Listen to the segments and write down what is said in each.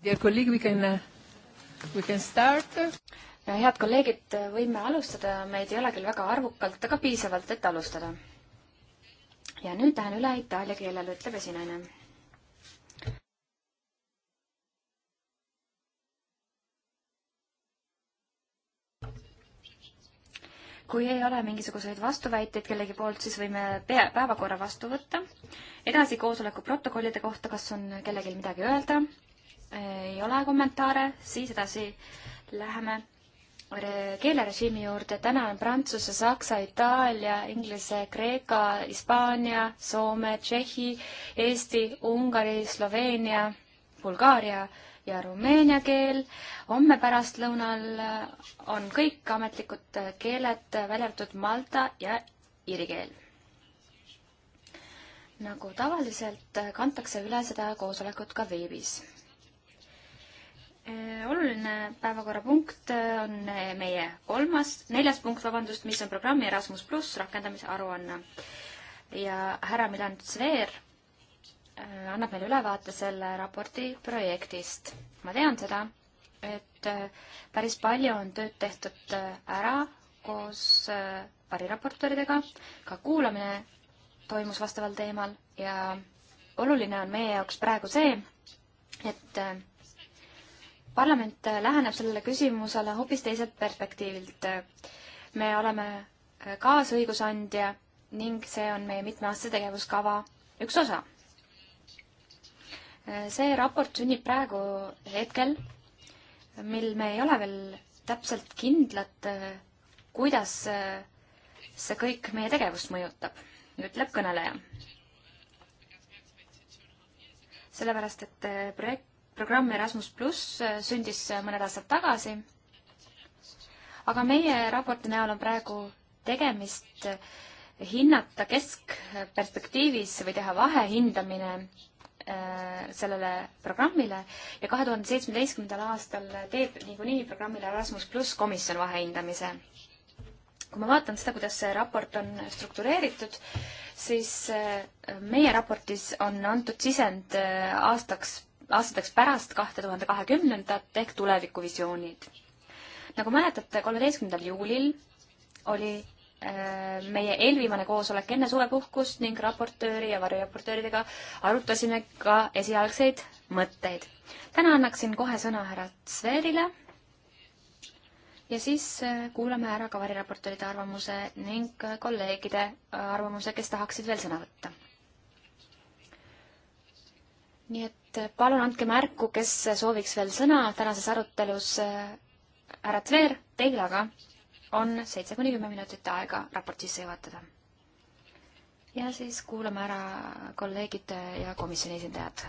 Uh, head kolleegid, võime alustada, meid ei ole küll väga arvukalt, aga piisavalt, et alustada. ja nüüd lähen üle itaalia keelele, ütleb esinaine kui ei ole mingisuguseid vastuväiteid kellegi poolt, siis võime pea, päevakorra vastu võtta. edasi koosoleku protokollide kohta, kas on kellelgi midagi öelda? ei ole kommentaare, siis edasi läheme keelerežiimi juurde. täna on Prantsuse, Saksa, Itaalia, Inglise, Kreeka, Hispaania, Soome, Tšehhi, Eesti, Ungari, Sloveenia, Bulgaaria ja rumeenia keel. homme pärastlõunal on kõik ametlikud keeled, välja arvatud malta ja iiri keel. nagu tavaliselt, kantakse üle seda koosolekut ka veebis Äh, oluline päevakorrapunkt äh, on äh, meie kolmas, neljas punkt, vabandust, mis on programmi Erasmus pluss rakendamise aruanne. ja härra Milan Zver annab meile ülevaate selle raporti projektist. ma tean seda, et päris palju on tööd tehtud ära koos variraportööridega, ka kuulamine toimus vastaval teemal ja oluline on meie jaoks praegu see, et parlament äh, läheneb sellele küsimusele hoopis teiselt perspektiivilt. me oleme äh, kaasõigusandja ning see on meie mitmeaastase tegevuskava üks osa. Äh, see raport sünnib praegu hetkel, mil me ei ole veel täpselt kindlad, kuidas see kõik meie tegevust mõjutab, ütleb kõneleja. sellepärast, et projekt programm Erasmus pluss äh, sündis äh, mõned aastad tagasi. aga meie raporti näol on praegu tegemist äh, hinnata keskperspektiivis või teha vahehindamine sellele programmile ja kahe tuhande seitsmeteistkümnendal aastal teeb niikuinii programmile Erasmus pluss komisjon vahehindamise. kui ma vaatan seda, kuidas see raport on struktureeritud, siis meie raportis on antud sisend aastaks aastateks pärast kahte tuhande kahekümnendat ehk tulevikuvisioonid. nagu mäletate, kolmeteistkümnendal juulil oli äh, meie eelviimane koosolek enne suvepuhkust ning raportööri ja varjuraportööridega arutasime ka esialgseid mõtteid. täna annaksin kohe sõna härra Sverile ja siis äh, kuulame ära ka variraportööride arvamuse ning äh, kolleegide arvamuse, kes tahaksid veel sõna võtta nii et eh, palun andke märku, kes sooviks veel sõna tänases arutelus. Eh, härra Tver, teil aga on seitse kuni kümme minutit aega raport sisse juhatada. ja siis kuulame ära kolleegid ja komisjoni esindajad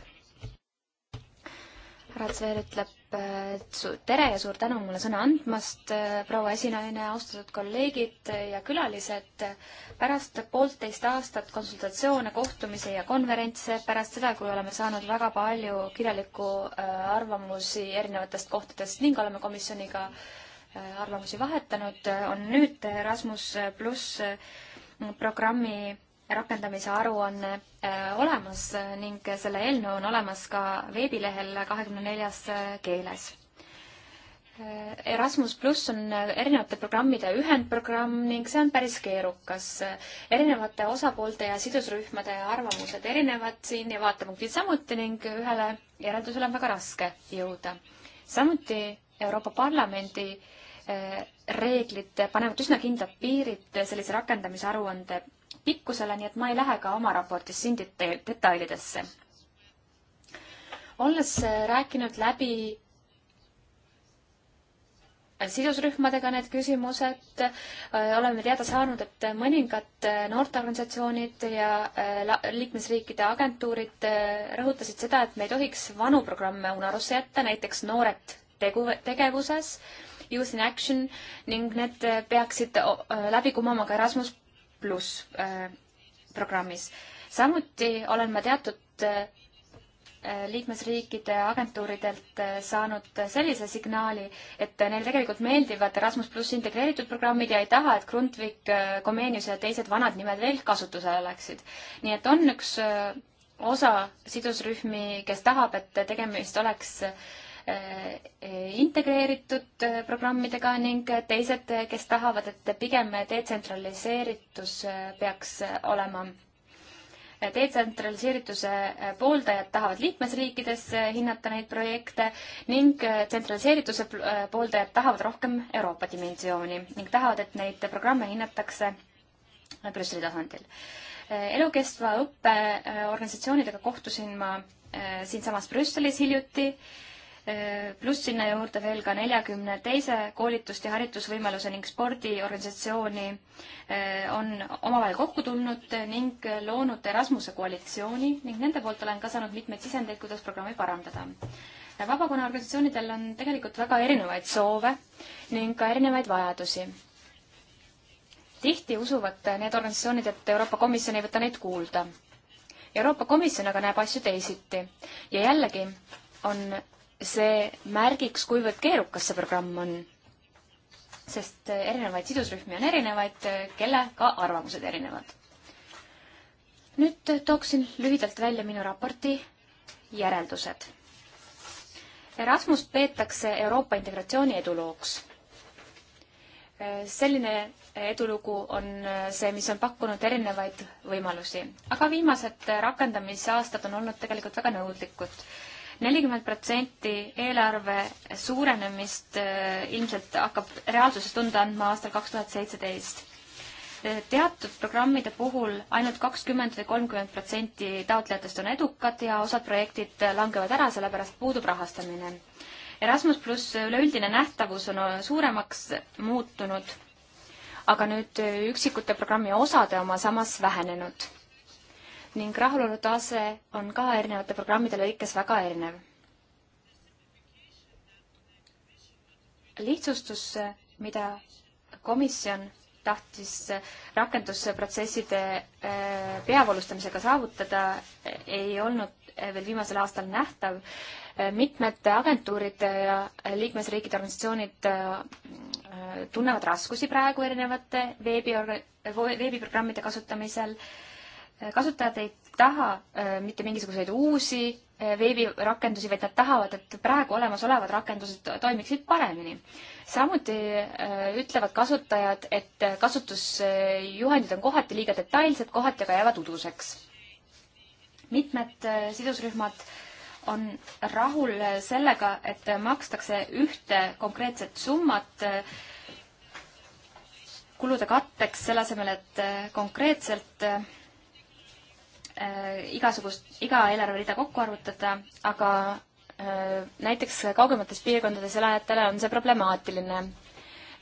härra Tseer ütleb tere ja suur tänu mulle sõna andmast, proua esinaine, austatud kolleegid ja külalised. pärast poolteist aastat konsultatsioone, kohtumisi ja konverentse, pärast seda, kui oleme saanud väga palju kirjalikku äh, arvamusi erinevatest kohtadest ning oleme komisjoniga äh, arvamusi vahetanud, on nüüd Erasmus äh, pluss programmi rakendamise aruanne äh, olemas ning selle eelnõu on olemas ka veebilehel kahekümne neljas äh, keeles. Äh, Erasmus pluss on erinevate programmide ühendprogramm ning see on päris keerukas. erinevate osapoolte ja sidusrühmade arvamused erinevad siin ja vaatepunktid samuti ning ühele järeldusele on väga raske jõuda. samuti Euroopa Parlamendi reeglid panevad üsna kindlad piirid sellise rakendamise aruande pikkusele, nii et ma ei lähe ka oma raportis siin deta-, detailidesse. olles rääkinud läbi sidusrühmadega need küsimused, äh, oleme teada saanud, et mõningad äh, noorteorganisatsioonid ja äh, liikmesriikide agentuurid rõhutasid seda, et me ei tohiks vanu programme unarusse jätta, näiteks Noored tegu, tegevuses, Youth in Action ning need peaksid läbi kumama ka Erasmus pluss äh, programmis. samuti olen ma teatud äh, liikmesriikide agentuuridelt äh, saanud sellise signaali, et neile tegelikult meeldivad Erasmus pluss integreeritud programmid ja ei taha, et Grundtvig, Comenius ja teised vanad nimed veel kasutusel oleksid. nii et on üks osa sidusrühmi, kes tahab, et tegemist oleks äh, Äh, äh, integreeritud äh, programmidega ning teised, kes tahavad, et pigem detsentraliseeritus peaks olema. detsentraliseerituse pooldajad tahavad liikmesriikides hinnata neid projekte ning tsentraliseerituse pooldajad tahavad rohkem Euroopa dimensiooni ning tahavad, et neid programme hinnatakse Brüsseli tasandil. elukestva õppe organisatsioonidega kohtusin ma siinsamas Brüsselis hiljuti pluss sinna juurde veel ka neljakümne teise koolitust ja haritusvõimaluse ning spordiorganisatsiooni eh, on omavahel kokku tulnud ning loonud Erasmuse koalitsiooni ning nende poolt olen ka saanud mitmeid sisendeid, kuidas programmi parandada. vabakonna organisatsioonidel on tegelikult väga erinevaid soove ning ka erinevaid vajadusi tihti usuvad need organisatsioonid, et Euroopa Komisjon ei võta neid kuulda. Euroopa Komisjon aga näeb asju teisiti ja jällegi on see märgiks, kuivõrd keerukas see programm on. sest erinevaid sidusrühmi on erinevaid, kelle ka arvamused erinevad. nüüd tooksin lühidalt välja minu raporti järeldused. Erasmust peetakse Euroopa integratsiooni edulooks. selline edulugu on see, mis on pakkunud erinevaid võimalusi, aga viimased rakendamisaastad on olnud tegelikult väga nõudlikud nelikümmend protsenti eelarve suurenemist äh, ilmselt hakkab reaalsuses tunda andma aastal kaks tuhat seitseteist äh, teatud programmide puhul ainult kakskümmend või kolmkümmend protsenti taotlejatest on edukad ja osad projektid äh, langevad ära, sellepärast puudub rahastamine. Erasmus pluss üleüldine nähtavus on suuremaks muutunud, aga nüüd üksikute programmi osade oma samas vähenenud ning rahulolu tase on ka erinevate programmide lõikes väga erinev. lihtsustus, mida komisjon tahtis rakendusprotsesside äh, peavoolustamisega saavutada, ei olnud äh, veel viimasel aastal nähtav. Äh, mitmed agentuurid ja liikmesriikide organisatsioonid tunnevad raskusi praegu erinevate veebi, veebiprogrammide kasutamisel kasutajad ei taha äh, mitte mingisuguseid uusi äh, veebirakendusi, vaid nad tahavad, et praegu olemasolevad rakendused toimiksid paremini. samuti äh, ütlevad kasutajad, et kasutusjuhendid on kohati liiga detailsed, kohati aga jäävad uduseks. mitmed sidusrühmad on rahul sellega, et makstakse ühte konkreetset summat kulude katteks, selle asemel, et konkreetselt Äh, igasugust, iga eelarverida kokku arvutada, aga äh, näiteks kaugemates piirkondades elajatele on see problemaatiline,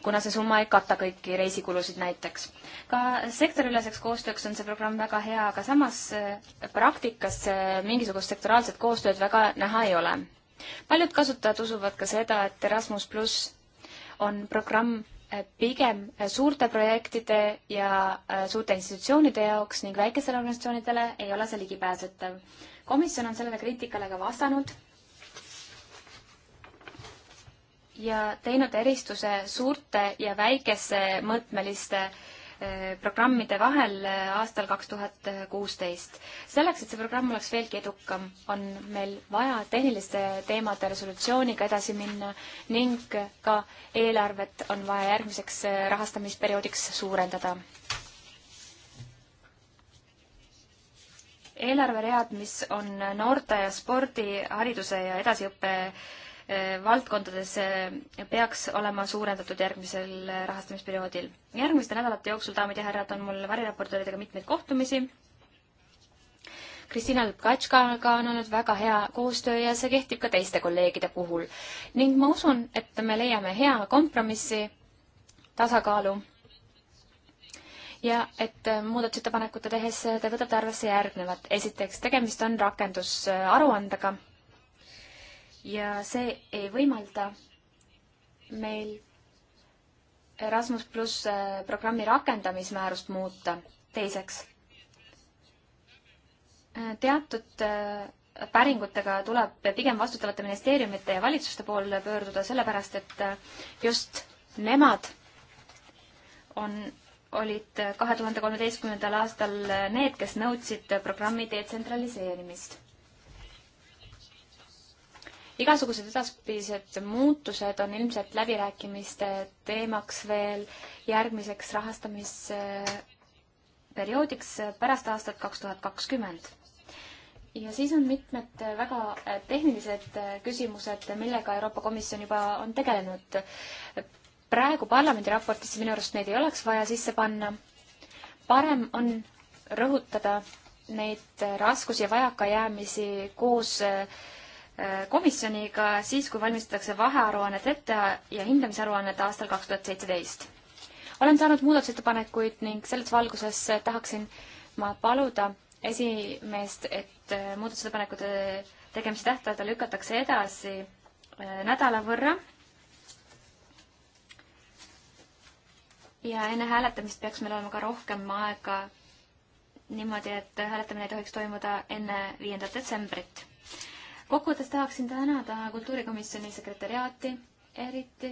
kuna see summa ei kata kõiki reisikulusid näiteks. ka sektoriüleseks koostööks on see programm väga hea, aga samas äh, praktikas mingisugust sektoraalset koostööd väga näha ei ole. paljud kasutajad usuvad ka seda, et Erasmus pluss on programm, pigem suurte projektide ja äh, suurte institutsioonide jaoks ning väikesele organisatsioonidele ei ole see ligipääsetav. komisjon on sellele kriitikale ka vastanud ja teinud eristuse suurte ja väikese mõõtmeliste äh, Eh, programmide vahel eh, aastal kaks tuhat kuusteist. selleks, et see programm oleks veelgi edukam, on meil vaja tehniliste teemade resolutsiooniga edasi minna ning ka eelarvet on vaja järgmiseks eh, rahastamisperioodiks suurendada. eelarveread, mis on noorte ja spordi, hariduse ja edasiõppe Äh, valdkondades äh, peaks olema suurendatud järgmisel äh, rahastamisperioodil. järgmiste nädalate jooksul, daamid ja härrad, on mul variraportööridega mitmeid kohtumisi. Kristina Lukatškaga on olnud väga hea koostöö ja see kehtib ka teiste kolleegide puhul. ning ma usun, et me leiame hea kompromissi, tasakaalu ja et muudatusettepanekute tehes te võtate arvesse järgnevat. esiteks, tegemist on rakendusaruandega ja see ei võimalda meil Erasmus pluss äh, programmi rakendamismäärust muuta. teiseks, äh, teatud äh, päringutega tuleb pigem vastutavate ministeeriumite ja valitsuste poole pöörduda, sellepärast et just nemad on, olid kahe tuhande kolmeteistkümnendal aastal need, kes nõudsid programmi detsentraliseerimist igasugused edaspidised muutused on ilmselt läbirääkimiste teemaks veel järgmiseks rahastamisperioodiks pärast aastat kaks tuhat kakskümmend. ja siis on mitmed väga tehnilised küsimused, millega Euroopa Komisjon juba on tegelenud. praegu parlamendi raportisse minu arust neid ei oleks vaja sisse panna. parem on rõhutada neid raskusi ja vajakajäämisi koos Äh, komisjoniga siis, kui valmistatakse vahearuannet ette ja hindamisaruannet aastal kaks tuhat seitseteist. olen saanud muudatusettepanekuid ning selles valguses tahaksin ma paluda esimeest, et äh, muudatusettepanekute tegemise tähtaega lükatakse edasi äh, nädala võrra. ja enne hääletamist peaks meil olema ka rohkem aega niimoodi, et hääletamine ei tohiks toimuda enne viiendat detsembrit kokkuvõttes tahaksin tänada kultuurikomisjoni sekretäriaati, eriti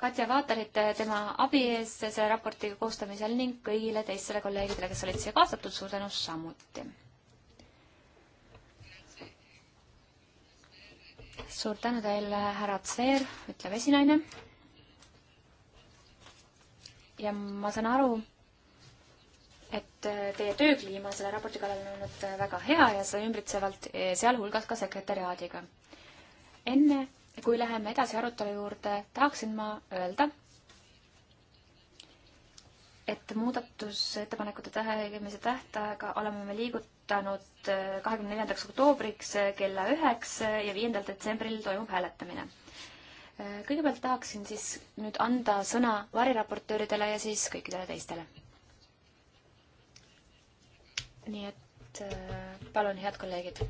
Katja Vaatarit tema abi eest selle raporti koostamisel ning kõigile teistele kolleegidele, kes olid siia kaasatud, suur tänu samuti. suur tänu teile, härra Tseer, ütleb esinaine. ja ma saan aru, et äh, teie töökliima selle raporti kallal on olnud äh, väga hea ja seda ümbritsevalt, äh, sealhulgas ka sekretäriaadiga. enne, kui läheme edasi arutelu juurde, tahaksin ma öelda, et muudatusettepanekute tegemise tähtaega oleme me liigutanud kahekümne neljandaks oktoobriks kella üheks ja viiendal detsembril toimub hääletamine. kõigepealt tahaksin siis nüüd anda sõna variraportööridele ja siis kõikidele teistele nii et äh, palun, head kolleegid.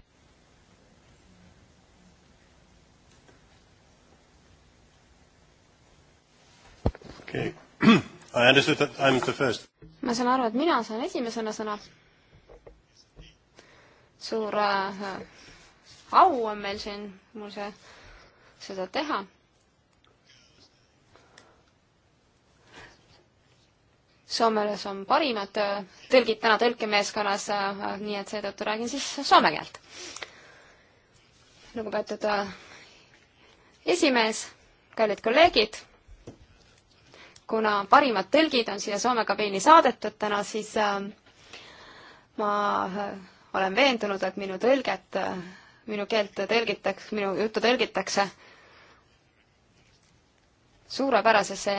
okei okay., I understood that I am the first. ma saan aru, et mina saan esimesena sõna. suur äh, äh au on meil siin, mul see, seda teha Soomes on parimad tõlgid täna tõlkemeeskonnas, nii et seetõttu räägin siis soome keelt. lugupeetud äh, esimees, kallid kolleegid, kuna parimad tõlgid on siia Soome kabiini saadetud täna, siis äh, ma äh, olen veendunud, et minu tõlget, minu keelt tõlgitakse, minu juttu tõlgitakse suurepärasesse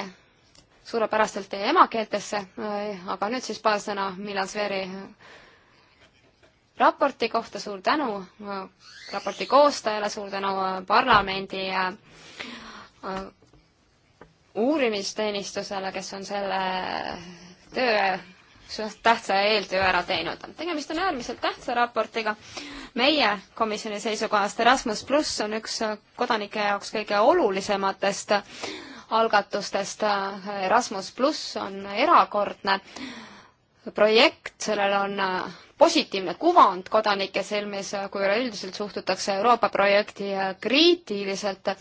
suurepäraselt teie emakeeltesse, äh, aga nüüd siis paar sõna Milan Sveri raporti kohta, suur tänu äh, raporti koostajale, suur tänu äh, parlamendi uurimisteenistusele, kes on selle töö tähtsa eeltöö ära teinud. tegemist on äärmiselt tähtsa raportiga. meie komisjoni seisukohast Erasmus pluss on üks kodanike jaoks kõige olulisematest algatustest. Erasmus pluss on erakordne projekt, sellel on positiivne kuvand kodanike silmis, kui üleüldiselt suhtutakse Euroopa projekti kriitiliselt,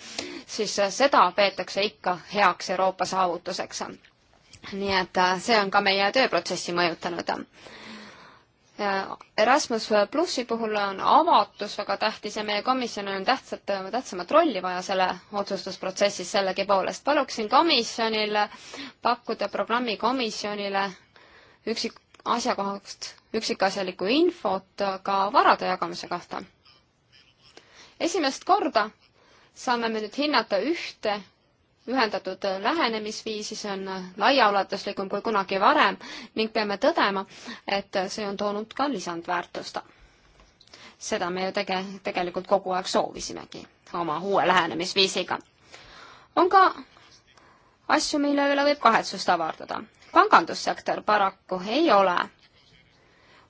siis seda peetakse ikka heaks Euroopa saavutuseks. nii et see on ka meie tööprotsessi mõjutanud Äh, Erasmus plussi puhul on avatus väga tähtis ja meie komisjonil on tähtsat, tähtsamat rolli vaja selle otsustusprotsessis sellegipoolest. paluksin komisjonil pakkuda programmi komisjonile üksik, asjakohast üksikasjalikku infot ka varade jagamise kohta. esimest korda saame me nüüd hinnata ühte ühendatud lähenemisviisi, see on laiaulatuslikum kui kunagi varem ning peame tõdema, et see on toonud ka lisandväärtust. seda me ju tege-, tegelikult kogu aeg soovisimegi oma uue lähenemisviisiga. on ka asju, mille üle võib kahetsust avardada. pangandussektor paraku ei ole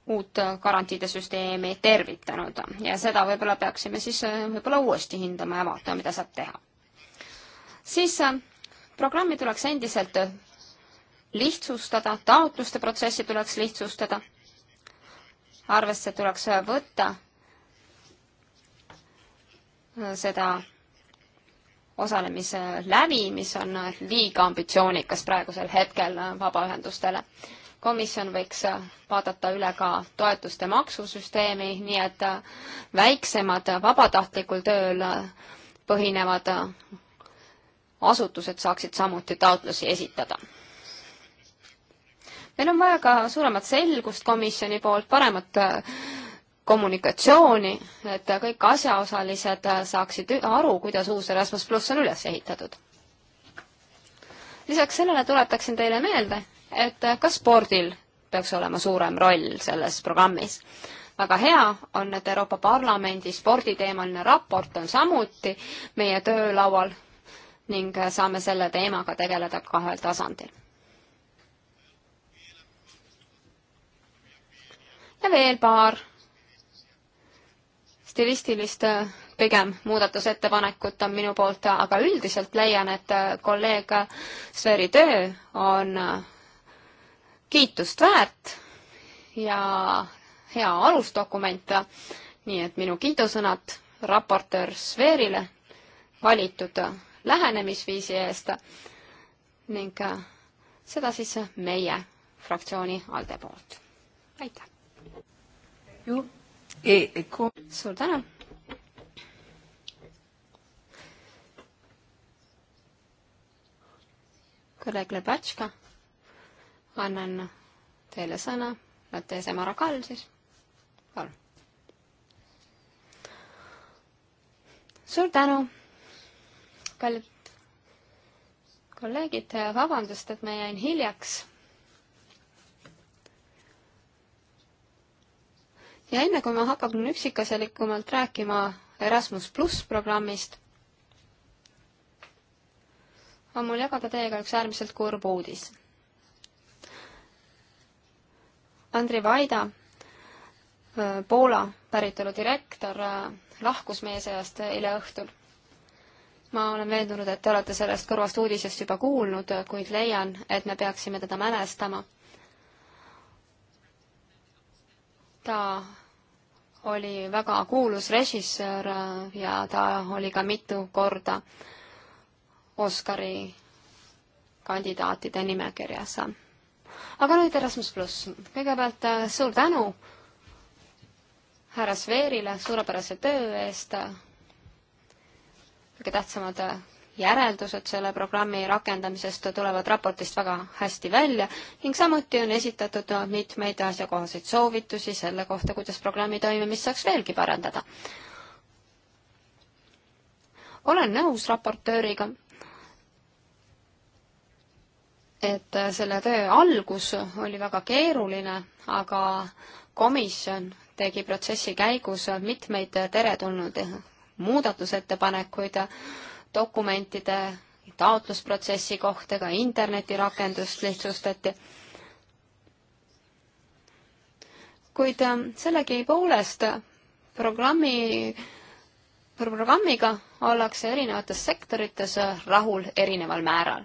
uut garantiide süsteemi tervitanud ja seda võib-olla peaksime siis võib-olla uuesti hindama ja vaatama, mida saab teha siis äh, programmi tuleks endiselt äh, lihtsustada, taotluste protsessi tuleks lihtsustada, arvesse tuleks äh, võtta seda osalemise läbi, mis on liiga ambitsioonikas praegusel hetkel vabaühendustele. komisjon võiks vaadata üle ka toetuste maksusüsteemi, nii et väiksemad vabatahtlikul tööl põhinevad asutused saaksid samuti taotlusi esitada. meil on vaja ka suuremat selgust komisjoni poolt, paremat äh, kommunikatsiooni, et kõik asjaosalised äh, saaksid aru, kuidas uus Erasmus pluss on üles ehitatud. lisaks sellele tuletaksin teile meelde, et äh, ka spordil peaks olema suurem roll selles programmis väga hea on, et Euroopa Parlamendi sporditeemaline raport on samuti meie töölaual ning äh, saame selle teemaga tegeleda kahel tasandil. ja veel paar stilistilist äh, pigem muudatusettepanekut on minu poolt, aga üldiselt leian, et äh, kolleeg Sveri töö on kiitust väärt ja hea alusdokument, nii et minu kiidusõnad raportöör Sverile valitud lähenemisviisi eest ning äh, seda siis meie fraktsiooni ALDE poolt. aitäh! E, e, suur tänu! kolleeg Lebatška, annan teile sõna, olete ise Marakal siis, palun. suur tänu! kallid kolleegid, vabandust, et ma jäin hiljaks. ja enne kui ma hakkan üksikasjalikumalt rääkima Erasmus pluss programmist, on mul jagada teiega üks äärmiselt kurb uudis. Andri Vaida, Poola päritolu direktor, lahkus meie seast eile õhtul ma olen veendunud, et te olete sellest kõrvast uudisest juba kuulnud, kuid leian, et me peaksime teda mälestama. ta oli väga kuulus režissöör ja ta oli ka mitu korda Oscari kandidaatide nimekirjas. aga nüüd Erasmus pluss. kõigepealt äh, suur tänu härra Sveerile suurepärase töö eest kõige tähtsamad äh, järeldused selle programmi rakendamisest tulevad raportist väga hästi välja ning samuti on esitatud äh, mitmeid asjakohaseid soovitusi selle kohta, kuidas programmi toimimist saaks veelgi parandada. olen nõus raportööriga, et äh, selle töö algus oli väga keeruline, aga komisjon tegi protsessi käigus mitmeid teretulnud muudatusettepanekuid dokumentide taotlusprotsessi kohta, ka internetirakendust lihtsustati. kuid ähm, sellegipoolest programmi, programmiga ollakse erinevates sektorites rahul erineval määral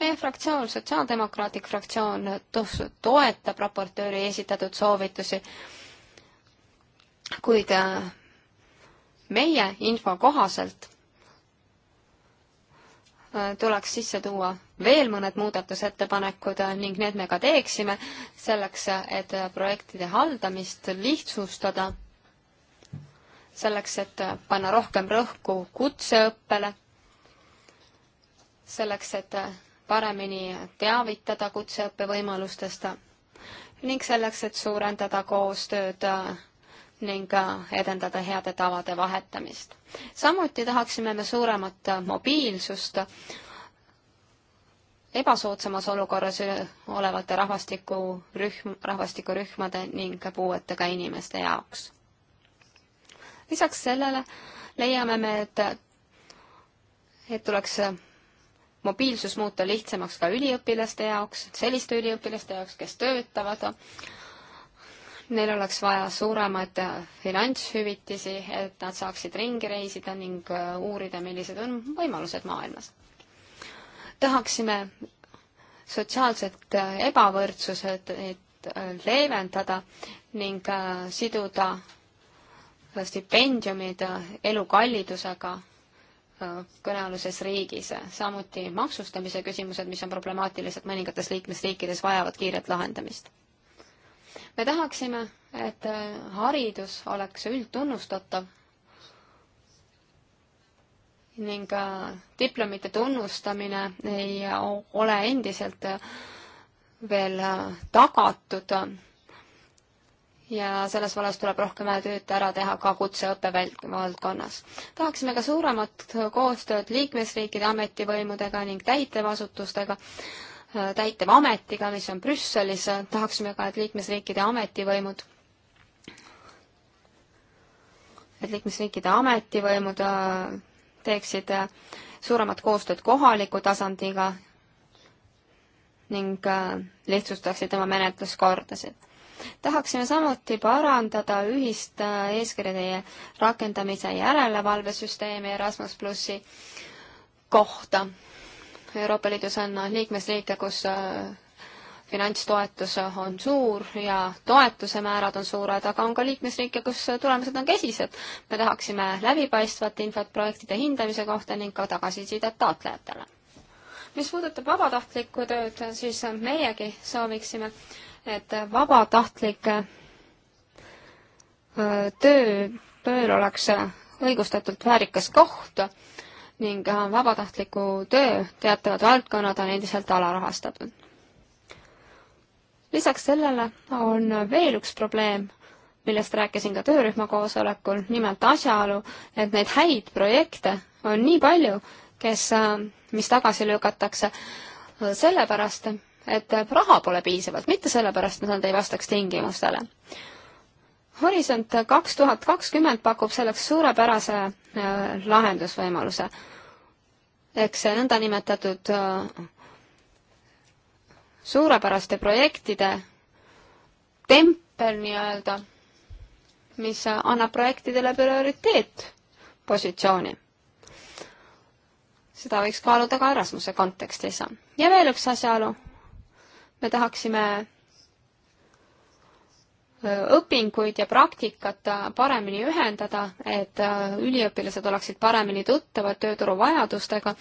meie fraktsioon, Sotsiaaldemokraatlik fraktsioon, toetab raportööri esitatud soovitusi, kuid äh, meie info kohaselt äh, tuleks sisse tuua veel mõned muudatusettepanekud äh, ning need me ka teeksime selleks, äh, et projektide haldamist lihtsustada, selleks, et panna rohkem rõhku kutseõppele, selleks, et paremini teavitada kutseõppe võimalustest ning selleks, et suurendada koostööd ning äh, edendada heade tavade vahetamist. samuti tahaksime me suuremat äh, mobiilsust ebasoodsamas olukorras äh, olevate rahvastikurühm, rahvastikurühmade ning puuetega inimeste jaoks. lisaks sellele leiame me, et, et tuleks mobiilsus muuta lihtsamaks ka üliõpilaste jaoks, selliste üliõpilaste jaoks, kes töötavad Neil oleks vaja suuremaid äh, finantshüvitisi, et nad saaksid ringi reisida ning äh, uurida, millised on võimalused maailmas. tahaksime sotsiaalset äh, ebavõrdsused leevendada ning siduda stipendiumid elukallidusega kõnealuses riigis. samuti maksustamise küsimused, mis on problemaatilised mõningates liikmesriikides, vajavad kiiret lahendamist me tahaksime, et äh, haridus oleks üldtunnustatav ning äh, diplomite tunnustamine ei ole endiselt äh, veel tagatud ja selles vallas tuleb rohkem tööd ära teha ka kutseõppe valdkonnas. tahaksime ka suuremat koostööd liikmesriikide ametivõimudega ning täitevasutustega täiteva ametiga, mis on Brüsselis, tahaksime ka, et liikmesriikide ametivõimud et liikmesriikide ametivõimud äh, teeksid äh, suuremat koostööd kohaliku tasandiga ning äh, lihtsustaksid oma menetluskordasid. tahaksime samuti parandada ühist eeskirjade rakendamise järelevalvesüsteemi Erasmus plussi kohta Euroopa Liidus on liikmesriike, kus äh, finantstoetus on suur ja toetuse määrad on suured, aga on ka liikmesriike, kus tulemused on kesised. me tahaksime läbipaistvat infot projektide hindamise kohta ning ka tagasisidet taotlejatele. mis puudutab vabatahtlikku tööd, siis meiegi sooviksime, et vabatahtlik äh, töö, tööl oleks õigustatult väärikas koht ning äh, vabatahtliku töö teatavad valdkonnad on endiselt alarahastatud. lisaks sellele on veel üks probleem, millest rääkisin ka töörühma koosolekul, nimelt asjaolu, et neid häid projekte on nii palju, kes, äh, mis tagasi lükatakse äh, sellepärast, et raha pole piisavalt, mitte sellepärast, et nad ei vastaks tingimustele. Horisont kaks tuhat kakskümmend pakub selleks suurepärase äh, lahendusvõimaluse. eks see nõndanimetatud äh, suurepäraste projektide tempel nii-öelda, mis annab projektidele prioriteetpositsiooni. seda võiks kaaluda ka Erasmuse kontekstis. ja veel üks asjaolu. me tahaksime õpinguid ja praktikat paremini ühendada, et äh, üliõpilased oleksid paremini tuttavad tööturu vajadustega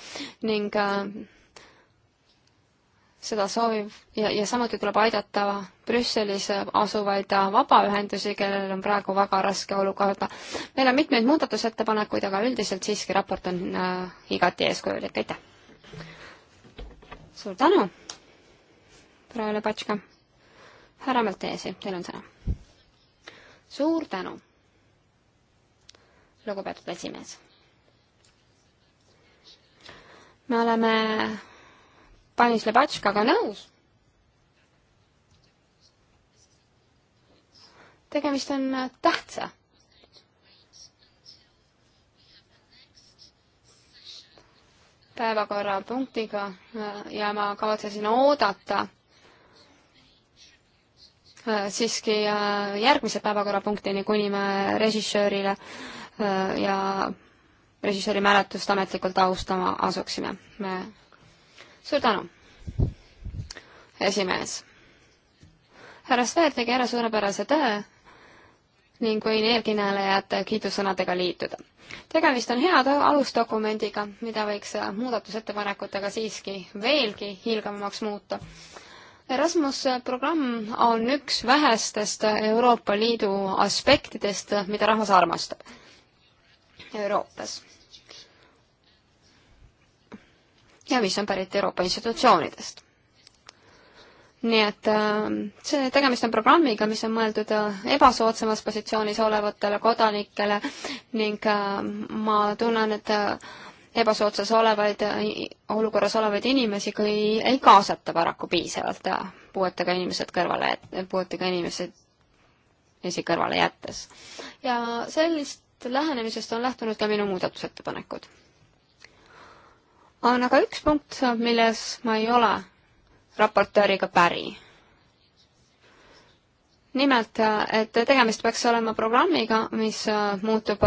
ning äh, seda soovib ja, ja samuti tuleb aidata Brüsselis asuvaid vabaühendusi, kellel on praegu väga raske olukorda. meil on mitmeid muudatusettepanekuid, aga üldiselt siiski raport on äh, igati eeskujulik, aitäh! suur tänu, proua Lepatška! härra Maltesi, teil on sõna suur tänu, lugupeetud esimees. me oleme Panis Lebatškaga nõus. tegemist on tähtsa päevakorrapunktiga ja ma kavatsesin oodata Äh, siiski äh, järgmise päevakorrapunktini, kuni me režissöörile äh, ja režissööri määratust ametlikult austama asuksime. me, suur tänu, esimees. härra Sveer tegi ära suurepärase töö ning võin eelkõnelejate kiidusõnadega liituda. tegemist on hea alusdokumendiga, mida võiks muudatusettepanekutega siiski veelgi hiilgamaks muuta Erasmus programm on üks vähestest Euroopa Liidu aspektidest, mida rahvas armastab Euroopas. ja mis on pärit Euroopa institutsioonidest. nii et äh, see, tegemist on programmiga, mis on mõeldud äh, ebasoodsamas positsioonis olevatele kodanikele ning äh, ma tunnen, et ebasoodsas olevaid, olukorras olevaid inimesi kui ei kaasata paraku piisavalt ja puuetega inimesed kõrvale, puuetega inimesed esi kõrvale jättes. ja sellist lähenemisest on lähtunud ka minu muudatusettepanekud. on aga üks punkt, milles ma ei ole raportööriga päri nimelt, et tegemist peaks olema programmiga, mis muutub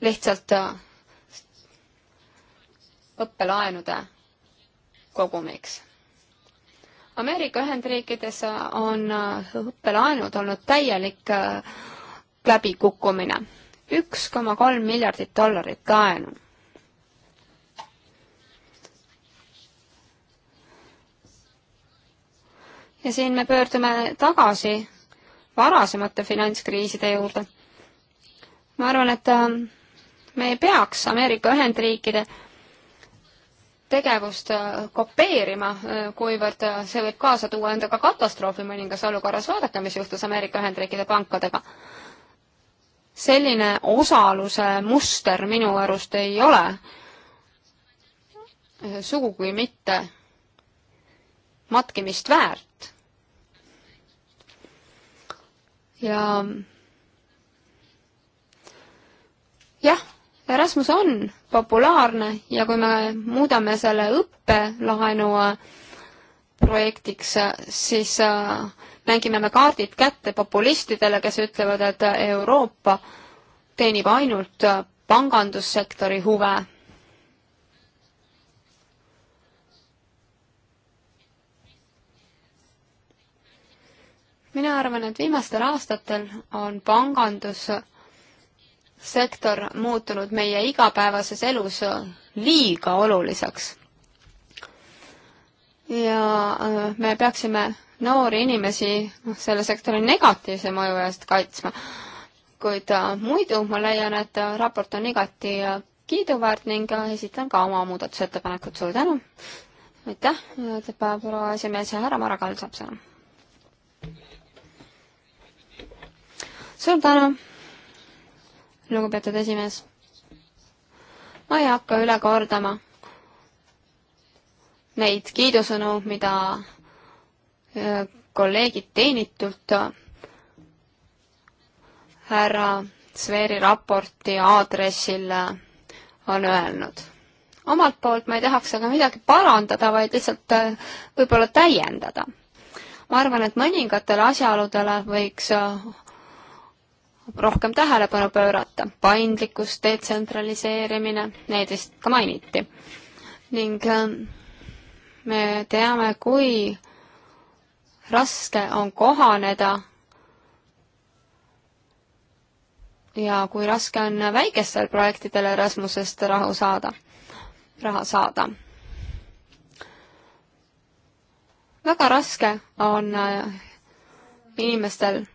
lihtsalt õppelaenude kogumiks. Ameerika Ühendriikides on äh, õppelaenud olnud täielik äh, läbikukkumine. üks koma kolm miljardit dollarit laenu ja siin me pöördume tagasi varasemate finantskriiside juurde. ma arvan, et äh, me ei peaks Ameerika Ühendriikide tegevust äh, kopeerima, äh, kuivõrd äh, see võib kaasa tuua endaga katastroofi mõningas olukorras, vaadake, mis juhtus Ameerika Ühendriikide pankadega. selline osaluse muster minu arust ei ole sugugi mitte matkimist väärt. ja jah, Erasmus on populaarne ja kui me muudame selle õppelaenu äh, projektiks, äh, siis äh, mängime me kaardid kätte populistidele, kes ütlevad, et Euroopa teenib ainult pangandussektori huve. mina arvan, et viimastel aastatel on pangandus sektor muutunud meie igapäevases elus liiga oluliseks. ja äh, me peaksime noori inimesi noh, selle sektori negatiivse mõju eest kaitsma, kuid äh, muidu ma leian, et äh, raport on igati kiiduväärt ning esitan ka oma muudatusettepanekud, suur tänu! aitäh, ütleb proua esimees ja härra Mara Kall saab sõna. suur tänu! lugupeetud esimees. ma ei hakka üle kordama neid kiidusõnu, mida kolleegid teenitult härra Sveeri raporti aadressil äh, on öelnud. omalt poolt ma ei tahaks aga midagi parandada, vaid lihtsalt äh, võib-olla täiendada. ma arvan, et mõningatele asjaoludele võiks äh, rohkem tähelepanu pöörata. paindlikkus, detsentraliseerimine, neid vist ka mainiti. ning ähm, me teame, kui raske on kohaneda ja kui raske on väikestel projektidel Erasmusest rahu saada, raha saada. väga raske on äh, inimestel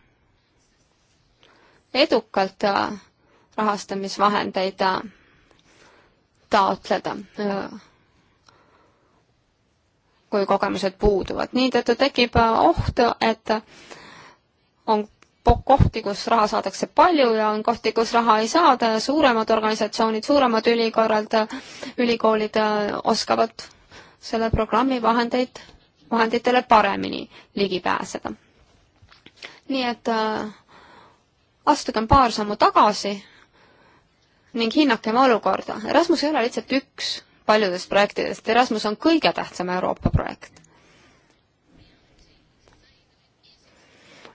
edukalt äh, rahastamisvahendeid äh, taotleda, äh, kui kogemused puuduvad. nii tõttu tekib oht, et on kohti, kus raha saadakse palju ja on kohti, kus raha ei saada ja suuremad organisatsioonid, suuremad ülikorrad, ülikoolid oskavad selle programmi vahendeid, vahenditele paremini ligi pääseda. nii et äh, astugem paar sammu tagasi ning hinnakem olukorda. Erasmus ei ole lihtsalt üks paljudest projektidest, Erasmus on kõige tähtsam Euroopa projekt.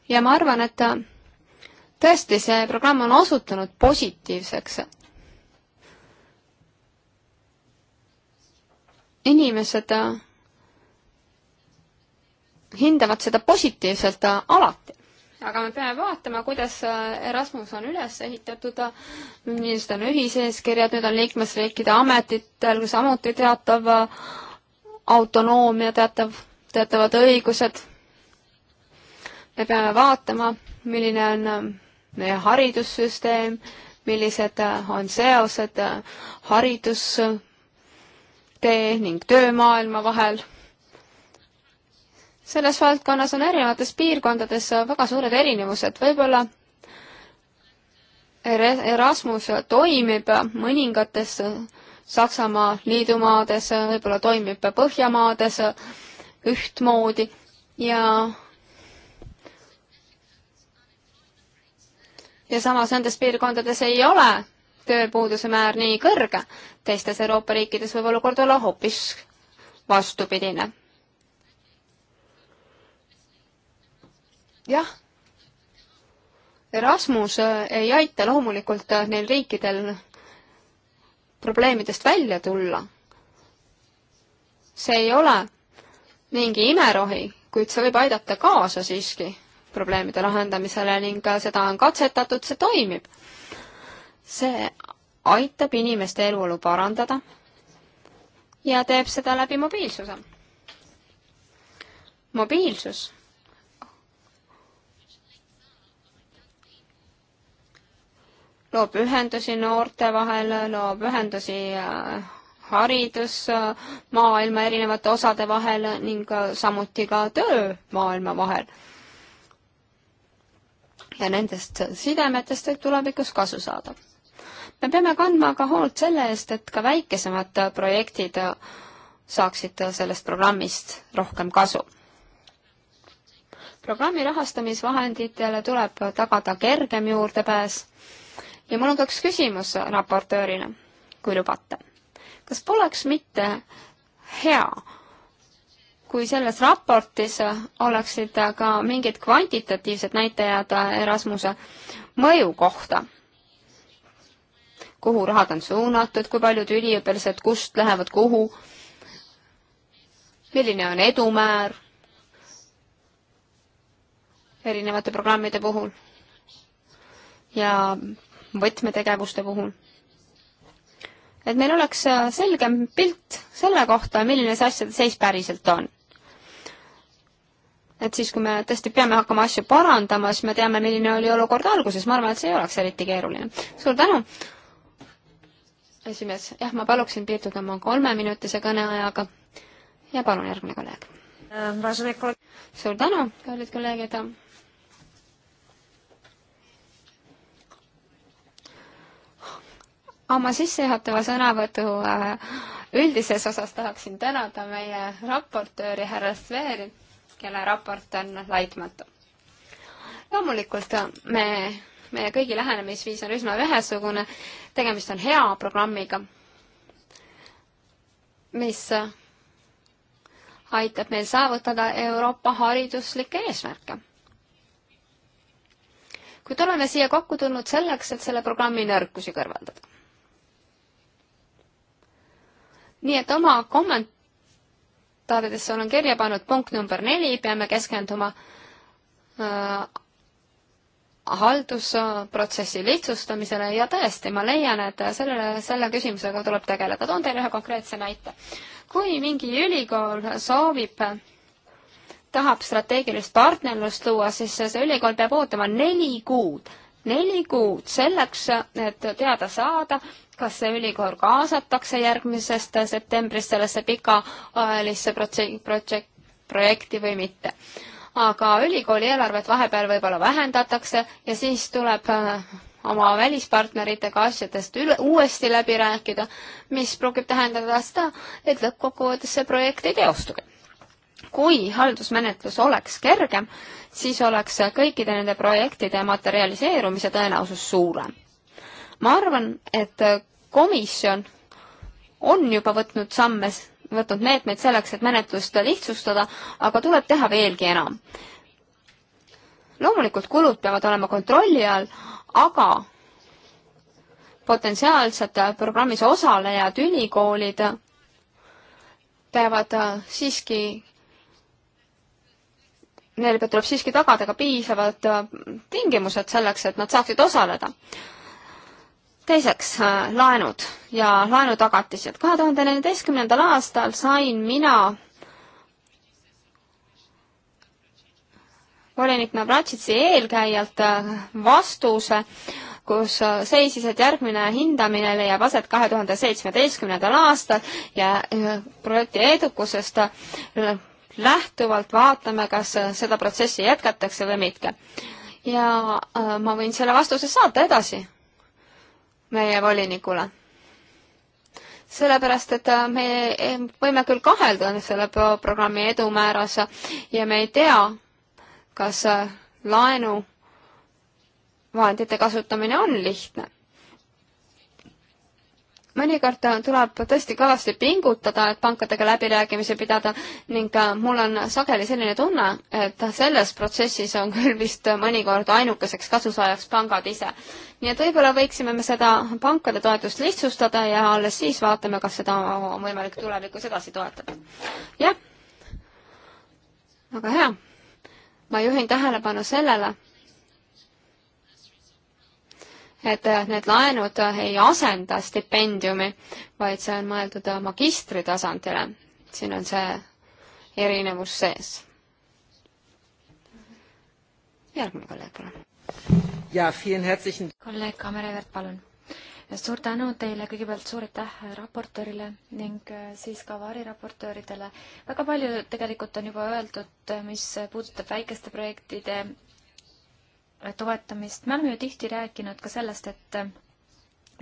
ja ma arvan, et tõesti, see programm on osutunud positiivseks. inimesed hindavad seda positiivselt alati aga me peame vaatama, kuidas äh, Erasmus on üles ehitatud, äh, millised on ühiseeskirjad, nüüd on liikmesriikide ametitel samuti teatav äh, autonoomia, teatav, teatavad õigused. me peame vaatama, milline on meie haridussüsteem, millised on seosed haridustee ning töömaailma vahel selles valdkonnas on erinevates piirkondades väga suured erinevused, võib-olla Erasmus toimib mõningates Saksamaa liidumaades, võib-olla toimib Põhjamaades ühtmoodi ja ja samas nendes piirkondades ei ole tööpuuduse määr nii kõrge, teistes Euroopa riikides võib olukord olla hoopis vastupidine jah, Erasmus äh, ei aita loomulikult äh, neil riikidel probleemidest välja tulla. see ei ole mingi imerohi, kuid see võib aidata kaasa siiski probleemide lahendamisele ning äh, seda on katsetatud, see toimib. see aitab inimeste eluolu parandada ja teeb seda läbi mobiilsuse. mobiilsus loob ühendusi noorte vahel, loob ühendusi äh, haridusmaailma äh, erinevate osade vahel ning äh, samuti ka töömaailma vahel. ja nendest sidemetest võib tulevikus kasu saada. me peame kandma ka hoolt selle eest, et ka väikesemad projektid saaksid sellest programmist rohkem kasu programmi rahastamisvahenditele tuleb tagada kergem juurdepääs ja mul on ka üks küsimus raportöörile, kui lubate. kas poleks mitte hea, kui selles raportis oleksid ka mingid kvantitatiivsed näitajad Erasmuse mõju kohta? kuhu rahad on suunatud, kui paljud üliõpilased kust lähevad kuhu, milline on edumäär erinevate programmide puhul ja võtmetegevuste puhul. et meil oleks äh, selgem pilt selle kohta, milline see asjade seis päriselt on. et siis, kui me tõesti peame hakkama asju parandama, siis me teame, milline oli olukord alguses, ma arvan, et see ei oleks eriti keeruline. suur tänu! esimees, jah, ma paluksin piirduda oma kolmeminutise kõneajaga ja palun, järgmine kolleeg. Ähm, suur tänu, kallid kolleegid! oma sissejuhatava sõnavõtu äh, üldises osas tahaksin tänada meie raportööri härra Sveeri, kelle raport on laitmatu. loomulikult äh, me, meie kõigi lähenemisviis on üsna ühesugune, tegemist on hea programmiga, mis äh, aitab meil saavutada Euroopa hariduslikke eesmärke. kuid oleme siia kokku tulnud selleks, et selle programmi nõrkusi kõrvaldada nii et oma kommentaaridesse olen kirja pannud punkt number neli, peame keskenduma äh, haldusprotsessi lihtsustamisele ja tõesti, ma leian, et sellele, selle küsimusega tuleb tegeleda. toon teile ühe konkreetse näite. kui mingi ülikool soovib tahab strateegilist partnerlust luua, siis see ülikool peab ootama neli kuud, neli kuud selleks, et teada saada, kas see ülikool kaasatakse järgmisest septembrist sellesse pikaajalisse protsessi, projekti või mitte. aga ülikooli eelarvet vahepeal võib-olla vähendatakse ja siis tuleb äh, oma välispartneritega asjadest üle, uuesti läbi rääkida, mis pruugib tähendada seda, et lõppkokkuvõttes see projekt ei teostugi. kui haldusmenetlus oleks kergem, siis oleks kõikide nende projektide materialiseerumise tõenäosus suurem ma arvan, et äh, komisjon on juba võtnud samme, võtnud meetmeid selleks, et menetlust lihtsustada, aga tuleb teha veelgi enam. loomulikult kulud peavad olema kontrolli all, aga potentsiaalsed programmis osalejad, ülikoolid peavad äh, siiski, neile tuleb siiski tagada ka piisavad äh, tingimused selleks, et nad saaksid osaleda teiseks, äh, laenud ja laenutagatised. kahe tuhande neljateistkümnendal aastal sain mina volinik Navratšitsi eelkäijalt äh, vastuse, kus äh, seisis, et järgmine hindamine leiab aset kahe tuhande seitsmeteistkümnendal aastal ja projekti edukusest lähtuvalt vaatame, kas seda protsessi jätkatakse või mitte. ja ma võin selle vastuse saata edasi meie volinikule. sellepärast, et äh, me eh, võime küll kahelda selle programmi edumääras ja me ei tea, kas äh, laenu vahendite kasutamine on lihtne mõnikord äh, tuleb tõesti kõvasti pingutada, et pankadega läbirääkimisi pidada ning äh, mul on sageli selline tunne, et selles protsessis on küll vist mõnikord ainukeseks kasusaajaks pangad ise. nii et võib-olla võiksime me seda pankade toetust lihtsustada ja alles siis vaatame, kas seda on võimalik tulevikus edasi toetada. jah, väga hea. ma juhin tähelepanu sellele et äh, need laenud äh, ei asenda stipendiumi, vaid see on mõeldud äh, magistritasandile. siin on see erinevus sees. järgmine kolleeg, palun. kolleeg Kammerevert, palun suur tänu teile, kõigepealt suur aitäh raportöörile ning siis ka variraportööridele. väga palju tegelikult on juba öeldud, mis puudutab väikeste projektide toetamist. me oleme ju tihti rääkinud ka sellest, et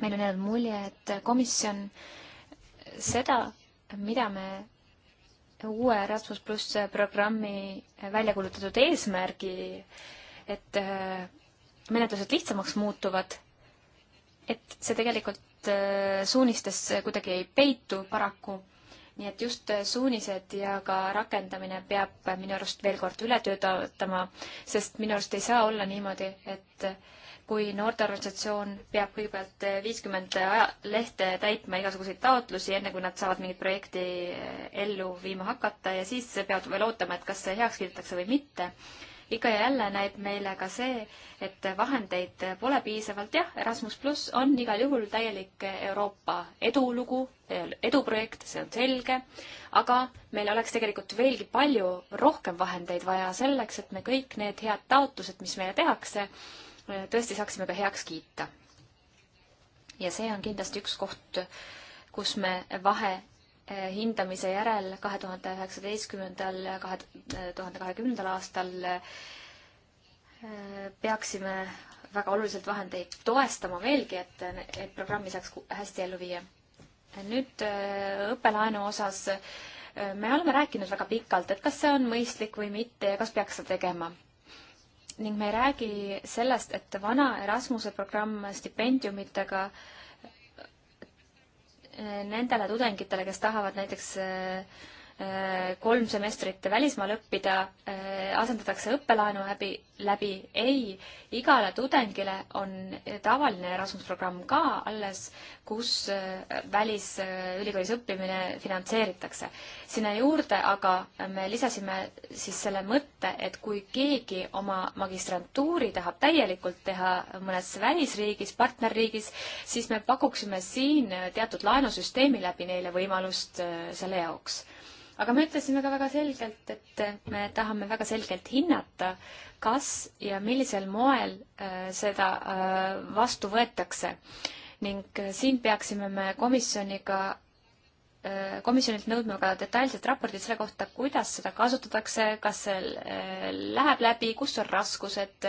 meil on jäänud mulje, et komisjon seda, mida me uue Erasmus pluss programmi välja kuulutatud eesmärgi, et äh, menetlused lihtsamaks muutuvad, et see tegelikult äh, suunistes kuidagi ei peitu paraku nii et just äh, suunised ja ka rakendamine peab äh, minu arust veel kord üle töötama, sest minu arust ei saa olla niimoodi, et äh, kui noorteorganisatsioon peab kõigepealt viiskümmend lehte täitma igasuguseid taotlusi, enne kui nad saavad mingit projekti ellu viima hakata ja siis peavad veel ootama, et kas see heaks kiidetakse või mitte ikka ja jälle näib meile ka see, et vahendeid pole piisavalt, jah, Erasmus pluss on igal juhul täielik Euroopa edulugu, eduprojekt, see on selge, aga meil oleks tegelikult veelgi palju rohkem vahendeid vaja selleks, et me kõik need head taotlused, mis meile tehakse, tõesti saaksime ka heaks kiita. ja see on kindlasti üks koht, kus me vahe hindamise järel kahe tuhande üheksateistkümnendal, kahe tuhande kahekümnendal aastal äh, peaksime väga oluliselt vahendeid toestama veelgi, et, et programmi saaks hästi ellu viia. nüüd äh, õppelaenu osas äh, me oleme rääkinud väga pikalt, et kas see on mõistlik või mitte ja kas peaks seda tegema ning me ei räägi sellest, et vana Erasmuse programm stipendiumitega äh, nendele tudengitele, kes tahavad näiteks äh, äh, kolm semestrit välismaal õppida, äh, asendatakse õppelaenu läbi, läbi, ei, igale tudengile on tavaline Erasmus programm ka alles, kus välisülikoolis õppimine finantseeritakse sinna juurde, aga me lisasime siis selle mõtte, et kui keegi oma magistrantuuri tahab täielikult teha mõnes välisriigis, partnerriigis, siis me pakuksime siin teatud laenusüsteemi läbi neile võimalust äh, selle jaoks aga me ütlesime ka väga selgelt, et me tahame väga selgelt hinnata, kas ja millisel moel äh, seda äh, vastu võetakse. ning siin peaksime me komisjoniga Äh, komisjonilt nõudma ka detailset raportit selle kohta, kuidas seda kasutatakse, kas see äh, läheb läbi, kus on raskused,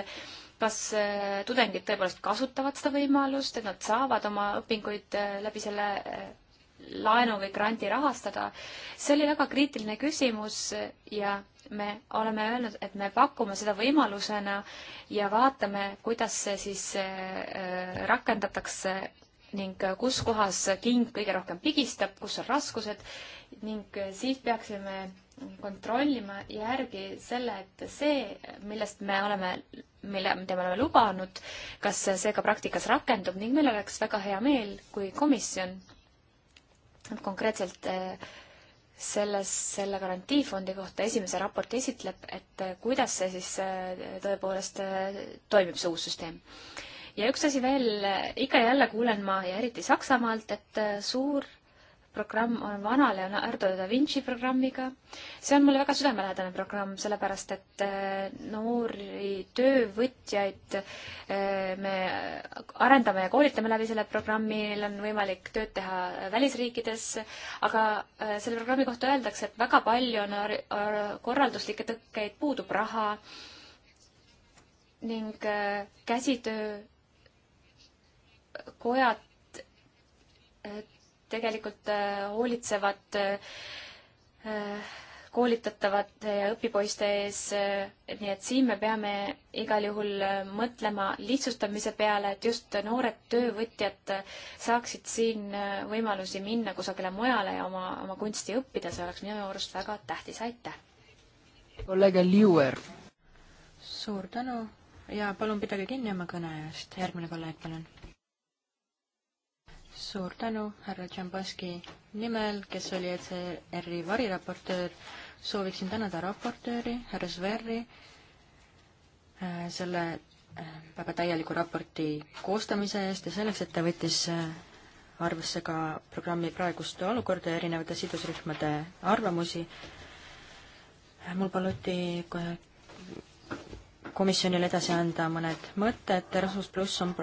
kas äh, tudengid tõepoolest kasutavad seda võimalust, et nad saavad oma õpinguid läbi selle laenu või grandi rahastada. see oli väga kriitiline küsimus ja me oleme öelnud, et me pakume seda võimalusena ja vaatame, kuidas see siis rakendatakse ning äh, kus kohas king kõige rohkem pigistab, kus on raskused ning äh, siis peaksime kontrollima järgi selle, et see, millest me oleme, mille, mida me oleme lubanud, kas see ka praktikas rakendub ning meil oleks väga hea meel, kui komisjon konkreetselt äh, selles, selle garantiifondi kohta esimese raporti esitleb, et kuidas see siis tõepoolest toimib, see uus süsteem ja üks asi veel, ikka ja jälle kuulen ma ja eriti Saksamaalt, et äh, suur programm on vana Leonardo da Vinci programmiga. see on mulle väga südamelähedane programm, sellepärast et äh, noori töövõtjaid äh, me arendame ja koolitame läbi selle programmi, neil on võimalik tööd teha välisriikides, aga selle programmi kohta öeldakse, et väga palju on korralduslikke tõkkeid, puudub raha ning käsitöö kojad äh, tegelikult äh, hoolitsevad äh, koolitatavate ja õpipoiste ees, nii et siin me peame igal juhul mõtlema lihtsustamise peale, et just noored töövõtjad saaksid siin võimalusi minna kusagile mujale ja oma, oma kunsti õppida, see oleks minu arust väga tähtis, aitäh! kolleeg Liuer. suur tänu ja palun pidage kinni oma kõne eest, järgmine kolleeg, palun suur tänu härra Tšambaski nimel, kes oli ECR-i variraportöör. sooviksin tänada raportööri, härra Sverri, äh, selle äh, väga täieliku raporti koostamise eest ja selleks, et ta võttis äh, arvesse ka programmi praegust olukorda ja erinevate sidusrühmade arvamusi. mul paluti komisjonile edasi anda mõned mõtted, Erasmus pluss on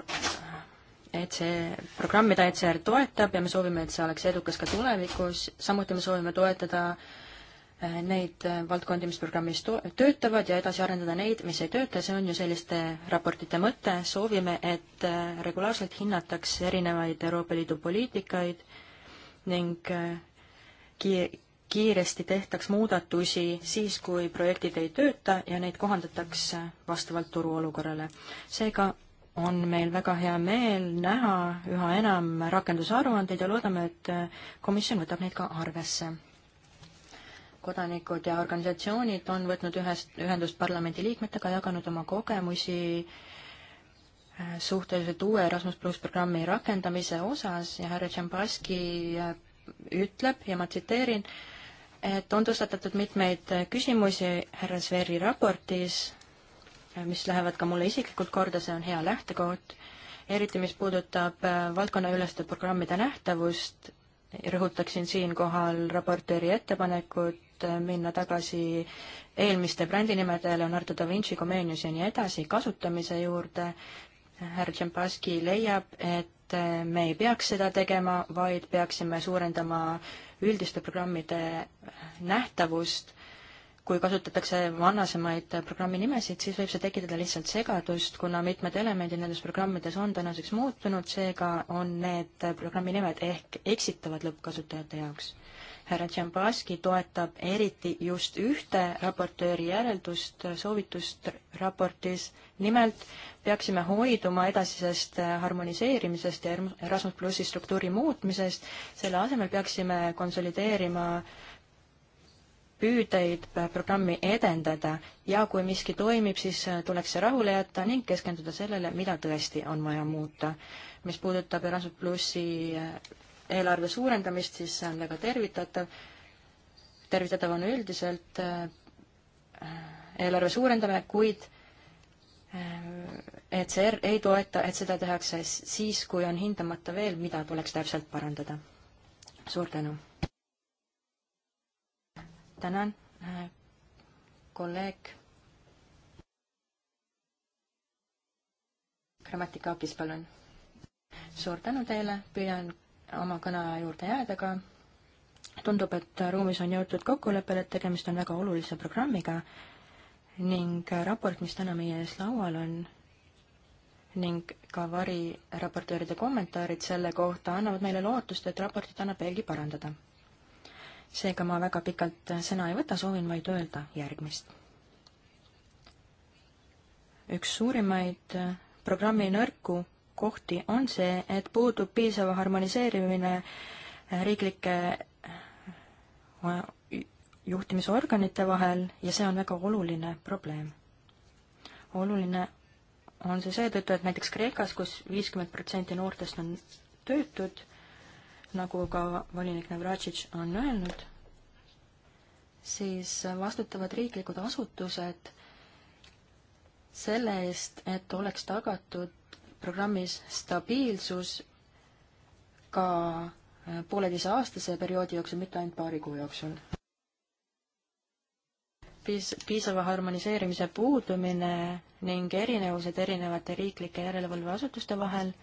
et see programm, mida ECR toetab ja me soovime, et see oleks edukas ka tulevikus, samuti me soovime toetada äh, neid äh, valdkondi, mis programmis töötavad ja edasi arendada neid, mis ei tööta, see on ju selliste raportite mõte, soovime, et äh, regulaarselt hinnataks erinevaid Euroopa Liidu poliitikaid ning ki-, kiiresti tehtaks muudatusi siis, kui projektid ei tööta ja neid kohandataks vastavalt turuolukorrale. seega on meil väga hea meel näha üha enam rakendusaruandeid ja loodame, et komisjon võtab neid ka arvesse. kodanikud ja organisatsioonid on võtnud ühest, ühendust parlamendi liikmetega, jaganud oma kogemusi äh, suhteliselt uue Erasmus pluss programmi rakendamise osas ja härra Tšambaski äh, ütleb ja ma tsiteerin, et on tõstatatud mitmeid küsimusi härra Sveri raportis mis lähevad ka mulle isiklikult korda, see on hea lähtekoht, eriti mis puudutab äh, valdkonnaüleste programmide nähtavust, rõhutaksin siinkohal raportööri ettepanekut äh, minna tagasi eelmiste brändinimede Leonardo da Vinci, Comenius ja nii edasi kasutamise juurde. härra Tšempaski leiab, et äh, me ei peaks seda tegema, vaid peaksime suurendama üldiste programmide nähtavust kui kasutatakse vanasemaid programmi nimesid, siis võib see tekitada lihtsalt segadust, kuna mitmed elemendid nendes programmides on tänaseks muutunud, seega on need programmi nimed ehk eksitavad lõppkasutajate jaoks. härra Tšambaski toetab eriti just ühte raportööri järeldust, soovitust raportis, nimelt peaksime hoiduma edasisest harmoniseerimisest ja Erasmus plussi struktuuri muutmisest, selle asemel peaksime konsolideerima äh, püüdeid äh, programmi edendada ja kui miski toimib, siis äh, tuleks see rahule jätta ning keskenduda sellele, mida tõesti on vaja muuta. mis puudutab Erasmus plussi äh, eelarve suurendamist, siis see on väga tervitatav. tervitatav on üldiselt eelarve suurendamine, kuid et see ei toeta, et seda tehakse siis, kui on hindamata veel, mida tuleks täpselt parandada. suur tänu! tänan, äh, kolleeg. grammatikakis, palun. suur tänu teile, püüan oma kõneaja juurde jääda ka. tundub, et ruumis on jõutud kokkuleppele, et tegemist on väga olulise programmiga ning raport, mis täna meie ees laual on, ning ka variraportööride kommentaarid selle kohta annavad meile lootust, et raportit annab veelgi parandada seega ma väga pikalt sõna ei võta, soovin vaid öelda järgmist. üks suurimaid programmi nõrku kohti on see, et puudub piisav harmoniseerimine riiklike juhtimisorganite vahel ja see on väga oluline probleem. oluline on see seetõttu, et näiteks Kreekas kus, kus viiskümmend protsenti noortest on töötud, nagu ka volinik Navratšitš on öelnud, siis vastutavad riiklikud asutused selle eest, et oleks tagatud programmis stabiilsus ka äh, pooleteiseaastase perioodi jooksul, mitte ainult paari kuu jooksul. Piis-, piisava harmoniseerimise puudumine ning erinevused erinevate riiklike järelevalveasutuste vahel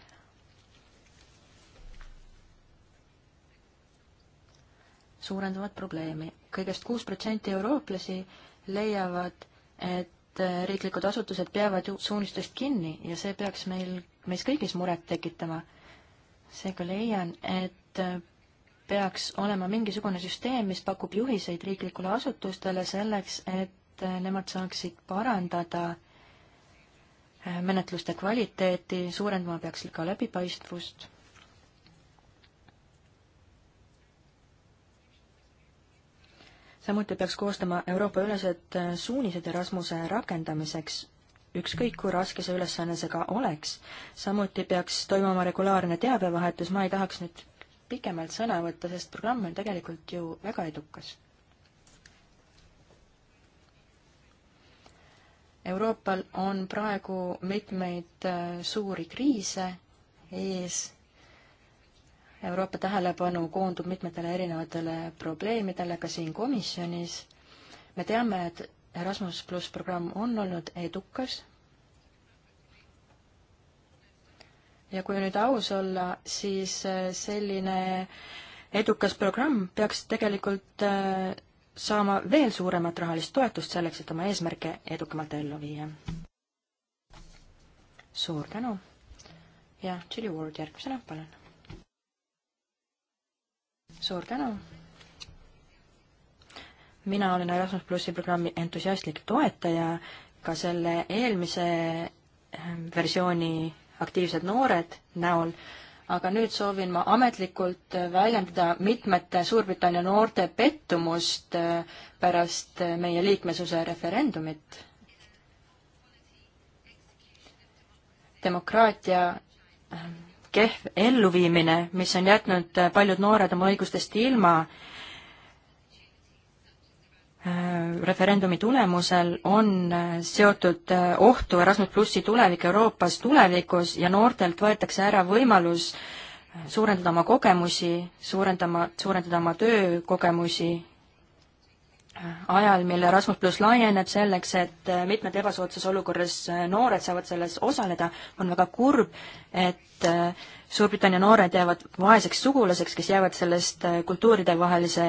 suurendavad probleemi kõigest. kõigest kuus protsenti eurooplasi leiavad, et äh, riiklikud asutused peavad ju suunistest kinni ja see peaks meil, meis kõigis muret tekitama. seega leian, et äh, peaks olema mingisugune süsteem, mis pakub juhiseid riiklikule asutustele selleks, et äh, nemad saaksid parandada menetluste kvaliteeti, suurendama peaks ka läbipaistvust samuti peaks koostama Euroopa-ülesed äh, suunised Erasmuse rakendamiseks, ükskõik kui raske see ülesanne see ka oleks. samuti peaks toimuma regulaarne teabevahetus, ma ei tahaks nüüd pikemalt sõna võtta, sest programm on tegelikult ju väga edukas Euroopal on praegu mitmeid äh, suuri kriise ees Euroopa tähelepanu koondub mitmetele erinevatele probleemidele ka siin komisjonis. me teame, et Erasmus pluss programm on olnud edukas. ja kui nüüd aus olla, siis äh, selline edukas programm peaks tegelikult äh, saama veel suuremat rahalist toetust selleks, et oma eesmärke edukamalt ellu viia. suur tänu ja Jüri Ward järgmisena, palun suur tänu. mina olen Erasmus plussi programmi entusiastlik toetaja, ka selle eelmise ehm, versiooni aktiivsed noored näol, aga nüüd soovin ma ametlikult väljendada mitmete Suurbritannia noorte pettumust ehm, pärast meie liikmesuse referendumit. demokraatia ehm, kehv elluviimine, mis on jätnud paljud noored oma õigustest ilma äh, referendumi tulemusel, on äh, seotud äh, ohtu Erasmus plussi tulevik Euroopas tulevikus ja noortelt võetakse ära võimalus suurendada oma kogemusi, suurendama, suurendada oma töökogemusi ajal, mil Erasmus pluss laieneb selleks, et äh, mitmed ebasoodsas olukorras äh, noored saavad selles osaleda, on väga kurb, et äh, Suurbritannia noored jäävad vaeseks sugulaseks, kes jäävad sellest kultuuridevahelise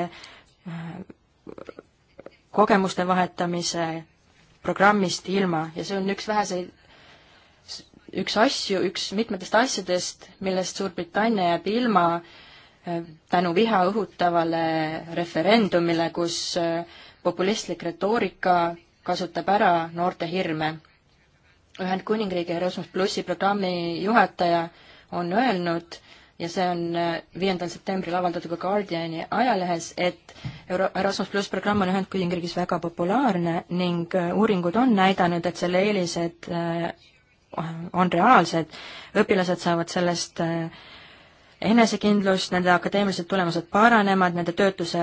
kogemuste vahetamise programmist ilma ja see on üks väheseid, üks asju, üks mitmetest asjadest, millest Suurbritannia jääb ilma äh, tänu viha õhutavale referendumile, kus äh, populistlik retoorika kasutab ära noorte hirme. Ühendkuningriigi Erasmus plussi programmi juhataja on öelnud ja see on äh, viiendal septembril avaldatud ka Guardiani ajalehes, et Euro-, Erasmus pluss programm on Ühendkuningriigis väga populaarne ning äh, uuringud on näidanud, et selle eelised on reaalsed, õpilased saavad sellest äh, enesekindlust, nende akadeemilised tulemused paranevad, nende töötuse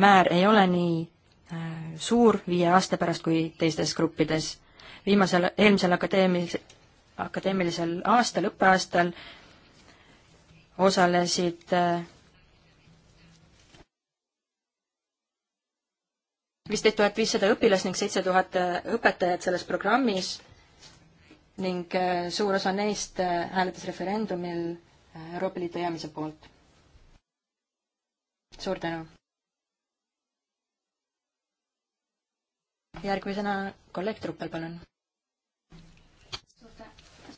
määr ei ole nii äh, suur viie aasta pärast kui teistes gruppides. viimasel, eelmisel akadeemilisel, akadeemilisel aastal, õppeaastal osalesid äh, viisteist tuhat viissada õpilast ning seitse tuhat äh, õpetajat selles programmis ning suur osa neist hääletas referendumil Euroopa Liitu jäämise poolt. suur tänu. järgmisena kolleeg Truppel, palun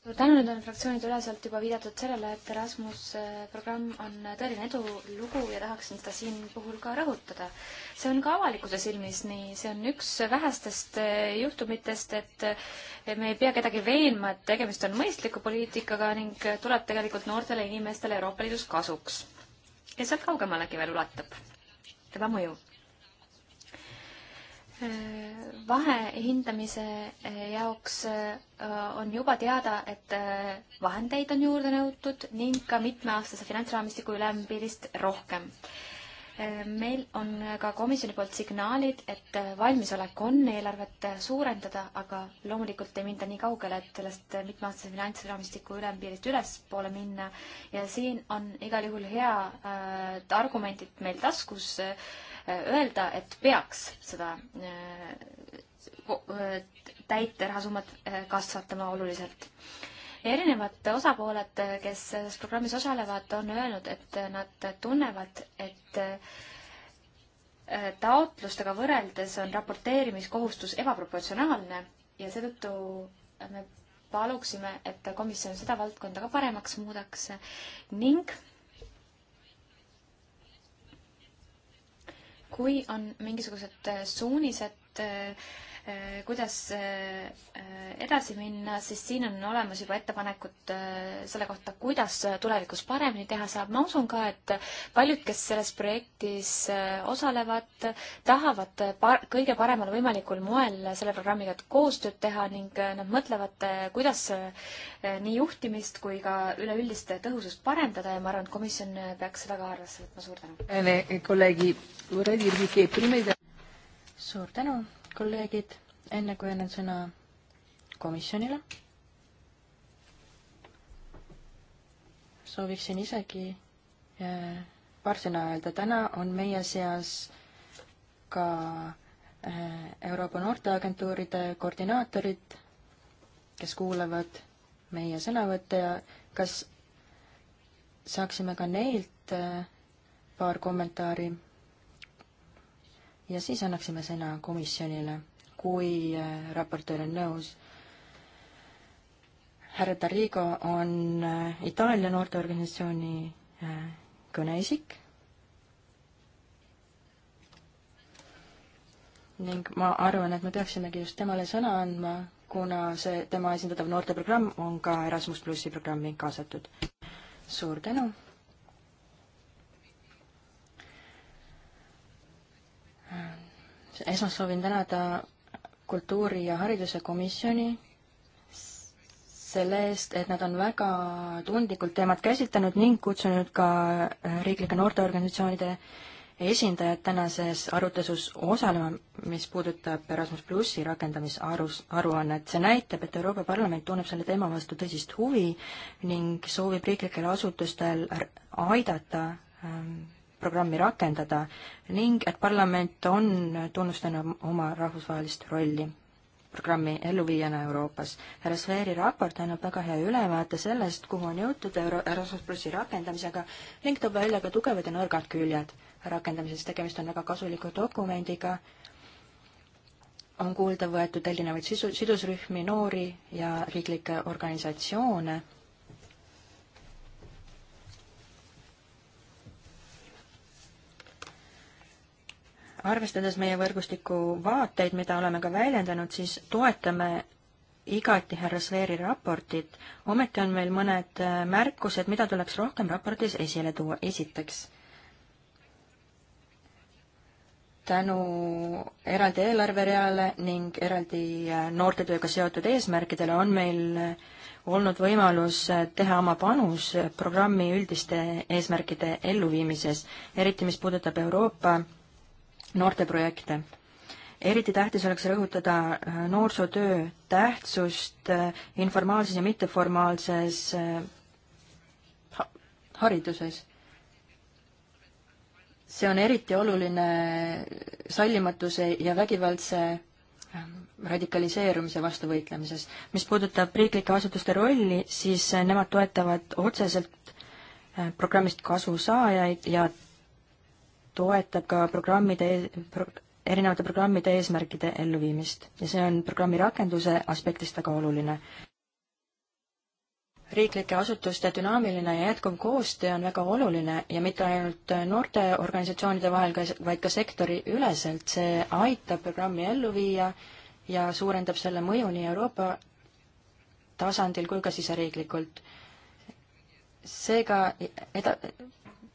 suur tänu, nüüd on fraktsioonide üleselt juba viidatud sellele, et Erasmus äh, programm on tõeline edulugu ja tahaksin seda siin puhul ka rõhutada. see on ka avalikkuse silmis nii, see on üks vähestest äh, juhtumitest, et äh, me ei pea kedagi veenma, et tegemist on mõistliku poliitikaga ning tuleb tegelikult noortele inimestele Euroopa Liidus kasuks. ja sealt kaugemalegi veel ulatub tema mõju vahehindamise eh, jaoks eh, on juba teada, et eh, vahendeid on juurde nõutud ning ka mitmeaastase finantsraamistiku ülempiirist rohkem. meil on ka komisjoni poolt signaalid, et valmisolek on eelarvet suurendada, aga loomulikult ei minda nii kaugele, et sellest mitmeaastase finantsraamistiku ülempiirist ülespoole minna ja siin on igal juhul head argumendid meil taskus äh, öelda, et peaks seda äh, täiterahasummat äh, kasvatama oluliselt. erinevad osapooled, kes selles programmis osalevad, on öelnud, et nad tunnevad, et äh, taotlustega võrreldes on raporteerimiskohustus ebaproportsionaalne ja seetõttu me paluksime, et komisjon seda valdkonda ka paremaks muudaks ning kui on mingisugused suunised äh, Äh, kuidas äh, äh, edasi minna, siis siin on olemas juba ettepanekud selle kohta, kuidas tulevikus paremini teha saab. ma usun ka, et paljud, kes selles projektis osalevad, tahavad par-, kõige paremal võimalikul moel selle programmiga koostööd teha ning nad mõtlevad, kuidas nii juhtimist kui ka üleüldist tõhusust parendada ja ma arvan, et komisjon peaks seda ka arvesse võtma. suur tänu! E, suur tänu! kolleegid, enne kui annan sõna komisjonile, sooviksin isegi äh, paar sõna öelda. täna on meie seas ka äh, Euroopa noorteagentuuride koordinaatorid, kes kuulavad meie sõnavõtte ja kas saaksime ka neilt äh, paar kommentaari ja siis annaksime sõna komisjonile, kui äh, raportöör on nõus. härra Tarigo on äh, Itaalia noorteorganisatsiooni äh, kõneisik ning ma arvan, et me peaksimegi just temale sõna andma, kuna see, tema esindatav noorteprogramm on ka Erasmus plussi programmi kaasatud. suur tänu! esmalt soovin tänada kultuuri- ja haridusekomisjoni selle eest, et nad on väga tundlikult teemat käsitlenud ning kutsunud ka äh, riiklike noorteorganisatsioonide esindajad tänases arutelus osalema, mis puudutab Erasmus plussi rakendamisarus, aruannet. see näitab, et Euroopa Parlament tunneb selle teema vastu tõsist huvi ning soovib riiklikel asutustel aidata ähm, programmi rakendada ning et parlament on tunnustanud oma rahvusvahelist rolli programmi elluviijana Euroopas. härra Sveeri raport annab väga hea ülevaate sellest, kuhu on jõutud Euro-, Erasmus plussi rakendamisega ning toob välja ka tugevad ja nõrgad küljed. rakendamises tegemist on väga kasuliku dokumendiga, on kuulda võetud erinevaid sisu, sidusrühmi, noori ja riiklikke organisatsioone arvestades meie võrgustiku vaateid, mida oleme ka väljendanud, siis toetame igati härra Sveeri raportit, ometi on meil mõned äh, märkused, mida tuleks rohkem raportis esile tuua. esiteks, tänu eraldi eelarvereale ning eraldi äh, noortetööga seotud eesmärkidele on meil äh, olnud võimalus teha oma panus programmi üldiste eesmärkide elluviimises, eriti mis puudutab Euroopa noorteprojekte. eriti tähtis oleks rõhutada äh, noorsootöö tähtsust äh, informaalses ja mitteformaalses äh, hariduses. see on eriti oluline sallimatuse ja vägivaldse radikaliseerumise vastu võitlemises. mis puudutab riiklike asutuste rolli, siis nemad toetavad otseselt programmist kasu saajaid ja toetab ka programmide e-, pro,, erinevate programmide eesmärkide elluviimist ja see on programmi rakenduse aspektist väga oluline. riiklike asutuste dünaamiline ja jätkuv koostöö on väga oluline ja mitte ainult noorteorganisatsioonide vahel, vaid ka sektoriüleselt, see aitab programmi ellu viia ja suurendab selle mõju nii Euroopa tasandil kui ka siseriiklikult seega eda-,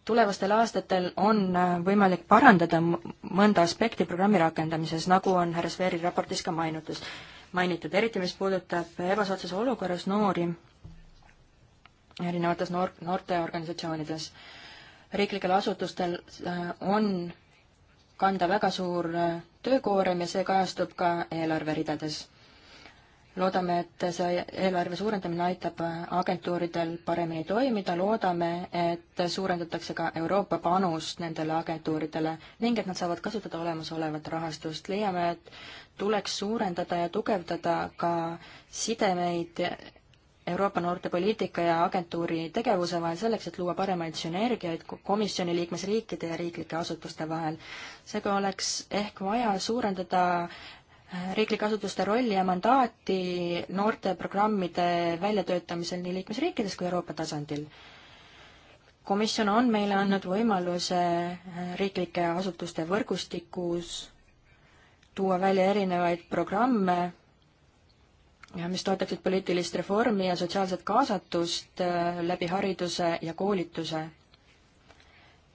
tulevastel aastatel on äh, võimalik parandada mõnda aspekti programmi rakendamises, nagu on härra Sveeri raportis ka mainutus, mainitud, eriti mis puudutab ebasoodsas olukorras noori erinevates noor-, noorteorganisatsioonides. riiklikel asutustel äh, on kanda väga suur äh, töökoorem ja see kajastub ka eelarveridades loodame, et see eelarve suurendamine aitab agentuuridel paremini toimida, loodame, et suurendatakse ka Euroopa panust nendele agentuuridele ning et nad saavad kasutada olemasolevat rahastust. leiame, et tuleks suurendada ja tugevdada ka sidemeid Euroopa noortepoliitika ja agentuuri tegevuse vahel selleks, et luua paremaid sünergiaid komisjoni liikmesriikide ja riiklike asutuste vahel. seega oleks ehk vaja suurendada riiklike asutuste rolli ja mandaati noorteprogrammide väljatöötamisel nii liikmesriikides kui Euroopa tasandil. komisjon on meile andnud võimaluse äh, riiklike asutuste võrgustikus tuua välja erinevaid programme, mis toetaksid poliitilist reformi ja sotsiaalset kaasatust äh, läbi hariduse ja koolituse.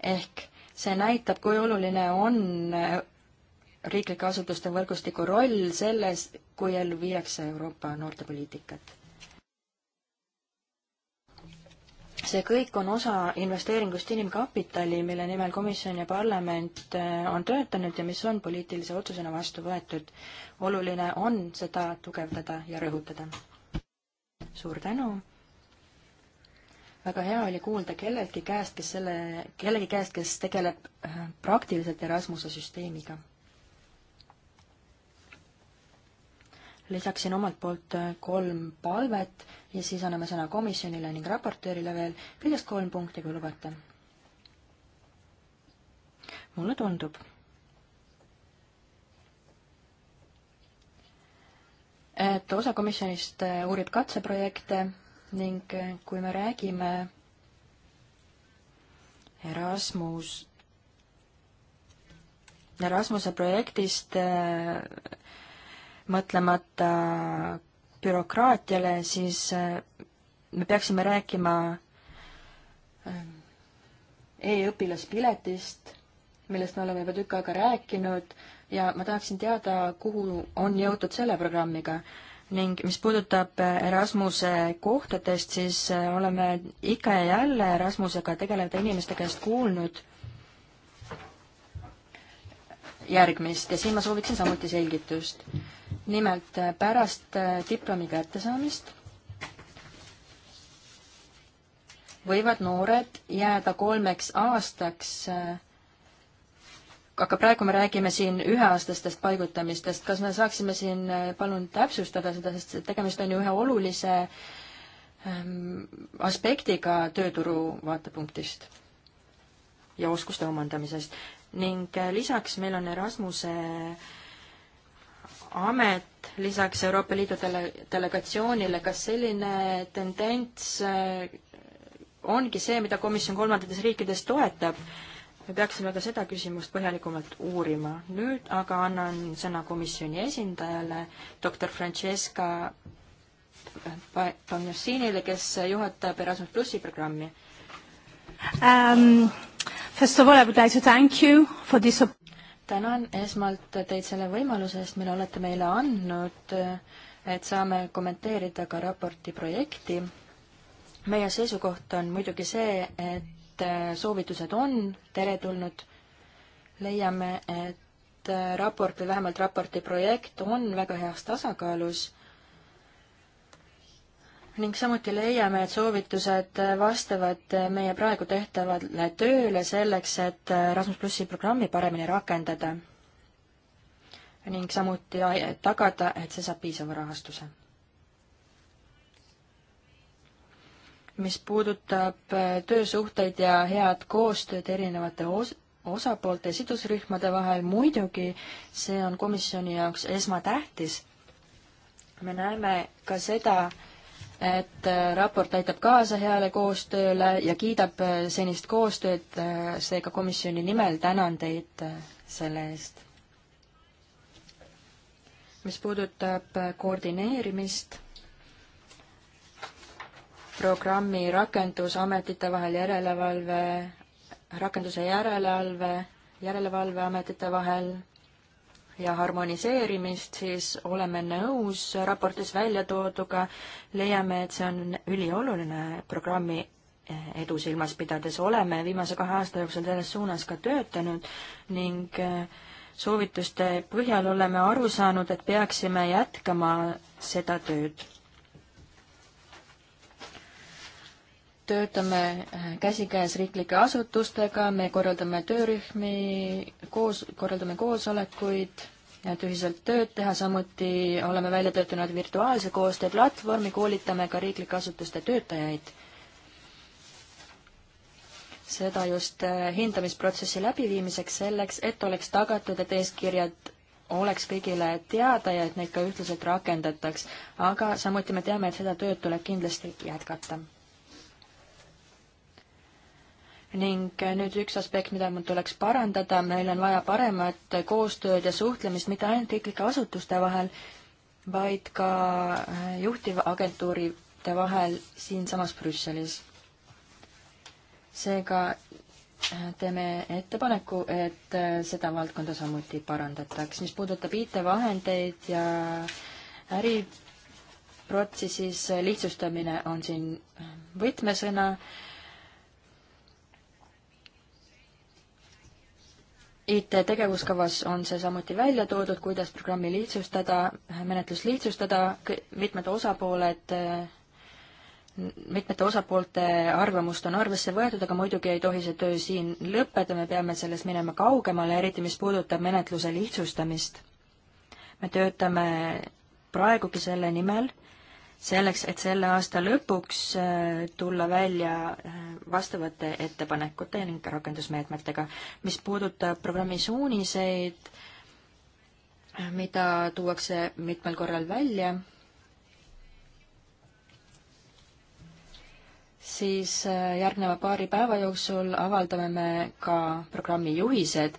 ehk see näitab, kui oluline on äh, riiklike asutuste võrgustiku roll selles, kui ellu viiakse Euroopa noortepoliitikat. see kõik on osa investeeringust inimkapitali, mille nimel komisjon ja parlament äh, on töötanud ja mis on poliitilise otsusena vastu võetud. oluline on seda tugevdada ja rõhutada. suur tänu! väga hea oli kuulda kelleltki käest, kes selle, kellegi käest, kes tegeleb äh, praktiliselt Erasmuse süsteemiga lisaksin omalt poolt äh, kolm palvet ja siis anname sõna komisjonile ning raportöörile veel kõigest kolm punkti, kui lubate. mulle tundub, et osa komisjonist äh, uurib katseprojekte ning äh, kui me räägime Erasmus, Erasmuse projektist äh, mõtlemata bürokraatiale, siis äh, me peaksime rääkima äh, e-õpilaspiletist, millest me oleme juba tükk aega rääkinud ja ma tahaksin teada, kuhu on jõutud selle programmiga ning mis puudutab äh, Erasmuse kohtadest, siis oleme ikka ja jälle Erasmusega tegelevate inimeste käest kuulnud järgmist ja siin ma sooviksin samuti selgitust nimelt äh, pärast äh, diplomi kättesaamist võivad noored jääda kolmeks aastaks äh, aga praegu me räägime siin üheaastastest paigutamistest, kas me saaksime siin palun täpsustada seda, sest tegemist on ju ühe olulise ähm, aspektiga tööturu vaatepunktist ja oskuste omandamisest. ning lisaks meil on Erasmuse äh, amet lisaks Euroopa Liidu dele-, delegatsioonile, kas selline tendents äh, ongi see, mida komisjon kolmandates riikides toetab? me peaksime ka seda küsimust põhjalikumalt uurima. nüüd aga annan sõna komisjoni esindajale, doktor Francesca Pagnosinile, kes juhatab Erasmus plussi programmi um,. First of all I would like to thank you for this tänan esmalt teid selle võimaluse eest, mille olete meile andnud, et saame kommenteerida ka raporti projekti. meie seisukoht on muidugi see, et soovitused on teretulnud. leiame, et raport või vähemalt raporti projekt on väga heas tasakaalus ning samuti leiame, et soovitused vastavad meie praegu tehtavale tööle selleks, et Rasmus plussi programmi paremini rakendada. ning samuti tagada, et see saab piisava rahastuse. mis puudutab töösuhteid ja head koostööd erinevate os-, osapoolte ja sidusrühmade vahel, muidugi see on komisjoni jaoks esmatähtis. me näeme ka seda, et äh, raport aitab kaasa heale koostööle ja kiidab äh, senist koostööd, äh, seega komisjoni nimel tänan teid selle eest. mis puudutab koordineerimist, programmi rakendusametite vahel järelevalve, rakenduse järelevalve, järelevalveametite vahel ja harmoniseerimist, siis oleme nõus raportis välja tooduga, leiame, et see on ülioluline programmi eh, edu silmas pidades, oleme viimase kahe aasta jooksul selles suunas ka töötanud ning eh, soovituste põhjal oleme aru saanud, et peaksime jätkama seda tööd. töötame eh, käsikäes riiklike asutustega, me korraldame töörühmi, koos, korraldame koosolekuid et ühiselt tööd teha, samuti oleme välja töötanud virtuaalse koostöö platvormi, koolitame ka riiklike asutuste töötajaid. seda just eh, hindamisprotsessi läbiviimiseks, selleks et oleks tagatud, et eeskirjad oleks kõigile teada ja et neid ka ühtlaselt rakendataks. aga samuti me teame, et seda tööd tuleb kindlasti jätkata ning eh, nüüd üks aspekt, mida mul tuleks parandada, meil on vaja paremat koostööd ja suhtlemist mitte ainult riiklike asutuste vahel, vaid ka eh, juhtivagentuuride vahel siinsamas Brüsselis. seega eh, teeme ettepaneku, et seda valdkonda samuti parandataks. mis puudutab IT-vahendeid ja äriprotsessis lihtsustamine on siin võtmesõna IT-tegevuskavas on see samuti välja toodud, kuidas programmi lihtsustada, menetlust lihtsustada, mitmed osapooled, mitmete osapoolte arvamust on arvesse võetud, aga muidugi ei tohi see töö siin lõppeda, me peame selles minema kaugemale, eriti mis puudutab menetluse lihtsustamist. me töötame praegugi selle nimel selleks, et selle aasta lõpuks äh, tulla välja äh, vastavate ettepanekute ning rakendusmeetmetega. mis puudutab programmi suuniseid, mida tuuakse mitmel korral välja, siis äh, järgneva paari päeva jooksul avaldame me ka programmi juhised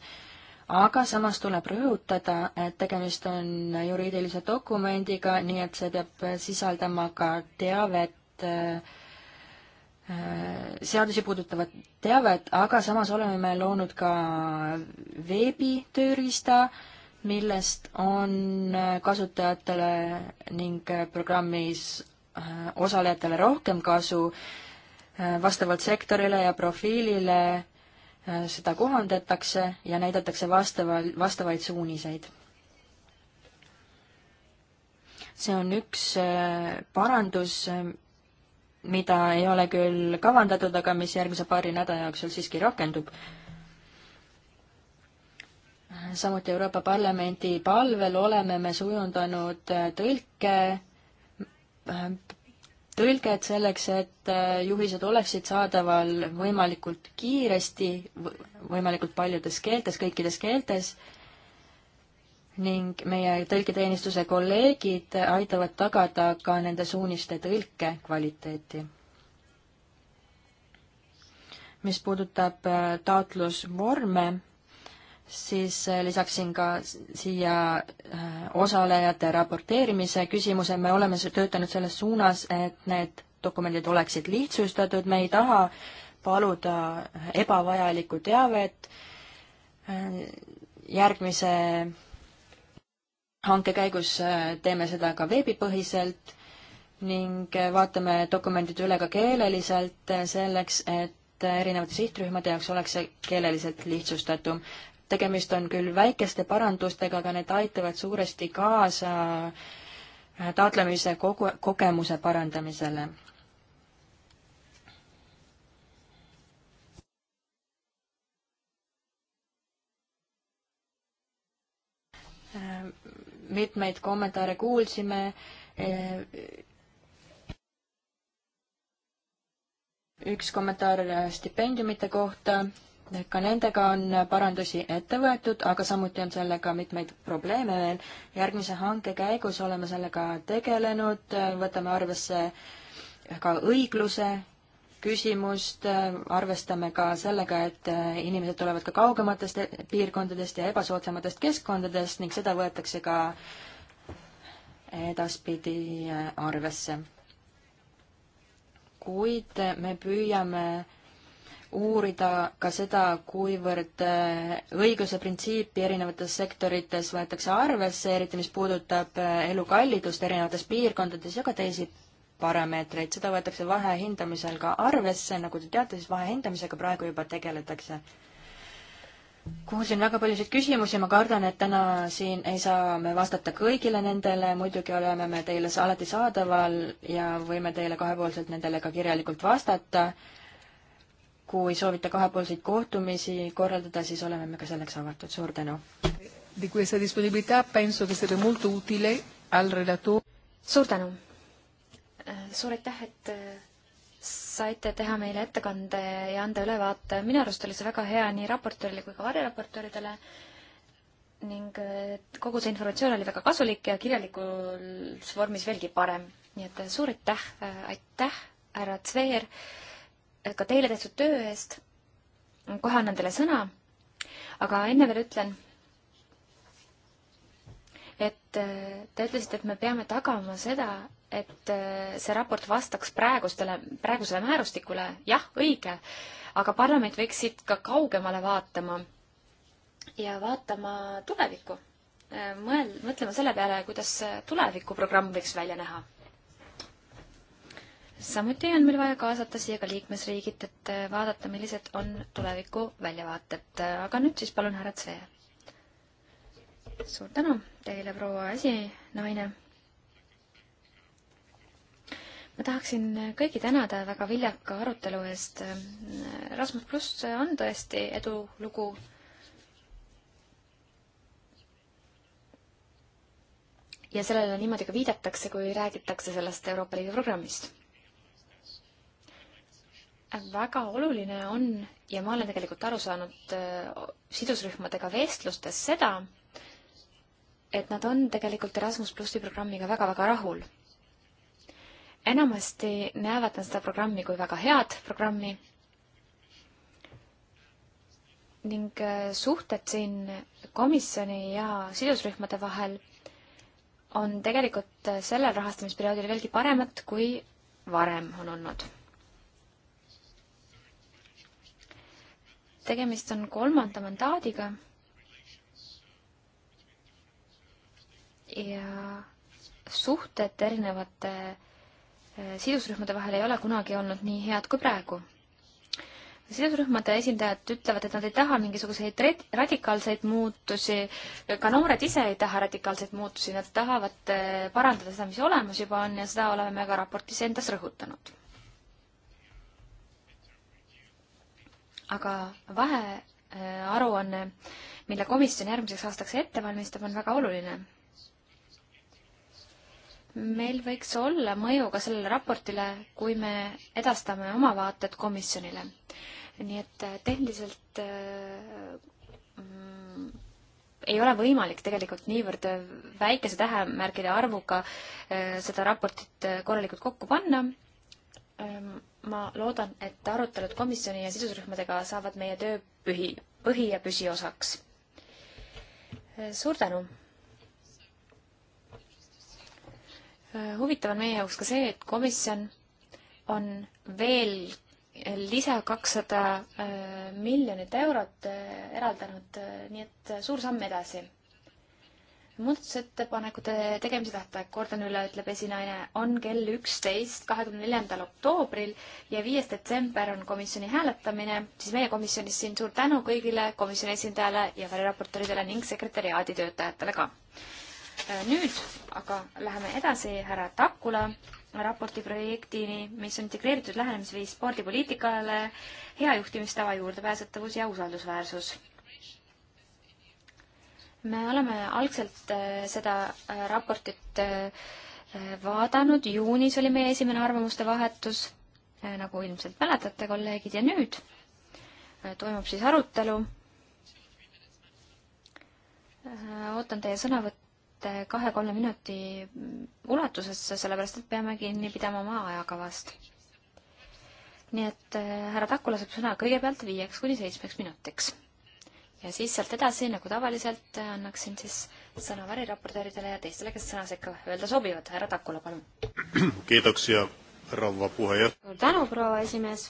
aga samas tuleb rõhutada, et tegemist on juriidilise dokumendiga, nii et see peab sisaldama ka teavet, äh, seadusi puudutavat teavet, aga samas oleme me loonud ka veebitööriista, millest on kasutajatele ning programmis äh, osalejatele rohkem kasu äh, vastavalt sektorile ja profiilile Äh, seda kohandatakse ja näidatakse vastava, vastavaid suuniseid. see on üks äh, parandus, äh, mida ei ole küll kavandatud, aga mis järgmise paari nädala jooksul siiski rakendub. samuti Euroopa Parlamendi palvel oleme me sujundanud tõlke tõlged selleks, et äh, juhised oleksid saadaval võimalikult kiiresti, võimalikult paljudes keeltes, kõikides keeltes ning meie tõlketeenistuse kolleegid aitavad tagada ka nende suuniste tõlke kvaliteeti. mis puudutab äh, taotlusvorme siis äh, lisaksin ka siia äh, osalejate raporteerimise küsimuse, me oleme töötanud selles suunas, et need dokumendid oleksid lihtsustatud, me ei taha paluda ebavajalikku teavet äh, järgmise hanke käigus teeme seda ka veebipõhiselt ning vaatame dokumendid üle ka keeleliselt selleks, et erinevate sihtrühmade jaoks oleks see keeleliselt lihtsustatum tegemist on küll väikeste parandustega, aga need aitavad suuresti kaasa äh, taotlemise kogu, kogemuse parandamisele. Äh, mitmeid kommentaare kuulsime äh, üks kommentaar stipendiumite kohta ka nendega on parandusi ette võetud, aga samuti on sellega mitmeid probleeme veel. järgmise hanke käigus oleme sellega tegelenud, võtame arvesse ka õigluse küsimust, arvestame ka sellega, et inimesed tulevad ka kaugematest piirkondadest ja ebasoodsamatest keskkondadest ning seda võetakse ka edaspidi arvesse. kuid me püüame uurida ka seda, kuivõrd äh, õigluse printsiipi erinevates sektorites võetakse arvesse, eriti mis puudutab äh, elukallidust erinevates piirkondades ja ka teisi parameetreid, seda võetakse vahehindamisel ka arvesse, nagu te teate, siis vahehindamisega praegu juba tegeletakse. kuulsin väga paljusid küsimusi, ma kardan, et täna siin ei saa me vastata kõigile nendele, muidugi oleme me teile alati saadaval ja võime teile kahepoolselt nendele ka kirjalikult vastata kui soovite kahepoolseid kohtumisi korraldada, siis oleme me ka selleks avatud, suur tänu! suur tänu! suur aitäh, et äh, saite teha meile ettekande ja anda ülevaate, minu arust oli see väga hea nii raportöörile kui ka varjeraportööridele ning äh, kogu see informatsioon oli väga kasulik ja kirjalikus vormis veelgi parem. nii et äh, suur aitäh, aitäh, härra Zveer ka teile tehtud töö eest. kohe annan teile sõna. aga enne veel ütlen, et äh, te ütlesite, et me peame tagama seda, et äh, see raport vastaks praegustele, praegusele määrustikule. jah, õige, aga parlament võiks siit ka kaugemale vaatama ja vaatama tulevikku äh, mõel-, mõtlema selle peale, kuidas tulevikuprogramm võiks välja näha samuti on meil vaja kaasata siia ka liikmesriigid, et äh, vaadata, millised on tuleviku väljavaated, aga nüüd siis palun härra Zveer. suur tänu teile, proua esinaine. ma tahaksin kõigi tänada väga viljaka arutelu eest. Rasmus pluss on tõesti edulugu ja sellele niimoodi ka viidatakse, kui räägitakse sellest Euroopa Liidu programmist väga oluline on ja ma olen tegelikult aru saanud äh, sidusrühmadega vestlustes seda, et nad on tegelikult Erasmus plussi programmiga väga-väga rahul. enamasti näevad nad seda programmi kui väga head programmi ning äh, suhted siin komisjoni ja sidusrühmade vahel on tegelikult äh, sellel rahastamisperioodil veelgi paremad, kui varem on olnud tegemist on kolmanda mandaadiga ja suhted erinevate äh, sidusrühmade vahel ei ole kunagi olnud nii head kui praegu. sidusrühmade esindajad ütlevad, et nad ei taha mingisuguseid radikaalseid muutusi, ka noored ise ei taha radikaalseid muutusi, nad tahavad äh, parandada seda, mis olemas juba on ja seda oleme ka raportis endas rõhutanud aga vahearuanne, äh, mille komisjon järgmiseks aastaks ette valmistab, on väga oluline. meil võiks olla mõju ka sellele raportile, kui me edastame oma vaated komisjonile. nii et äh, tehniliselt äh, mm, ei ole võimalik tegelikult niivõrd väikese tähemärgide arvuga seda raportit korralikult kokku panna, ma loodan, et arutelud komisjoni ja sidusrühmadega saavad meie töö põhi, põhi ja püsiosaks. suur tänu! huvitav on meie jaoks ka see, et komisjon on veel lisa kakssada miljonit eurot eraldanud, nii et suur samm edasi muudatusettepanekute tegemise tähtaeg, kordan üle, ütleb esinaine, on kell üksteist, kahekümne neljandal oktoobril ja viies detsember on komisjoni hääletamine, siis meie komisjonis siin suur tänu kõigile komisjoni esindajale ja väliraportoridele ning sekretäriaadi töötajatele ka. Äh, nüüd aga läheme edasi härra Takula raporti projektini, mis on integreeritud lähenemisviis spordipoliitikale, hea juhtimistava juurdepääsetavus ja usaldusväärsus me oleme algselt äh, seda äh, raportit äh, vaadanud, juunis oli meie esimene arvamuste vahetus, nagu ilmselt mäletate, kolleegid, ja nüüd toimub siis arutelu. ootan teie sõnavõtte kahe-kolme minuti ulatuses, sellepärast et peame kinni pidama oma ajakavast. nii et härra Takula saab sõna kõigepealt viieks kuni seitsmeks minutiks ja siis sealt edasi, nagu tavaliselt, annaksin siis sõna variraportööridele ja teistele, kes sõna sekka öelda sobivad. härra Takula, palun. kiitoksia, rouva puheja. suur tänu, proua esimees.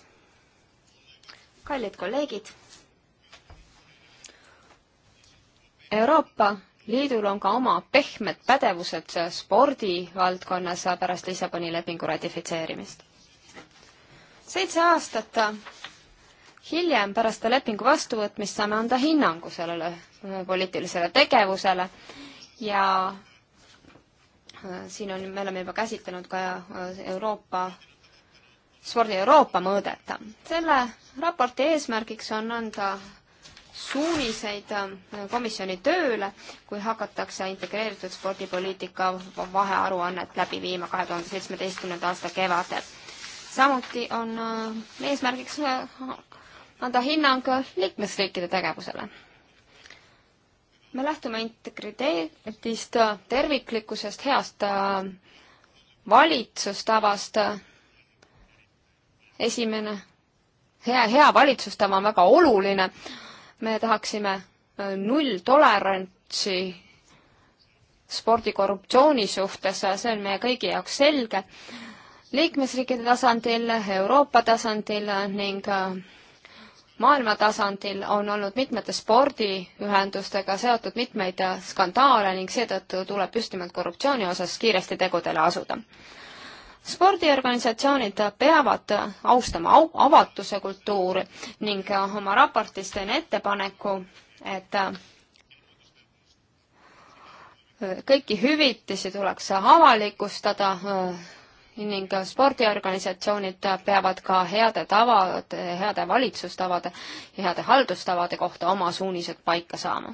kallid kolleegid. Euroopa Liidul on ka oma pehmed pädevused spordivaldkonnas pärast Lissaboni lepingu ratifitseerimist. seitse aastat hiljem, pärast lepingu vastuvõtmist, saame anda hinnangu sellele äh, poliitilisele tegevusele ja äh, siin on, me oleme juba käsitlenud ka äh, Euroopa, spordi Euroopa mõõdet. selle raporti eesmärgiks on anda suuniseid komisjoni tööle, kui hakatakse integreeritud spordipoliitika vahearuannet läbi viima kahe tuhande seitsmeteistkümnenda aasta kevadel. samuti on eesmärgiks anda hinnang liikmesriikide tegevusele. me lähtume integriteedist, terviklikkusest, heast äh, valitsustavast. esimene, hea, hea valitsustava on väga oluline. me tahaksime äh, nulltolerantsi spordikorruptsiooni suhtes, see on meie kõigi jaoks selge, liikmesriikide tasandil, Euroopa tasandil ning äh, maailma tasandil on olnud mitmete spordiühendustega seotud mitmeid skandaale ning seetõttu tuleb just nimelt korruptsiooni osas kiiresti tegudele asuda. spordiorganisatsioonid peavad austama au-, avatuse kultuuri ning oma raportis teen ettepaneku, et kõiki hüvitisi tuleks avalikustada, ning spordiorganisatsioonid peavad ka heade tavade, heade valitsustavade ja heade haldustavade kohta oma suunised paika saama.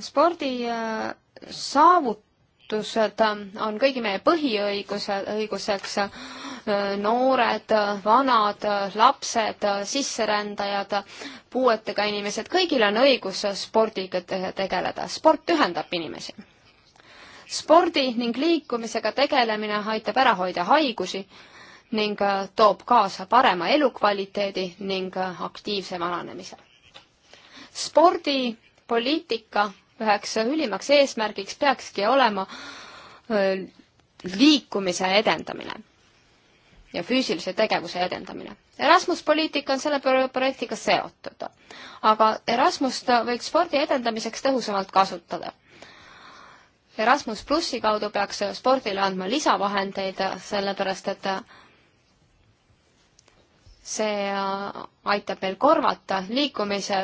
spordi äh, saavutused on kõigi meie põhiõiguse, õiguseks äh, noored, vanad, lapsed, sisserändajad, puuetega inimesed, kõigil on õigus spordiga tegeleda, sport ühendab inimesi spordi ning liikumisega tegelemine aitab ära hoida haigusi ning äh, toob kaasa parema elukvaliteedi ning äh, aktiivse vananemise. spordipoliitika üheks ülimaks eesmärgiks peakski olema äh, liikumise edendamine ja füüsilise tegevuse edendamine. Erasmus poliitika on selle projektiga seotud, aga Erasmust võiks spordi edendamiseks tõhusamalt kasutada Erasmus plussi kaudu peaks spordile andma lisavahendeid, sellepärast et see äh, aitab meil korvata liikumise,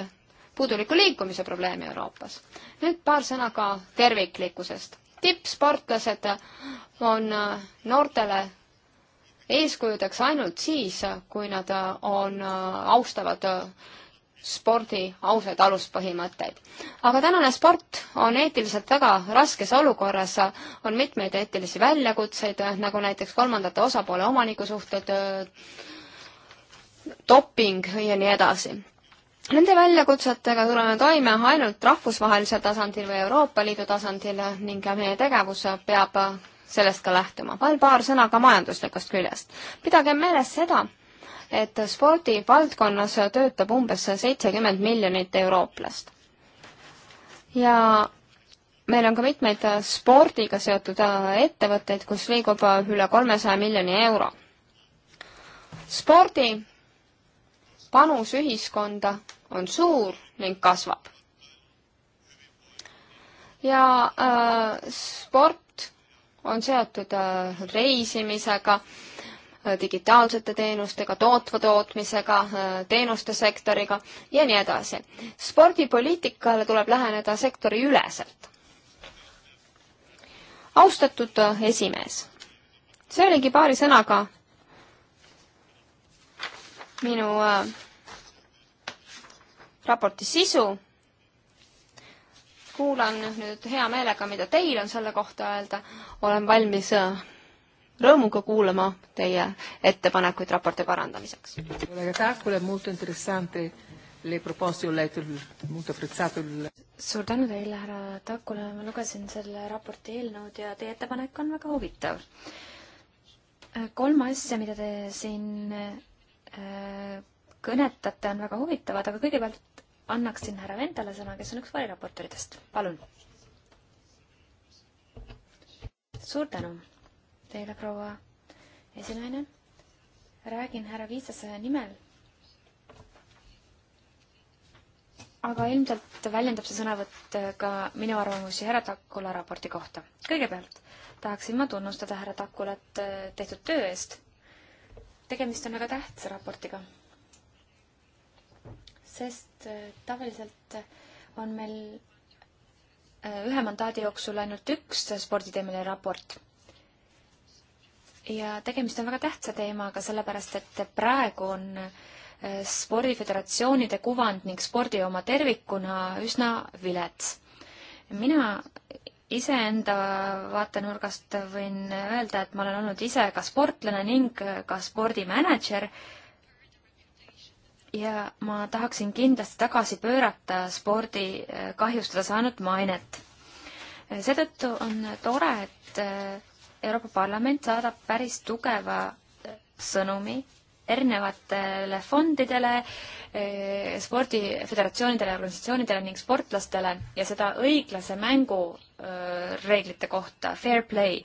puuduliku liikumise probleemi Euroopas. nüüd paar sõna ka terviklikkusest. tippsportlased on äh, noortele eeskujudeks ainult siis, kui nad äh, on, austavad spordi ausaid aluspõhimõtteid. aga tänane sport on eetiliselt väga raskes olukorras, on mitmeid eetilisi väljakutseid, nagu näiteks kolmandate osapoole omanikusuhted, doping ja nii edasi. Nende väljakutsetega tuleme toime ainult rahvusvahelisel tasandil või Euroopa Liidu tasandil ning meie tegevus peab sellest ka lähtuma. veel paar sõna ka majanduslikust küljest. pidagem meeles seda, et spordivaldkonnas töötab umbes seitsekümmend miljonit eurooplast. ja meil on ka mitmeid spordiga seotud ettevõtteid, kus liigub üle kolmesaja miljoni euro. spordi panus ühiskonda on suur ning kasvab. ja äh, sport on seotud äh, reisimisega äh,, digitaalsete teenustega, tootva tootmisega, teenuste sektoriga ja nii edasi. spordipoliitikale tuleb läheneda sektoriüleselt. austatud esimees, see oligi paari sõnaga minu äh, raporti sisu. kuulan nüüd hea meelega, mida teil on selle kohta öelda. olen valmis äh, rõõmuga kuulama teie ettepanekuid raporti parandamiseks. suur tänu teile, härra Takula, ma lugesin selle raporti eelnõud ja teie ettepanek on väga huvitav. kolm asja, mida te siin äh, kõnetate, on väga huvitavad, aga kõigepealt annaksin härra Ventale sõna, kes on üks variraportoritest. palun. suur tänu teile, proua esinaine. räägin härra Viitsase nimel. aga ilmselt väljendab see sõnavõtt ka minu arvamusi härra Takula raporti kohta. kõigepealt tahaksin ma tunnustada härra Takulat äh, tehtud töö eest. tegemist on väga tähtsa raportiga. sest äh, tavaliselt on meil äh, ühe mandaadi jooksul ainult üks sporditeemaline raport ja tegemist on väga tähtsa teemaga, sellepärast et praegu on äh, spordiföderatsioonide kuvand ning spordi oma tervikuna üsna vilets. mina iseenda vaatenurgast võin öelda, et ma olen olnud ise ka sportlane ning äh, ka spordimänedžer ja ma tahaksin kindlasti tagasi pöörata spordi äh, kahjustada saanud mainet. seetõttu on tore, et Euroopa Parlament saadab päris tugeva sõnumi erinevatele fondidele, eh, spordiföderatsioonidele, organisatsioonidele ning sportlastele ja seda õiglase mängu eh, reeglite kohta, fair play.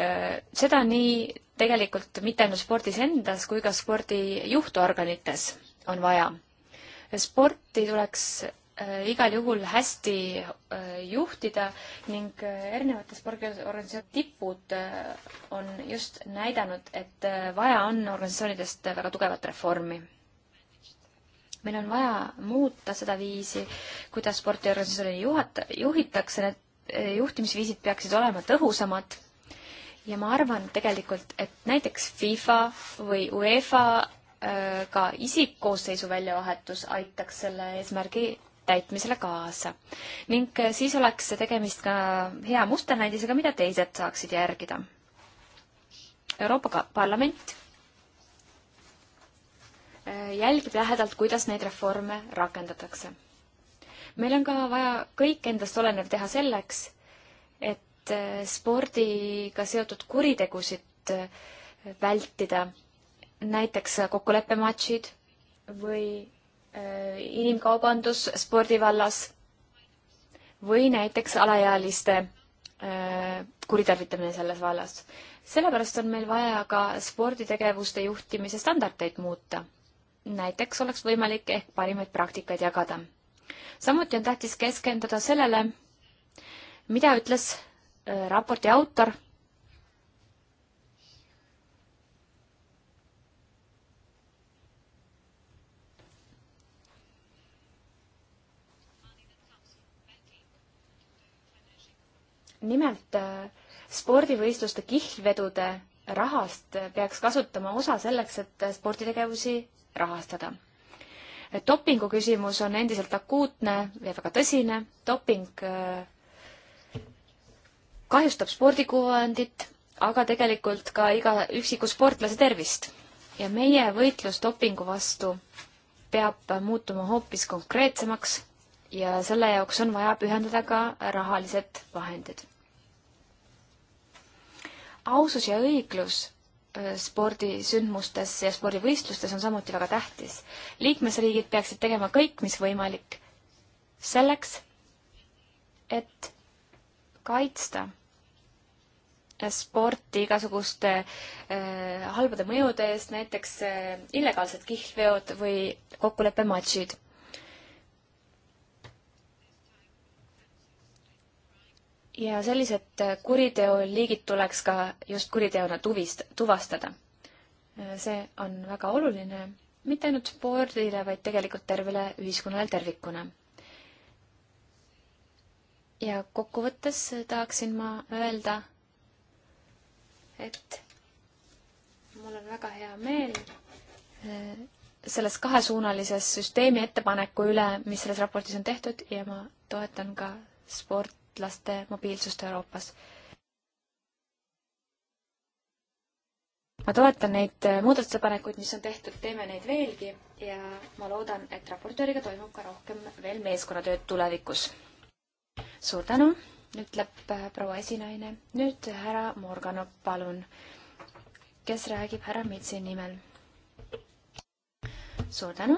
Eh, seda nii tegelikult mitte ainult spordis endas kui ka spordi juhtorganites on vaja. sporti tuleks Äh, igal juhul hästi äh, juhtida ning äh, erinevates spordiorganisatsioonide tipud on just näidanud, et vaja on organisatsioonidest väga tugevat reformi. meil on vaja muuta seda viisi, kuidas spordiorganisatsiooni juhata, juhitakse, need juhtimisviisid peaksid olema tõhusamad ja ma arvan tegelikult, et näiteks FIFA või UEFA ka isikkoosseisu väljavahetus aitaks selle eesmärgi täitmisele kaasa. ning eh, siis oleks tegemist ka hea musternäidisega, mida teised saaksid järgida. Euroopa Parlament eh, jälgib lähedalt, kuidas neid reforme rakendatakse. meil on ka vaja kõik endast olenev teha selleks, et eh, spordiga seotud kuritegusid vältida, näiteks kokkuleppematšid või Äh, inimkaubandus spordivallas või näiteks alaealiste äh, kuritarvitamine selles vallas. sellepärast on meil vaja ka sporditegevuste juhtimise standardeid muuta. näiteks oleks võimalik ehk parimaid praktikaid jagada. samuti on tähtis keskenduda sellele, mida ütles äh, raporti autor nimelt äh, spordivõistluste kihlvedude rahast peaks kasutama osa selleks, et sporditegevusi rahastada. dopingu küsimus on endiselt akuutne ja väga tõsine. doping äh, kahjustab spordikuvandit, aga tegelikult ka iga üksiku sportlase tervist. ja meie võitlus dopingu vastu peab muutuma hoopis konkreetsemaks ja selle jaoks on vaja pühendada ka rahalised vahendid ausus ja õiglus äh, spordisündmustes ja spordivõistlustes on samuti väga tähtis. liikmesriigid peaksid tegema kõik, mis võimalik selleks, et kaitsta äh, sporti igasuguste äh, halbade mõjude eest, näiteks äh, illegaalsed kihlveod või kokkuleppematšid ja sellised kuriteoliigid tuleks ka just kuriteona tuvist, tuvastada. see on väga oluline mitte ainult spordile, vaid tegelikult tervele ühiskonnale tervikuna. ja kokkuvõttes tahaksin ma öelda, et mul on väga hea meel äh, selles kahesuunalises süsteemi ettepaneku üle, mis selles raportis on tehtud ja ma toetan ka sport laste mobiilsust Euroopas. ma toetan neid äh, muudatusettepanekuid, mis on tehtud, teeme neid veelgi ja ma loodan, et raportööriga toimub ka rohkem veel meeskonnatööd tulevikus. suur tänu, ütleb äh, proua esinaine. nüüd härra Morganov, palun, kes räägib härra Mitsi nimel. suur tänu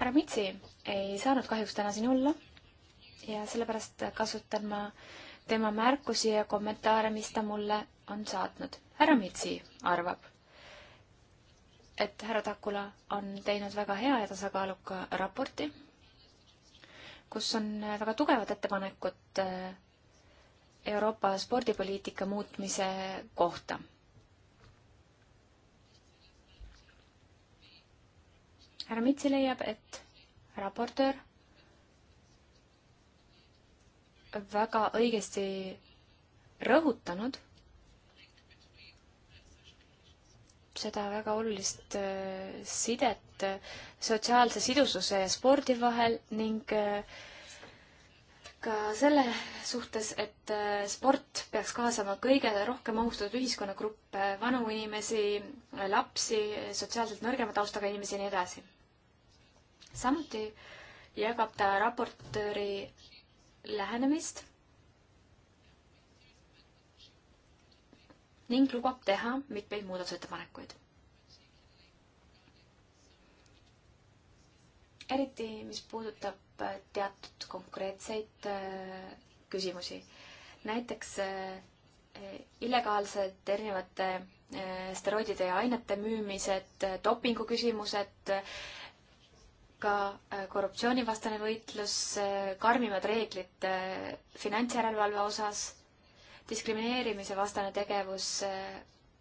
härra Mitsi ei saanud kahjuks täna siin olla, ja sellepärast kasutan ma tema märkusi ja kommentaare, mis ta mulle on saatnud. härra Mitsi arvab, et härra Takula on teinud väga hea ja tasakaaluka raporti, kus on väga tugevad ettepanekud äh, Euroopa spordipoliitika muutmise kohta. härra Mitsi leiab, et raportöör väga õigesti rõhutanud seda väga olulist äh, sidet äh, sotsiaalse sidususe ja spordi vahel ning äh, ka selle suhtes, et sport peaks kaasama kõige rohkem ohustatud ühiskonnagruppe, vanu inimesi, lapsi, sotsiaalselt nõrgema taustaga inimesi ja nii edasi. samuti jagab ta raportööri lähenemist ning lubab teha mitmeid muudatusettepanekuid. eriti, mis puudutab teatud konkreetseid äh, küsimusi. näiteks äh, illegaalsed erinevate äh, steroidide ja ainete müümised, dopingu küsimused, ka äh, korruptsioonivastane võitlus, äh, karmimad reeglid äh, finantsjärelevalve osas, diskrimineerimise vastane tegevus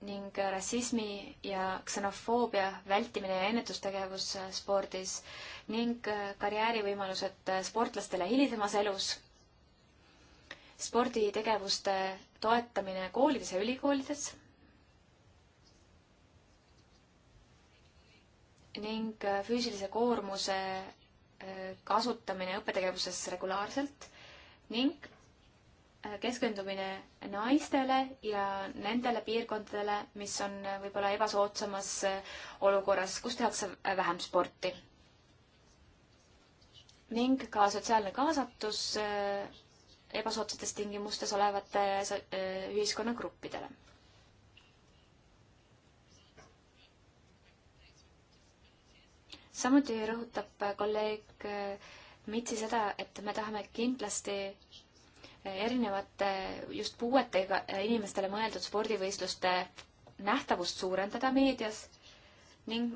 ning rassismi ja ksenofoobia vältimine ja ennetustegevus spordis ning karjäärivõimalused sportlastele hilisemas elus, sporditegevuste toetamine koolides ja ülikoolides ning äh, füüsilise koormuse äh, kasutamine õppetegevuses regulaarselt ning äh, keskendumine naistele ja nendele piirkondadele, mis on võib-olla ebasoodsamas olukorras, kus tehakse vähem sporti. ning ka sotsiaalne kaasatus ebasoodsates tingimustes olevate ühiskonnagruppidele samuti rõhutab kolleeg Mitsi seda, et me tahame kindlasti erinevate just puuetega inimestele mõeldud spordivõistluste nähtavust suurendada meedias ning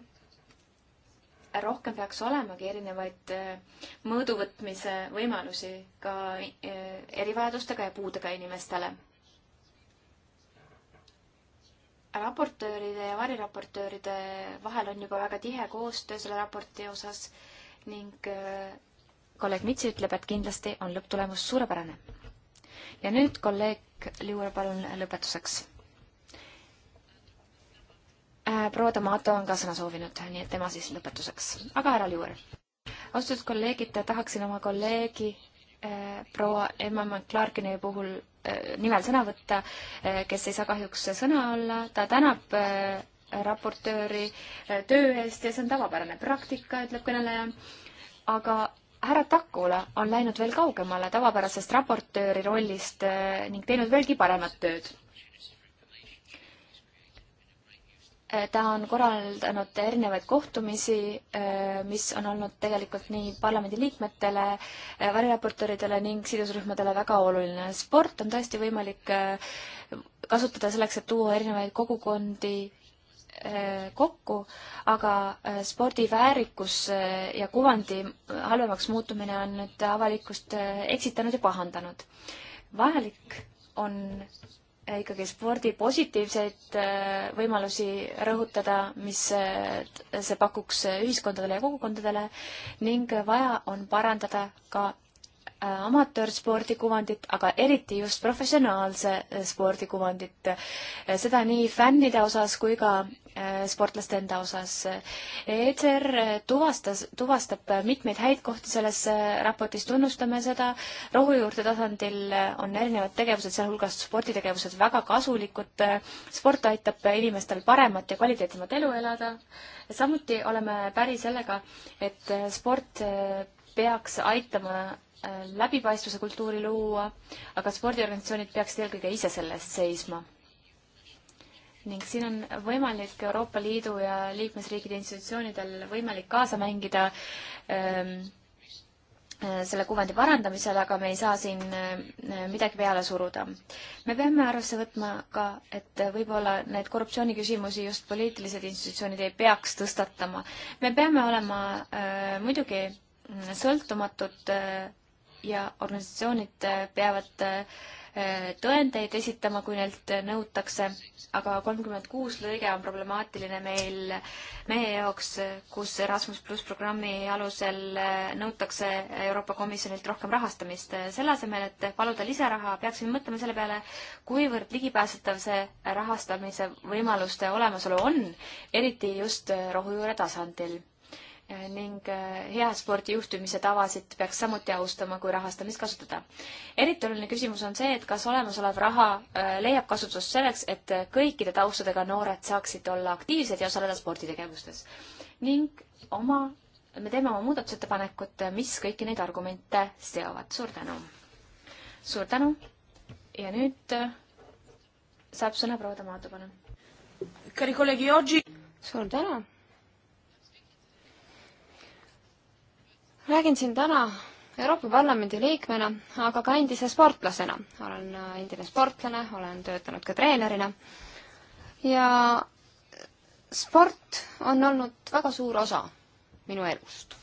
rohkem peaks olemagi erinevaid äh, mõõduvõtmise võimalusi ka äh, erivajadustega ja puudega inimestele. raportööride ja variraportööride vahel on juba väga tihe koostöö selle raporti osas ning äh, kolleeg Mitsi ütleb, et kindlasti on lõpptulemus suurepärane. ja nüüd kolleeg Liur, palun lõpetuseks. Äh, proua Tomato on ka sõna soovinud, nii et tema siis lõpetuseks, aga härra Liur. austatud kolleegid, tahaksin oma kolleegi Eh, proua Emma McClarkini puhul eh, nimel sõna võtta, eh, kes ei saa kahjuks sõna olla, ta tänab raportööri töö eest ja see on tavapärane praktika, ütleb kõneleja, aga härra Takula on läinud veel kaugemale tavapärasest raportööri rollist ning teinud veelgi paremat tööd Äh, ta on korraldanud erinevaid kohtumisi, äh, mis on olnud tegelikult nii parlamendiliikmetele, äh, variraportööridele ning sidusrühmadele väga oluline. sport on tõesti võimalik kasutada selleks, et tuua erinevaid kogukondi kokku, aga spordi väärikus ja kuvandi halvemaks muutumine on nüüd avalikkust eksitanud ja pahandanud. vajalik on ikkagi spordi positiivseid äh, võimalusi rõhutada, mis äh, see pakuks ühiskondadele ja kogukondadele ning vaja on parandada ka äh, amatöörspordi kuvandit, aga eriti just professionaalse spordi kuvandit. seda nii fännide osas kui ka Äh, sportlaste enda osas. ECR tuvastas, tuvastab mitmeid häid kohti selles äh, raportis, tunnustame seda, rohujuurte tasandil äh, on erinevad tegevused, sealhulgas sporditegevused, väga kasulikud, sport aitab inimestel paremat ja kvaliteetsemat elu elada, samuti oleme päri sellega, et sport peaks aitama läbipaistvuse kultuuri luua, aga spordiorganisatsioonid peaksid eelkõige ise selle eest seisma ning siin on võimalik Euroopa Liidu ja liikmesriikide institutsioonidel võimalik kaasa mängida ähm, äh, selle kuvandi parandamisel, aga me ei saa siin äh, midagi peale suruda. me peame arvesse võtma ka, et võib-olla neid korruptsiooniküsimusi just poliitilised institutsioonid ei peaks tõstatama. me peame olema äh, muidugi mm, sõltumatud äh, ja organisatsioonid äh, peavad äh, tõendeid esitama, kui neilt nõutakse, aga kolmkümmend kuus lõige on problemaatiline meil, meie jaoks, kus Erasmus pluss programmi alusel nõutakse Euroopa Komisjonilt rohkem rahastamist. selle asemel, et paluda lisaraha, peaksime mõtlema selle peale, kuivõrd ligipääsetav see rahastamise võimaluste olemasolu on, eriti just rohujuure tasandil ning äh, hea spordijuhtimise tavasid peaks samuti austama, kui rahastamist kasutada. eriti oluline küsimus on see, et kas olemasolev raha äh, leiab kasutust selleks, et äh, kõikide taustadega noored saaksid olla aktiivsed ja osaleda sporditegevustes. ning oma, me teeme oma muudatusettepanekut, mis kõiki neid argumente seovad. suur tänu! suur tänu ja nüüd saab sõna proua Tomato, palun. suur tänu! räägin siin täna Euroopa Parlamendi liikmena, aga ka endise sportlasena. olen äh, endine sportlane, olen töötanud ka treenerina ja sport on olnud väga suur osa minu elust.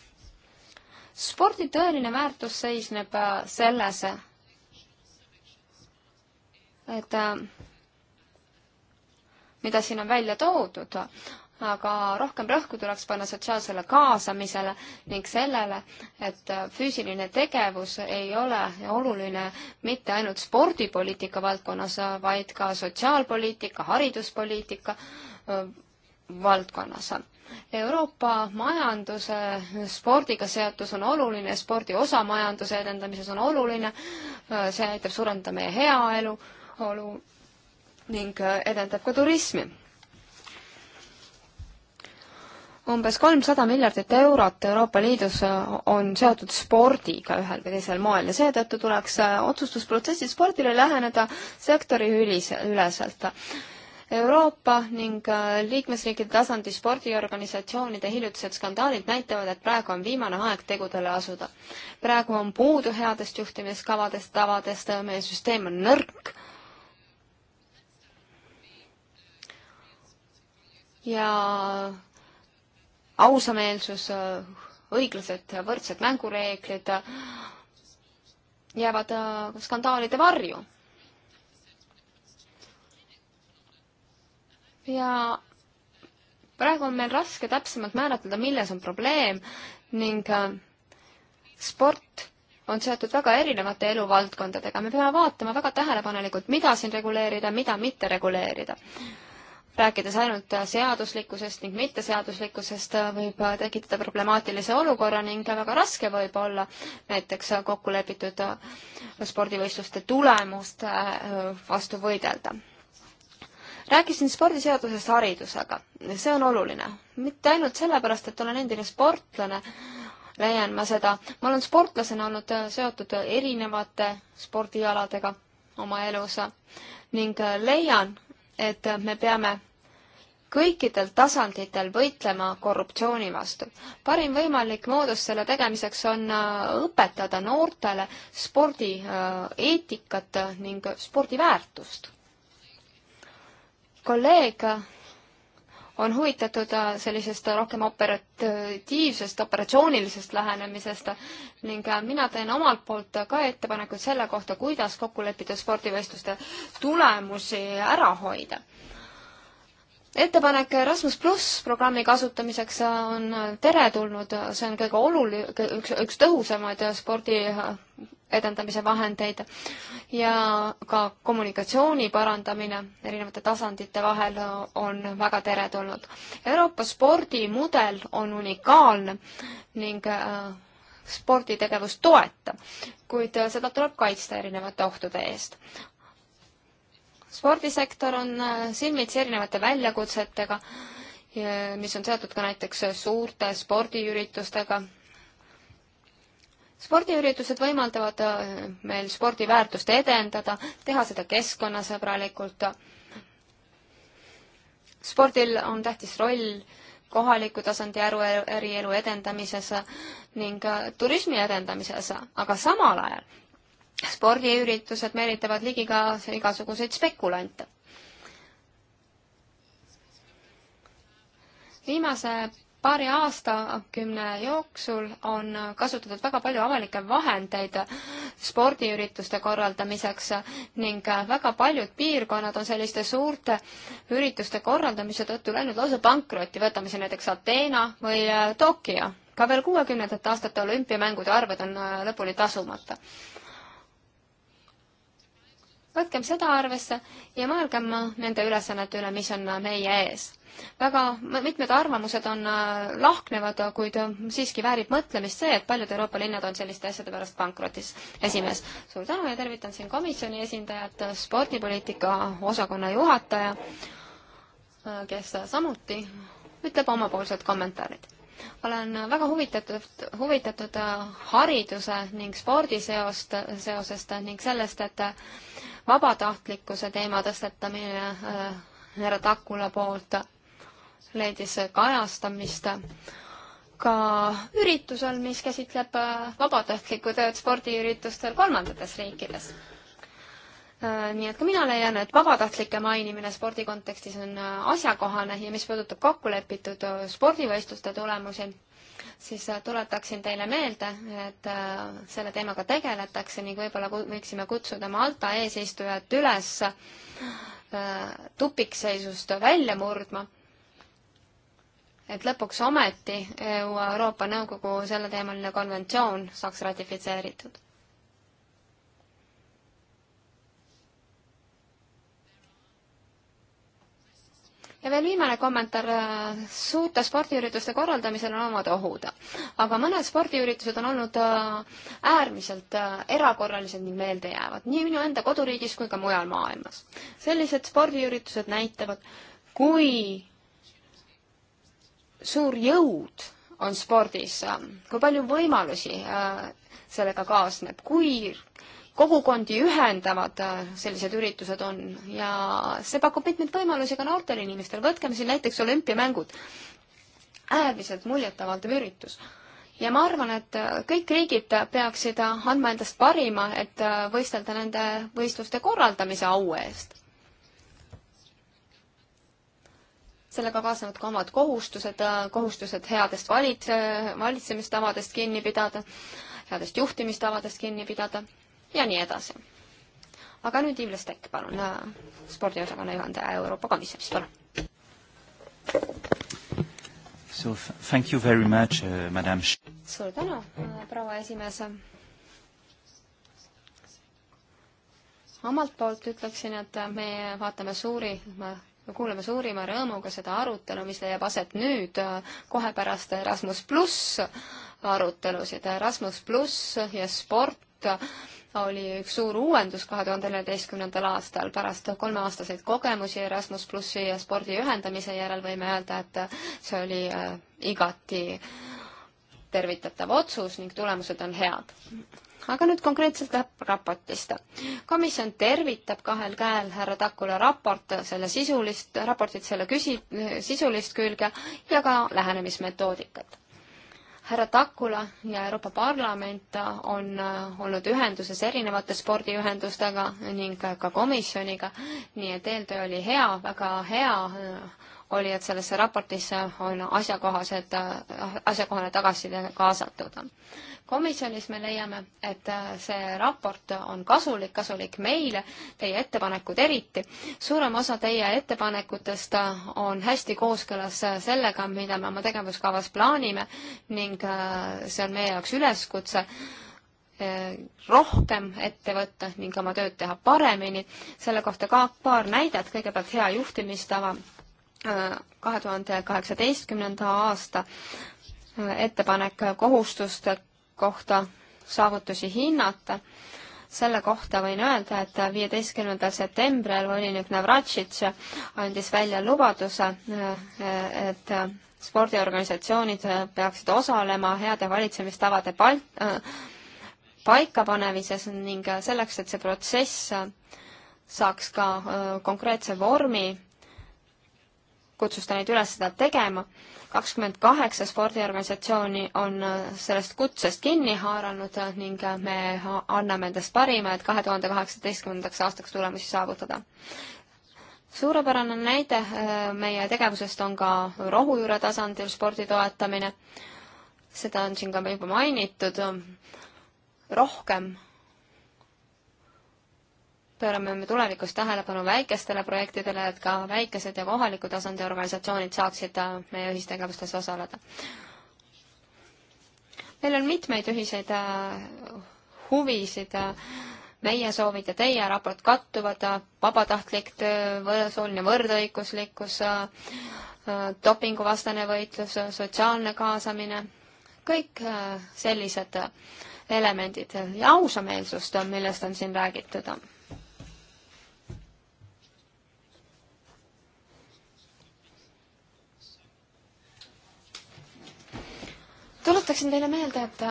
spordi tõeline väärtus seisneb äh, selles, et äh, mida siin on välja toodud, aga rohkem rõhku tuleks panna sotsiaalsele kaasamisele ning sellele, et füüsiline tegevus ei ole oluline mitte ainult spordipoliitika valdkonnas, vaid ka sotsiaalpoliitika, hariduspoliitika valdkonnas Euroopa majanduse spordiga seotus on oluline, spordi osa majanduse edendamises on oluline, see aitab suurendada meie heaelu olu ning edendab ka turismi umbes kolmsada miljardit eurot Euroopa Liidus äh, on seotud spordiga ühel või teisel moel ja seetõttu tuleks äh, otsustusprotsessis spordile läheneda sektori üleselt. Euroopa ning äh, liikmesriikide tasandi spordiorganisatsioonide hiljutised skandaalid näitavad, et praegu on viimane aeg tegudele asuda. praegu on puudu headest juhtimiskavadest, tavadest, meie süsteem on nõrk ja ausameelsus, õiglased võrdsed mängureeglid jäävad äh, skandaalide varju. ja praegu on meil raske täpsemalt määratleda, milles on probleem ning äh, sport on seotud väga erinevate eluvaldkondadega, me peame vaatama väga tähelepanelikult, mida siin reguleerida, mida mitte reguleerida rääkides ainult seaduslikkusest ning mitteseaduslikkusest, võib tekitada problemaatilise olukorra ning väga raske võib olla näiteks kokkulepitud spordivõistluste tulemuste äh, vastu võidelda. rääkisin spordiseadusest haridusega, see on oluline. mitte ainult sellepärast, et olen endine sportlane, leian ma seda, ma olen sportlasena olnud äh, seotud erinevate spordialadega oma elus ning äh, leian, et me peame kõikidel tasanditel võitlema korruptsiooni vastu. parim võimalik moodus selle tegemiseks on äh, õpetada noortele spordi äh, eetikat ning spordiväärtust. kolleeg on huvitatud äh, sellisest rohkem operatiivsest, operatsioonilisest lähenemisest ning äh, mina teen omalt poolt ka ettepanekuid selle kohta, kuidas kokku leppida spordivõistluste tulemusi ära hoida ettepanek Erasmus pluss programmi kasutamiseks on teretulnud, see on kõige oluli-, üks, üks tõhusamaid spordi edendamise vahendeid ja ka kommunikatsiooni parandamine erinevate tasandite vahel on väga teretulnud. Euroopa spordimudel on unikaalne ning äh, sporditegevust toetab, kuid äh, seda tuleb kaitsta erinevate ohtude eest spordisektor on äh, silmitsi erinevate väljakutsetega, mis on seotud ka näiteks suurte spordiüritustega. spordiüritused võimaldavad äh, meil spordiväärtust edendada, teha seda keskkonnasõbralikult. spordil on tähtis roll kohaliku tasandi äru, ärielu edendamises ning äh, turismi edendamises, aga samal ajal spordiüritused meelitavad ligi ka igasuguseid spekulante. viimase paari aastakümne jooksul on kasutatud väga palju avalikke vahendeid spordiürituste korraldamiseks ning väga paljud piirkonnad on selliste suurte ürituste korraldamise tõttu läinud lausa pankrotti, võtame siin näiteks Ateena või eh, Tokyo. ka veel kuuekümnendate aastate olümpiamängude arved on eh, lõpuni tasumata võtkem seda arvesse ja mõelgem nende ülesannete üle, mis on meie ees. väga mitmed arvamused on äh, lahknevad, kuid äh, siiski väärib mõtlemist see, et paljud Euroopa linnad on selliste asjade pärast pankrotis. esimees, suur tänu ja tervitan siin komisjoni esindajat, spordipoliitika osakonna juhataja, äh, kes samuti ütleb omapoolsed kommentaarid olen väga huvitatud, huvitatud hariduse ning spordi seost, seosest ning sellest, et vabatahtlikkuse teema tõstetamine äh, härra Takula poolt leidis kajastamist ka üritusel, mis käsitleb äh, vabatahtlikku tööd spordiüritustel kolmandates riikides. Äh, nii et ka mina leian, et vabatahtlike mainimine spordi kontekstis on asjakohane ja mis puudutab kokkulepitud spordivõistluste tulemusi, siis äh, tuletaksin teile meelde, et äh, selle teemaga tegeletakse ning võib-olla võiksime kutsuda Malta eesistujat üles äh, tupikseisust välja murdma et lõpuks ometi Euroopa Nõukogu selleteemaline konventsioon saaks ratifitseeritud. ja veel viimane kommentaar, suurte spordiürituste korraldamisel on omad ohud. aga mõned spordiüritused on olnud äh, äärmiselt äh, erakorralised ning meeldejäävad, nii minu enda koduriigis kui ka mujal maailmas. sellised spordiüritused näitavad, kui suur jõud on spordis, äh, kui palju võimalusi sellega kaasneb, kui kogukondi ühendavad äh, sellised üritused on ja see pakub mitmeid võimalusi ka noortel inimestel. võtkem siin näiteks olümpiamängud. äärmiselt muljetavaldav üritus. ja ma arvan, et äh, kõik riigid peaksid äh, andma endast parima, et võistelda nende võistluste korraldamise au eest. sellega kaasnevad ka omad kohustused, kohustused headest valit-, valitsemistavadest kinni pidada, headest juhtimistavadest kinni pidada ja nii edasi. aga nüüd Ivles Tekk, palun, äh, spordiosakonna juhendaja Euroopa Komisjonist, palun. So thank you very much uh,, madam. suur tänu, äh, proua esimees. omalt poolt ütleksin, et me vaatame suuri me kuulame suurima rõõmuga seda arutelu, mis leiab aset nüüd, kohe pärast Erasmus pluss arutelusid. Erasmus pluss ja sport oli üks suur uuendus kahe tuhande neljateistkümnendal aastal. pärast kolmeaastaseid kogemusi Erasmus plussi ja spordi ühendamise järel võime öelda, et see oli äh, igati tervitatav otsus ning tulemused on head. aga nüüd konkreetselt raportist. komisjon tervitab kahel käel härra Takula raport, selle sisulist, raportit selle küsi-, sisulist külge ja ka lähenemismetoodikat härra Takula ja Euroopa Parlament on äh, olnud ühenduses erinevate spordiühendustega ning ka komisjoniga, nii et eeltöö oli hea, väga hea äh, oli, et sellesse raportisse on asjakohased, äh, asjakohane tagasiside kaasatud komisjonis me leiame, et äh, see raport on kasulik, kasulik meile, teie ettepanekud eriti. suurem osa teie ettepanekutest äh, on hästi kooskõlas äh, sellega, mida me oma tegevuskavas plaanime ning see on meie jaoks üleskutse rohkem ette võtta ning oma tööd teha paremini. selle kohta ka paar näidet, kõigepealt hea juhtimistava kahe tuhande kaheksateistkümnenda aasta ettepanek kohustuste kohta saavutusi hinnata. selle kohta võin öelda, et viieteistkümnendal septembril volinik Navratšits andis välja lubaduse, et spordiorganisatsioonid peaksid osalema heade valitsemistavade palt-, paikapanemises ning selleks, et see protsess saaks ka konkreetse vormi, kutsus ta neid üles seda tegema. kakskümmend kaheksa spordiorganisatsiooni on äh, sellest kutsest kinni haaranud ning äh, me anname endast parima, et kahe tuhande kaheksateistkümnendaks aastaks tulemusi saavutada. suurepärane näide äh, meie tegevusest on ka rohujuure tasandil spordi toetamine. seda on siin ka juba mainitud. rohkem pöörame me tulevikus tähelepanu väikestele projektidele, et ka väikesed ja kohaliku tasandi organisatsioonid saaksid äh, meie ühistegevustes osaleda. meil on mitmeid ühiseid äh, huvisid, äh, meie soovid ja teie raport kattuvad, vabatahtlik töö, sooline võrdõiguslikkus, dopinguvastane võitlus, sotsiaalne kaasamine, kõik sellised elemendid ja ausameelsust, millest on siin räägitud tuletaksin teile meelde, et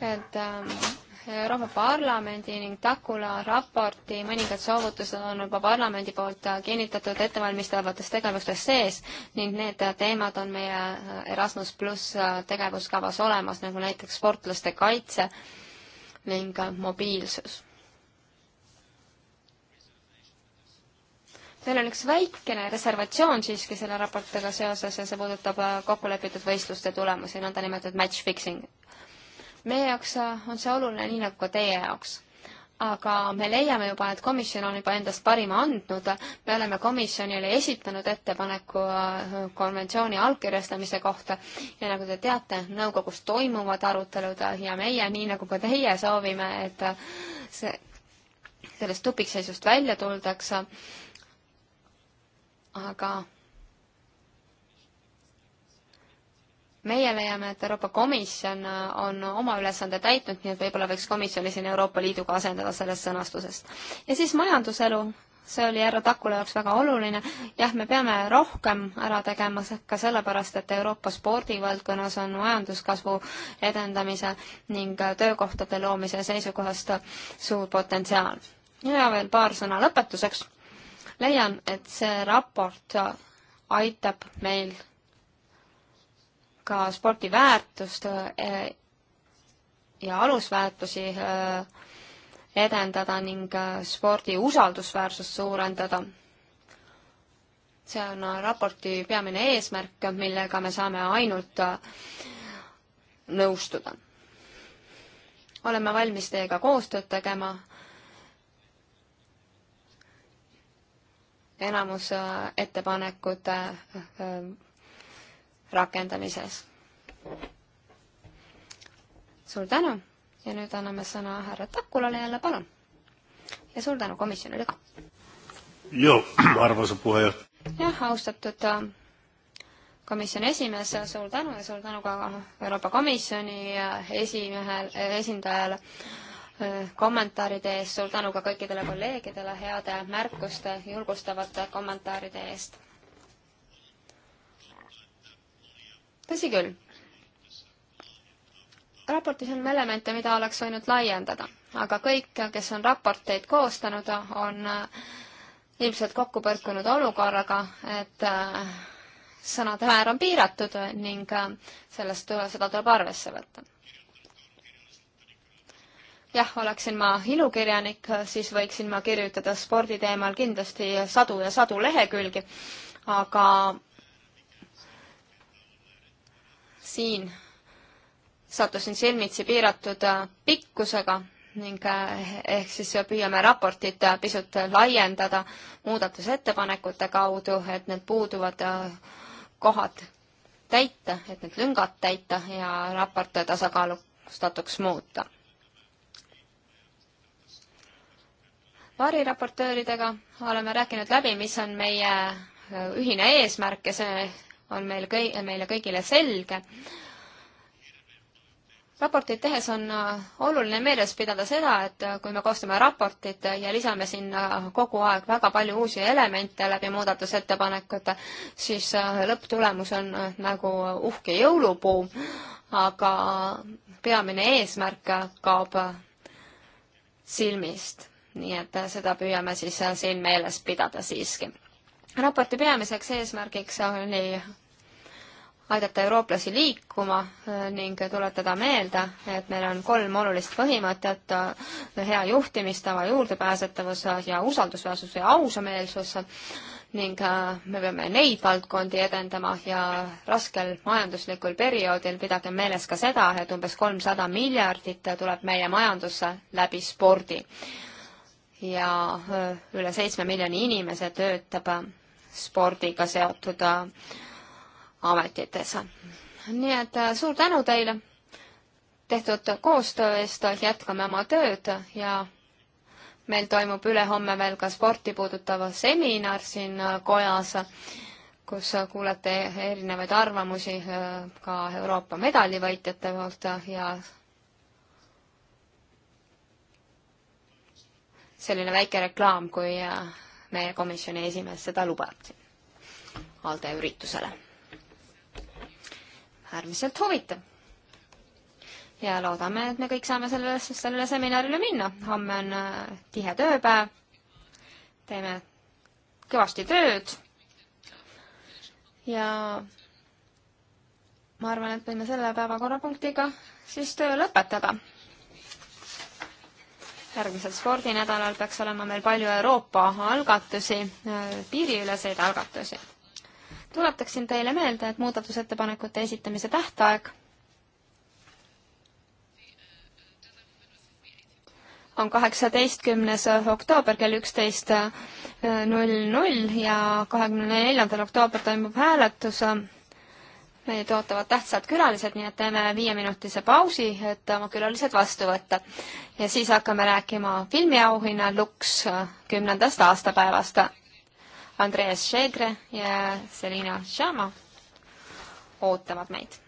et äh, Euroopa Parlamendi ning Takula raporti mõningad soovitused on juba parlamendi poolt kinnitatud ettevalmistavates tegevustes sees ning need teemad on meie äh, Erasmus pluss äh, tegevuskavas olemas, nagu näiteks sportlaste kaitse ning mobiilsus. Teil on üks väikene reservatsioon siiski selle raportiga seoses ja see puudutab äh, kokkulepitud võistluste tulemusi, nõndanimetatud match fixing. meie jaoks äh, on see oluline, nii nagu ka teie jaoks. aga me leiame juba, et komisjon on juba endast parima andnud, me oleme komisjonile esitanud ettepaneku äh, konventsiooni allkirjastamise kohta ja nagu te teate, nõukogus toimuvad arutelud ja meie, nii nagu ka teie, soovime, et see, sellest tupikseisust välja tuldakse aga meie leiame, et Euroopa Komisjon äh, on oma ülesande täitnud, nii et võib-olla võiks komisjoni siin Euroopa Liiduga asendada sellest sõnastusest. ja siis majanduselu, see oli härra Takula jaoks väga oluline, jah, me peame rohkem ära tegema ka sellepärast, et Euroopa spordivaldkonnas on majanduskasvu edendamise ning äh, töökohtade loomise seisukohast suur potentsiaal. ja veel paar sõna lõpetuseks leian, et see raport aitab meil ka spordi väärtust eh, ja alusväärtusi eh, edendada ning eh, spordi usaldusväärsust suurendada. see on raporti peamine eesmärk, millega me saame ainult nõustuda. oleme valmis teiega koostööd tegema enamus äh, ettepanekute äh, rakendamises. suur tänu ja nüüd anname sõna härra Takulale jälle, palun. ja suur tänu komisjonile ka. joo, arvamuse puhejuht. jah, austatud äh, komisjoni esimees, suur tänu ja suur tänu ka Euroopa Komisjoni esimehel, esindajale Eh, kommentaaride eest, suur tänu ka kõikidele kolleegidele heade märkuste, julgustavate kommentaaride eest. tõsi küll, raportis on elemente, mida oleks võinud laiendada, aga kõik, kes on raporteid koostanud, on eh, ilmselt kokku põrkunud olukorraga, et eh, sõnade määr on piiratud ning sellest, seda tuleb arvesse võtta jah, oleksin ma ilukirjanik, siis võiksin ma kirjutada spordi teemal kindlasti sadu ja sadu lehekülgi, aga siin sattusin silmitsi piiratud pikkusega ning eh, ehk siis püüame raportit pisut laiendada muudatusettepanekute kaudu, et need puuduvad eh, kohad täita, et need lüngad täita ja raport tasakaalustatuks muuta. variraportööridega oleme rääkinud läbi, mis on meie äh, ühine eesmärk ja see on meil kõi-, meile kõigile selge. raportit tehes on äh, oluline meeles pidada seda, et äh, kui me koostame raportit ja lisame sinna kogu aeg väga palju uusi elemente läbi muudatusettepanekute, siis lõpptulemus on nagu uhke jõulupuu, aga peamine eesmärk kaob silmist nii et äh, seda püüame siis äh, siin meeles pidada siiski. raporti peamiseks eesmärgiks oli aidata eurooplasi liikuma äh, ning tuletada meelde, et meil on kolm olulist põhimõtet, hea juhtimistava juurdepääsetavus ja usaldusväärsus ja ausameelsus ning me peame neid valdkondi edendama ja raskel majanduslikul perioodil pidagem meeles ka seda, et umbes kolmsada miljardit tuleb meie majandusse läbi spordi ja äh, üle seitsme miljoni inimese töötab äh, spordiga seotud äh, ametites. nii et suur tänu teile tehtud koostöö eest, jätkame oma tööd ja meil toimub ülehomme veel ka sporti puudutav seminar siin kojas, kus kuulete erinevaid arvamusi ka Euroopa medalivõitjate poolt ja selline väike reklaam, kui äh, meie komisjoni esimees seda lubab siin ALDE üritusele. äärmiselt huvitav. ja loodame, et me kõik saame sellele, sellele seminarile minna. homme on äh, tihe tööpäev. teeme kõvasti tööd. ja ma arvan, et võime selle päevakorrapunktiga siis töö lõpetada järgmisel spordinädalal peaks olema meil palju Euroopa algatusi, äh, piiriüleseid algatusi. tuletaksin teile meelde, et muudatusettepanekute esitamise tähtaeg on kaheksateistkümnes oktoober kell üksteist äh, null null ja kahekümne neljandal oktoober toimub hääletus meid ootavad tähtsad külalised, nii et teeme viieminutise pausi, et oma külalised vastu võtta. ja siis hakkame rääkima filmiauhinna Lux kümnendast aastapäevast. Andreas Šegre ja Selina Šama ootavad meid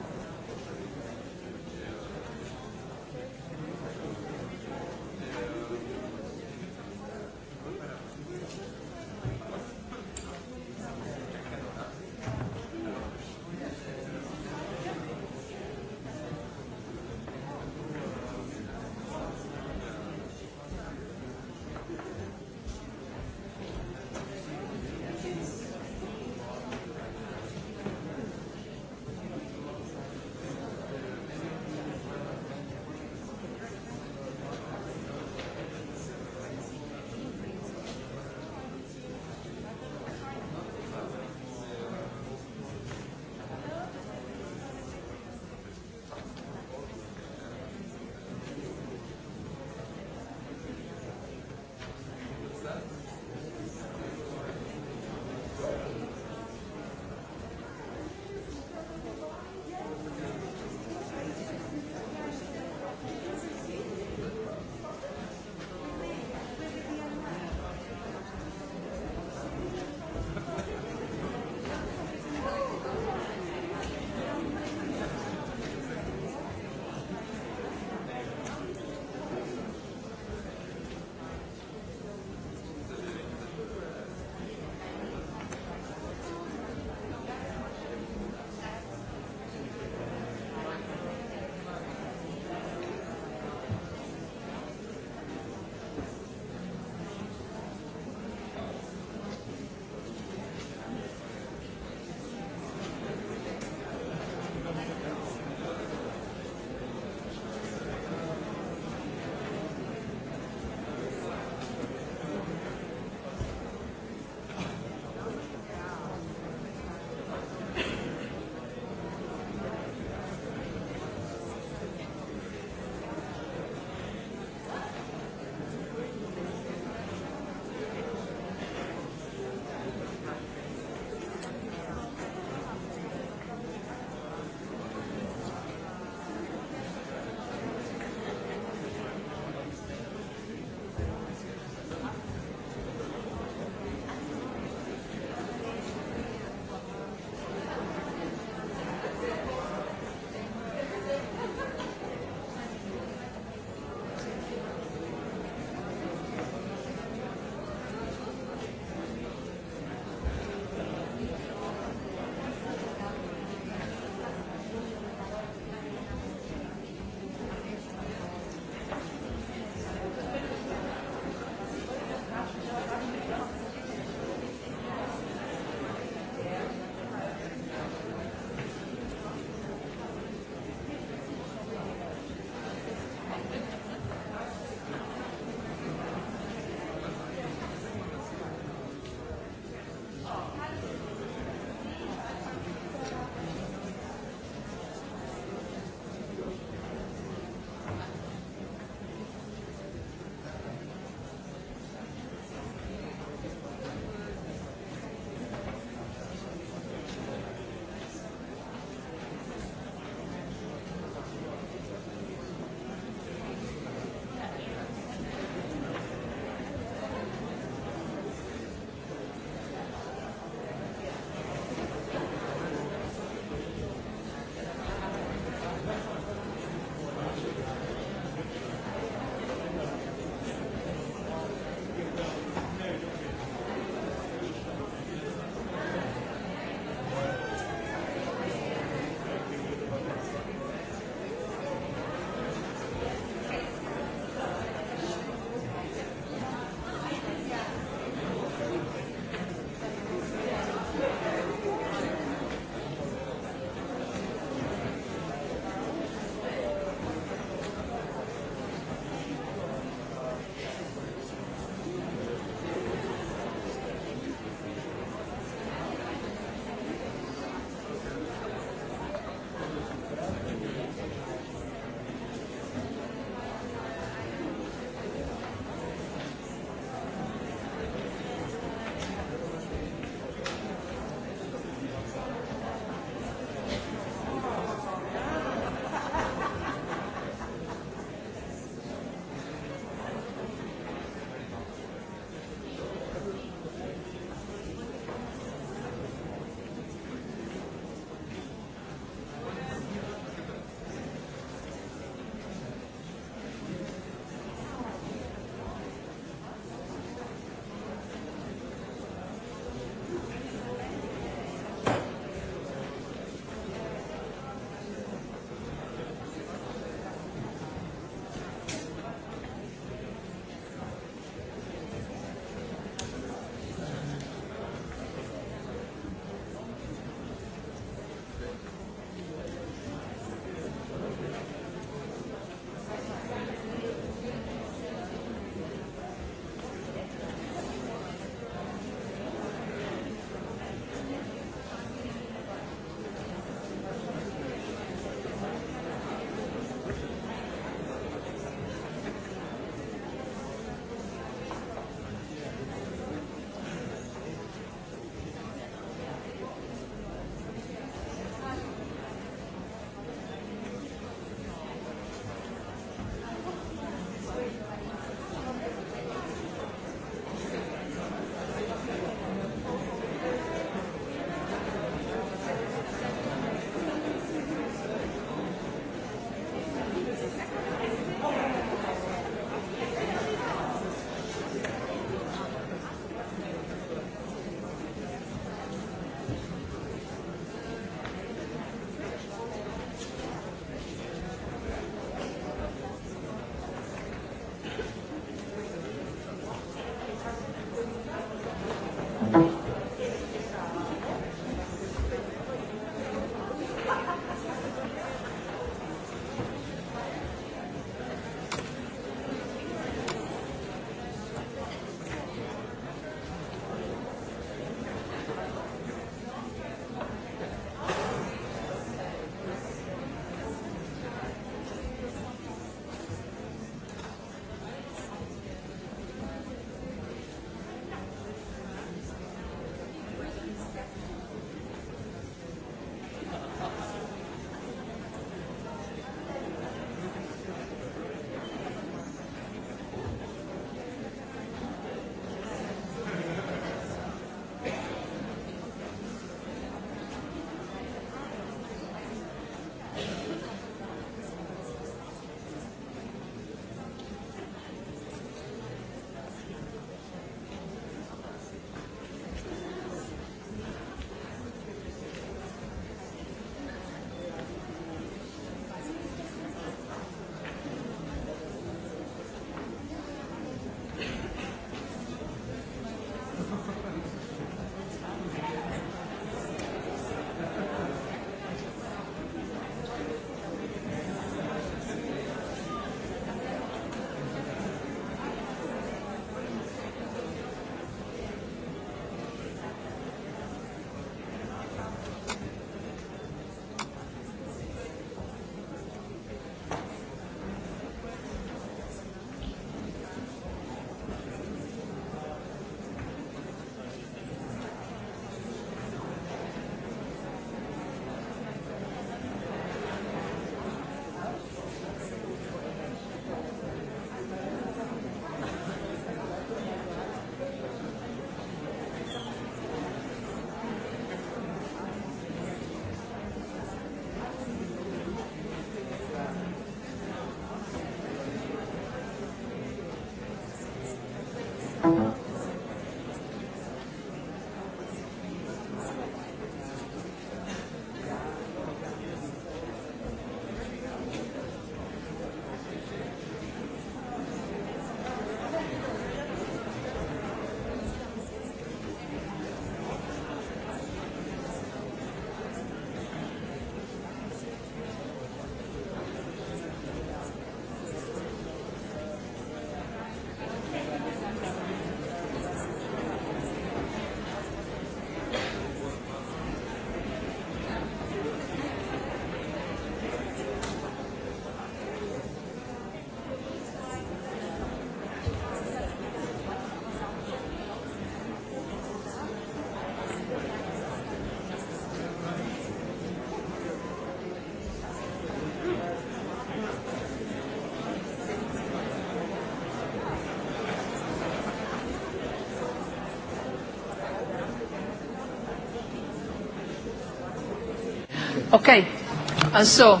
okei okay., and so,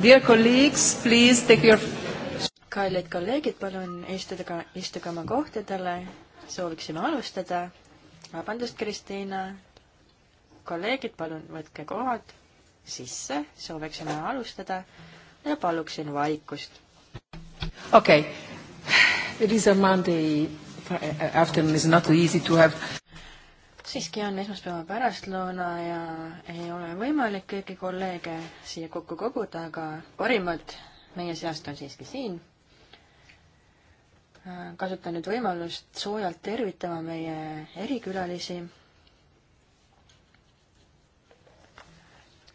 dear colleagues, please take your. kallid kolleegid, palun istuda, istuge oma kohtadele, sooviksime alustada. vabandust, Kristiina. kolleegid, palun võtke kohad sisse, sooviksime alustada ja paluksin vaikust. okei okay., it is a Monday afternoon, it is not easy to have siiski on esmaspäeva pärastlõuna ja ei ole võimalik kõiki kolleege siia kokku koguda, aga parimad meie seast on siiski siin. kasutan nüüd võimalust soojalt tervitama meie erikülalisi.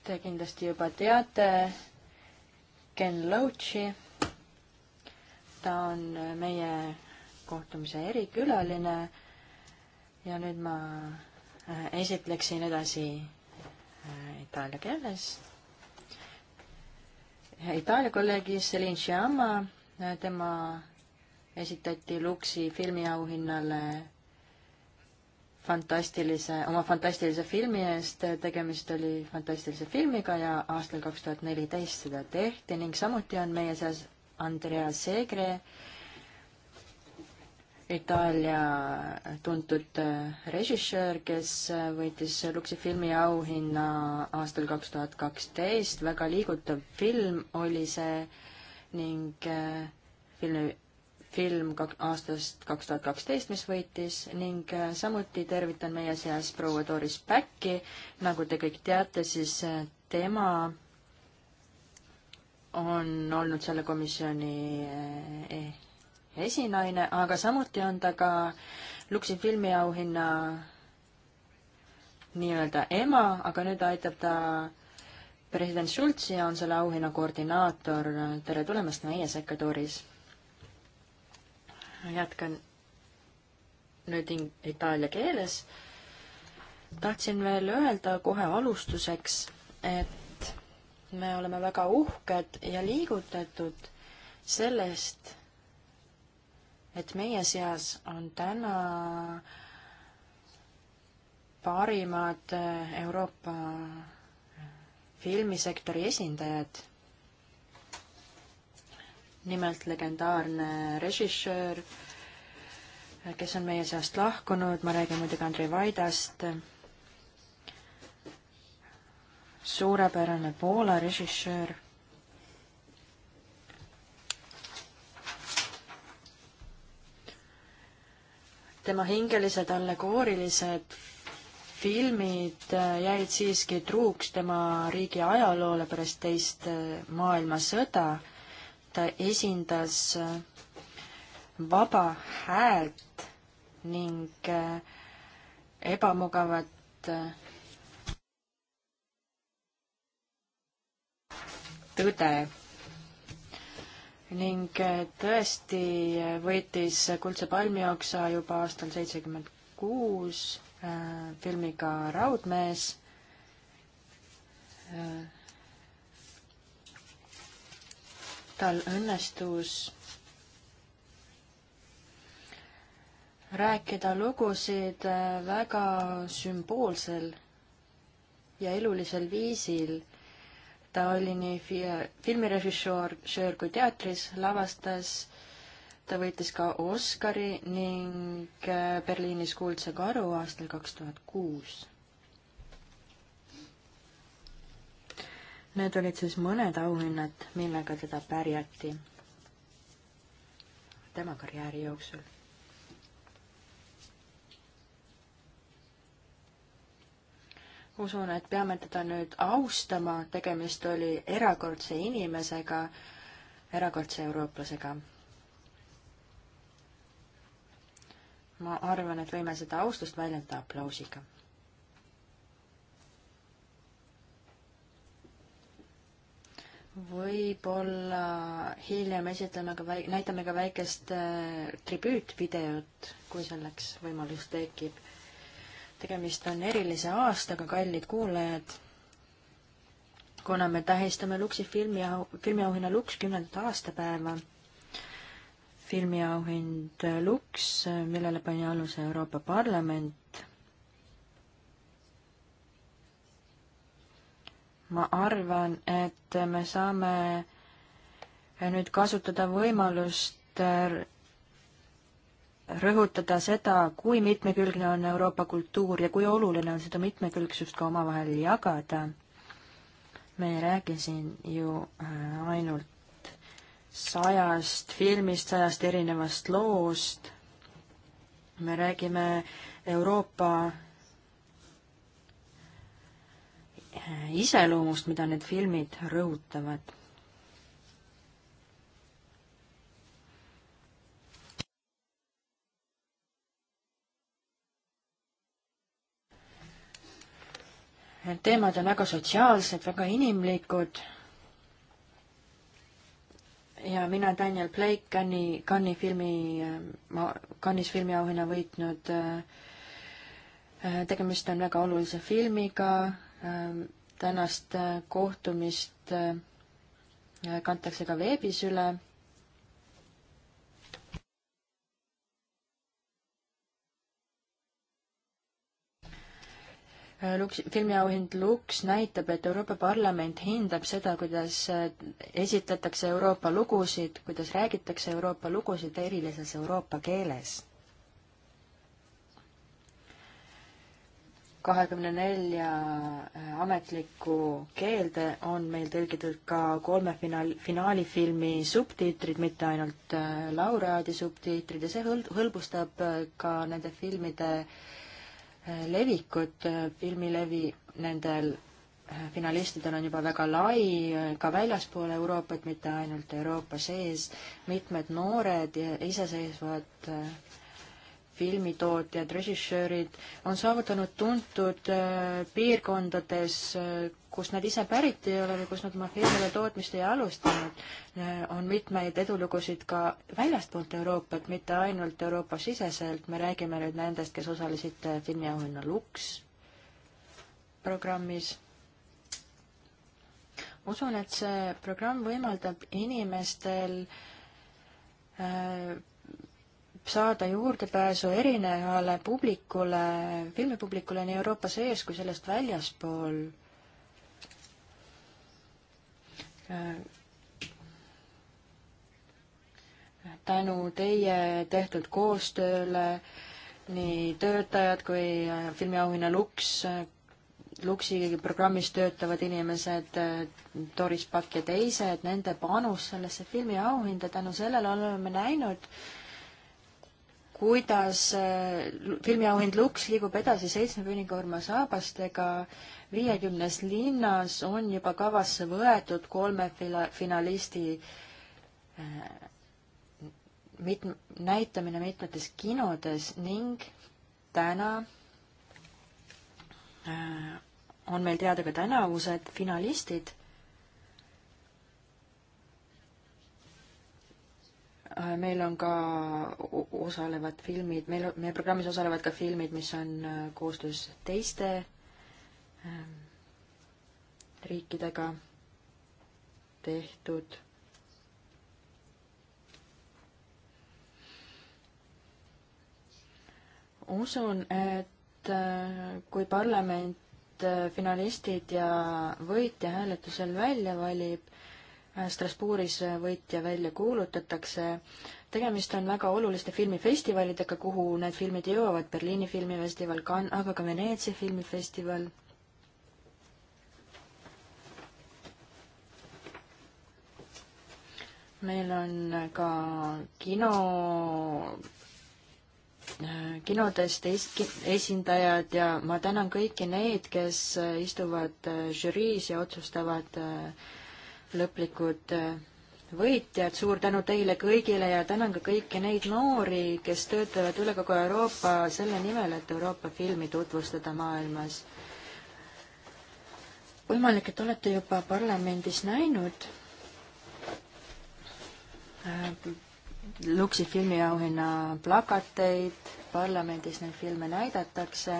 Te kindlasti juba teate Ken Loachi. ta on meie kohtumise erikülaline ja nüüd ma äh, esitleksin edasi äh, itaalia keeles. Itaalia kolleegi Celine Chiama, äh, tema esitati Luksi filmiauhinnale fantastilise, oma fantastilise filmi eest, tegemist oli fantastilise filmiga ja aastal kaks tuhat neliteist seda tehti ning samuti on meie seas Andrea Segre äh, Itaalia tuntud äh, režissöör, kes äh, võitis Luksi filmiauhinna aastal kaks tuhat kaksteist, väga liigutav film oli see ning äh, filmi, film kak-, aastast kaks tuhat kaksteist, mis võitis ning samuti tervitan meie seas proua Doris Päkki, nagu te kõik teate, siis tema on olnud selle komisjoni eh, esinaine, aga samuti on ta ka Luksi filmiauhinna nii-öelda ema, aga nüüd aitab ta president Schultz ja on selle auhinna koordinaator. tere tulemast meie sekka, Doris! jätkan nüüd itaalia keeles. tahtsin veel öelda kohe alustuseks, et me oleme väga uhked ja liigutatud sellest, et meie seas on täna parimad äh, Euroopa filmisektori esindajad. nimelt legendaarne režissöör, äh, kes on meie seast lahkunud, ma räägin muidugi Andrei Vaidast, suurepärane Poola režissöör tema hingelised allegoorilised filmid äh, jäid siiski truuks tema riigi ajaloole pärast teist äh, maailmasõda. ta esindas äh, vaba häält ning ebamugavat tõde ning eh, tõesti eh, võitis Kuldse palmioksa juba aastal seitsekümmend kuus eh, filmiga Raudmees tal õnnestus rääkida lugusid väga sümboolsel ja elulisel viisil ta oli nii fi-, filmirežissöör, šöör kui teatris, lavastas, ta võitis ka Oscari ning äh, Berliinis Kuldse karu aastal kaks tuhat kuus. Need olid siis mõned auhinnad, millega teda pärjati tema karjääri jooksul usun, et peame teda nüüd austama, tegemist oli erakordse inimesega, erakordse eurooplasega. ma arvan, et võime seda austust väljendada aplausiga võib-olla hiljem esitleme ka väi-, näitame ka väikest äh, tribüütvideot, kui selleks võimalus tekib tegemist on erilise aastaga, kallid kuulajad, kuna me tähistame Luksi filmi, filmiauhinna Luks kümnendat aastapäeva. filmiauhind Luks, millele pani aluse Euroopa Parlament. ma arvan, et me saame nüüd kasutada võimalust rõhutada seda, kui mitmekülgne on Euroopa kultuur ja kui oluline on seda mitmekülgsust ka omavahel jagada. me ei räägi siin ju äh, ainult sajast filmist, sajast erinevast loost, me räägime Euroopa äh, iseloomust, mida need filmid rõhutavad Need teemad on väga sotsiaalsed, väga inimlikud. ja mina, Daniel Blake, Cannes'i, Cannes'i filmi, äh, Cannes'is filmiauhinna võitnud. Äh, äh, tegemist on väga olulise filmiga. Ähm, tänast kohtumist kantakse ka veebis üle Äh, Lux, filmiauhind Lux näitab, et Euroopa Parlament hindab seda, kuidas äh, esitletakse Euroopa lugusid, kuidas räägitakse Euroopa lugusid erilises Euroopa keeles. kahekümne nelja äh, ametlikku keelde on meil tõlgitud ka kolme finaal, finaalifilmi subtiitrid, mitte ainult laureaadi subtiitrid ja see hõl-, hõlbustab ka nende filmide äh, levikut, filmilevi nendel finalistidel on juba väga lai ka väljaspool Euroopat, mitte ainult Euroopa sees. mitmed noored ja iseseisvad äh, filmitootjad, režissöörid on saavutanud tuntud äh, piirkondades, äh, kust nad ise pärit ei ole või kus nad oma firmade tootmist ei alustanud, on mitmeid edulugusid ka väljastpoolt Euroopat, mitte ainult Euroopa siseselt, me räägime nüüd nendest, kes osalesid filmiauhinna Lux programmis. usun, et see programm võimaldab inimestel äh, saada juurdepääsu erinevale publikule, filmipublikule nii Euroopa sees kui sellest väljaspool tänu teie tehtud koostööle nii töötajad kui äh, filmiauhinna Lux, äh, Luxi programmis töötavad inimesed, äh, Doris Pakk ja teised, nende panus sellesse filmiauhinda, tänu sellele oleme näinud, kuidas filmiauhind Lux liigub edasi seitsme püünikoorma saabastega viiekümnes linnas on juba kavasse võetud kolme finalisti äh, mit-, näitamine mitmetes kinodes ning täna äh, on meil teada ka tänavused finalistid. Äh, meil on ka osalevad filmid, meil, meie programmis osalevad ka filmid, mis on koostöös teiste riikidega tehtud. usun, et äh, kui parlament äh, finalistid ja võitja hääletusel välja valib, äh, Strasbourgis võitja välja kuulutatakse. tegemist on väga oluliste filmifestivalidega, kuhu need filmid jõuavad, Berliini filmifestival, aga ka Veneetsia filmifestival meil on ka kino, kinodest es, esindajad ja ma tänan kõiki neid, kes istuvad žüriis ja otsustavad äh, lõplikud äh, võitjad, suur tänu teile kõigile ja tänan ka kõiki neid noori, kes töötavad üle kogu Euroopa selle nimel, et Euroopa filmi tutvustada maailmas. võimalik, et olete juba parlamendis näinud Äh, Luksi filmiauhinna plakateid, parlamendis neid filme näidatakse,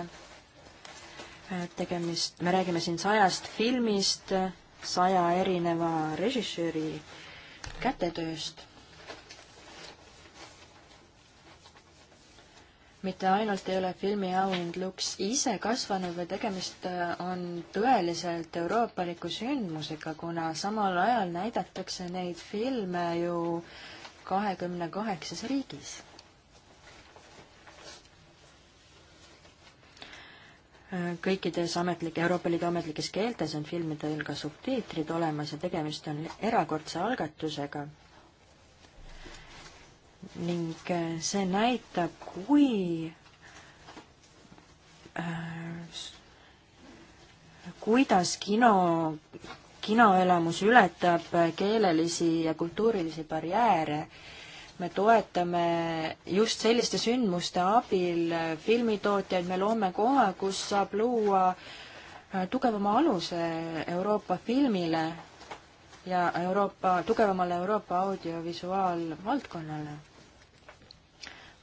äh, tegemist, me räägime siin sajast filmist, saja erineva režissööri kätetööst mitte ainult ei ole filmiauhind Lux ise kasvanud, vaid tegemist äh, on tõeliselt euroopaliku sündmusega, kuna samal ajal näidatakse neid filme ju kahekümne kaheksas riigis. Äh, kõikides ametlik, Euroopa Liidu ametlikes keeltes on filmidel ka subtiitrid olemas ja tegemist on erakordse algatusega ning äh, see näitab, kui äh, kuidas kino, kinoelamus ületab keelelisi ja kultuurilisi barjääre. me toetame just selliste sündmuste abil filmitootjaid, me loome koha, kus saab luua äh, tugevama aluse Euroopa filmile ja Euroopa, tugevamale Euroopa audiovisuaalvaldkonnale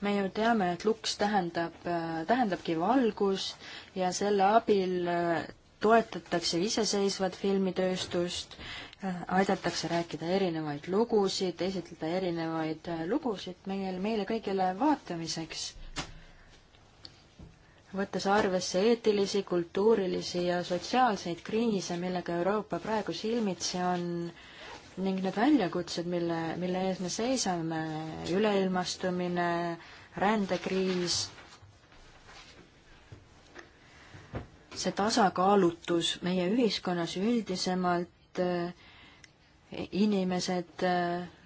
me ju teame, et luks tähendab, äh, tähendabki valgust ja selle abil äh, toetatakse iseseisvat filmitööstust, äh, aidatakse rääkida erinevaid lugusid, esitleda erinevaid lugusid meil, meile kõigile vaatamiseks, võttes arvesse eetilisi, kultuurilisi ja sotsiaalseid kriise, millega Euroopa praegu silmitsi on ning need väljakutsed, mille, mille ees me seisame, üleilmastumine, rändekriis, see tasakaalutus meie ühiskonnas üldisemalt, inimesed,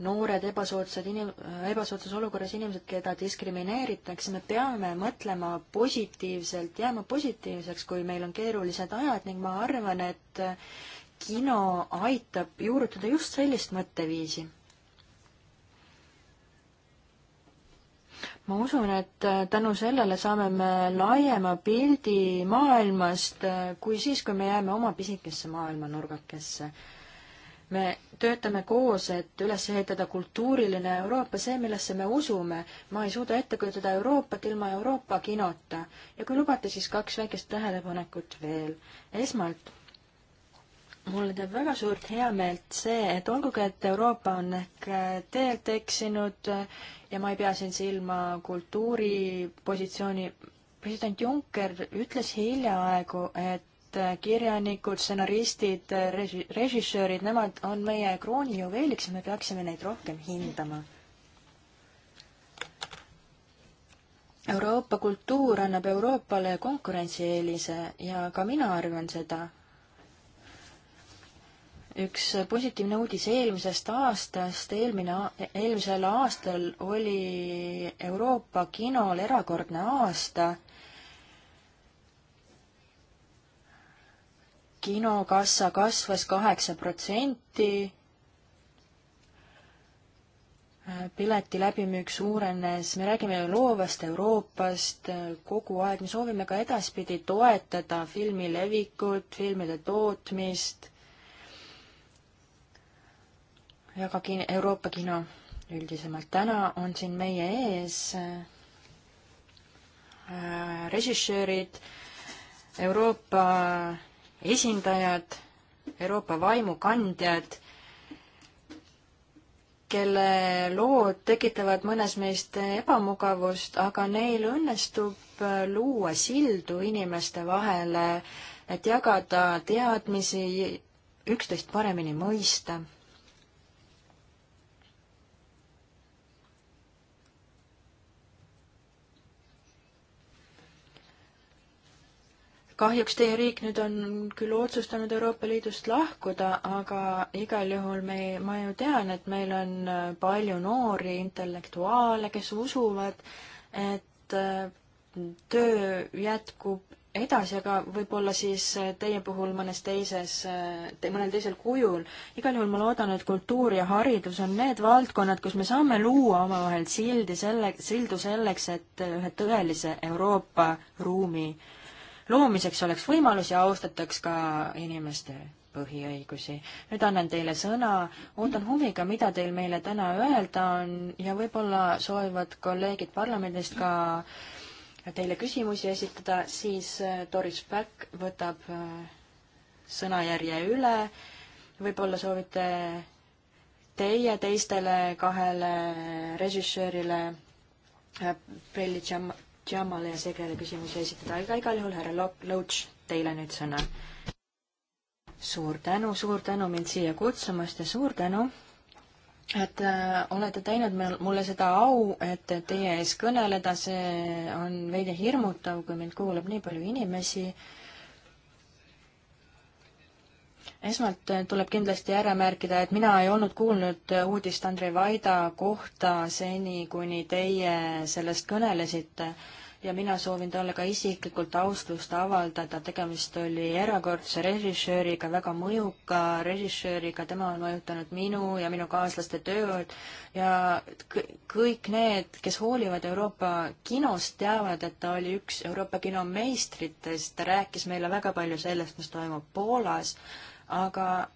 noored ebasoodsad inim-, ebasoodsas olukorras inimesed, keda diskrimineeritakse, me peame mõtlema positiivselt, jääma positiivseks, kui meil on keerulised ajad ning ma arvan, et kino aitab juurutada just sellist mõtteviisi. ma usun, et äh, tänu sellele saame me laiema pildi maailmast äh, kui siis, kui me jääme oma pisikesse maailmanurgakesse. me töötame koos, et üles ehitada kultuuriline Euroopa, see, millesse me usume. ma ei suuda ette kujutada Euroopat ilma Euroopa kinota. ja kui lubate, siis kaks väikest tähelepanekut veel. esmalt mulle teeb väga suurt heameelt see, et olgugi, et Euroopa on ehk äh, teelt eksinud äh, ja ma ei pea siin silma kultuuripositsiooni, president Juncker ütles hiljaaegu, et äh, kirjanikud, stsenaristid, režissöörid, nemad on meie kroonijuveeliks ja me peaksime neid rohkem hindama. Euroopa kultuur annab Euroopale konkurentsieelise ja ka mina arvan seda üks positiivne uudis eelmisest aastast, eelmine, eelmisel aastal oli Euroopa kinol erakordne aasta. kinokassa kasvas kaheksa protsenti. pileti läbimüük suurenes, me räägime loovast Euroopast kogu aeg, me soovime ka edaspidi toetada filmi levikut, filmide tootmist ja ka kin-, Euroopa kino üldisemalt. täna on siin meie ees äh, režissöörid, Euroopa esindajad, Euroopa vaimukandjad, kelle lood tekitavad mõnes meist ebamugavust, aga neil õnnestub äh, luua sildu inimeste vahele, et jagada teadmisi, üksteist paremini mõista kahjuks teie riik nüüd on küll otsustanud Euroopa Liidust lahkuda, aga igal juhul me, ma ju tean, et meil on äh, palju noori intellektuaale, kes usuvad, et äh, töö jätkub edasi, aga võib-olla siis äh, teie puhul mõnes teises te,, mõnel teisel kujul. igal juhul ma loodan, et kultuur ja haridus on need valdkonnad, kus me saame luua omavahel sildi selle, sildu selleks, et ühe tõelise Euroopa ruumi äh, loomiseks oleks võimalus ja austataks ka inimeste põhiõigusi. nüüd annan teile sõna, ootan huviga, mida teil meile täna öelda on ja võib-olla soovivad kolleegid parlamendist ka teile küsimusi esitada, siis äh, Doris Back võtab äh, sõnajärje üle. võib-olla soovite teie teistele kahele režissöörile äh, Prelli Tšam-, Jamale ja Segrele küsimusi esitada, aga igal juhul härra Loach, teile nüüd sõna. suur tänu, suur tänu mind siia kutsumast ja suur tänu, et äh, olete teinud mulle seda au, et teie ees kõneleda, see on veidi hirmutav, kui mind kuulab nii palju inimesi äh, esmalt eh, tuleb kindlasti ära märkida, et mina ei olnud kuulnud eh, uudist Andrei Vaida kohta seni, kuni teie sellest kõnelesite ja mina soovin talle ka isiklikult austust avaldada, tegemist oli erakordse režissööriga, väga mõjuka režissööriga, tema on mõjutanud minu ja minu kaaslaste tööd ja kõik need, kes hoolivad Euroopa kinost, teavad, et ta oli üks Euroopa kino meistritest, ta rääkis meile väga palju sellest, mis toimub Poolas aga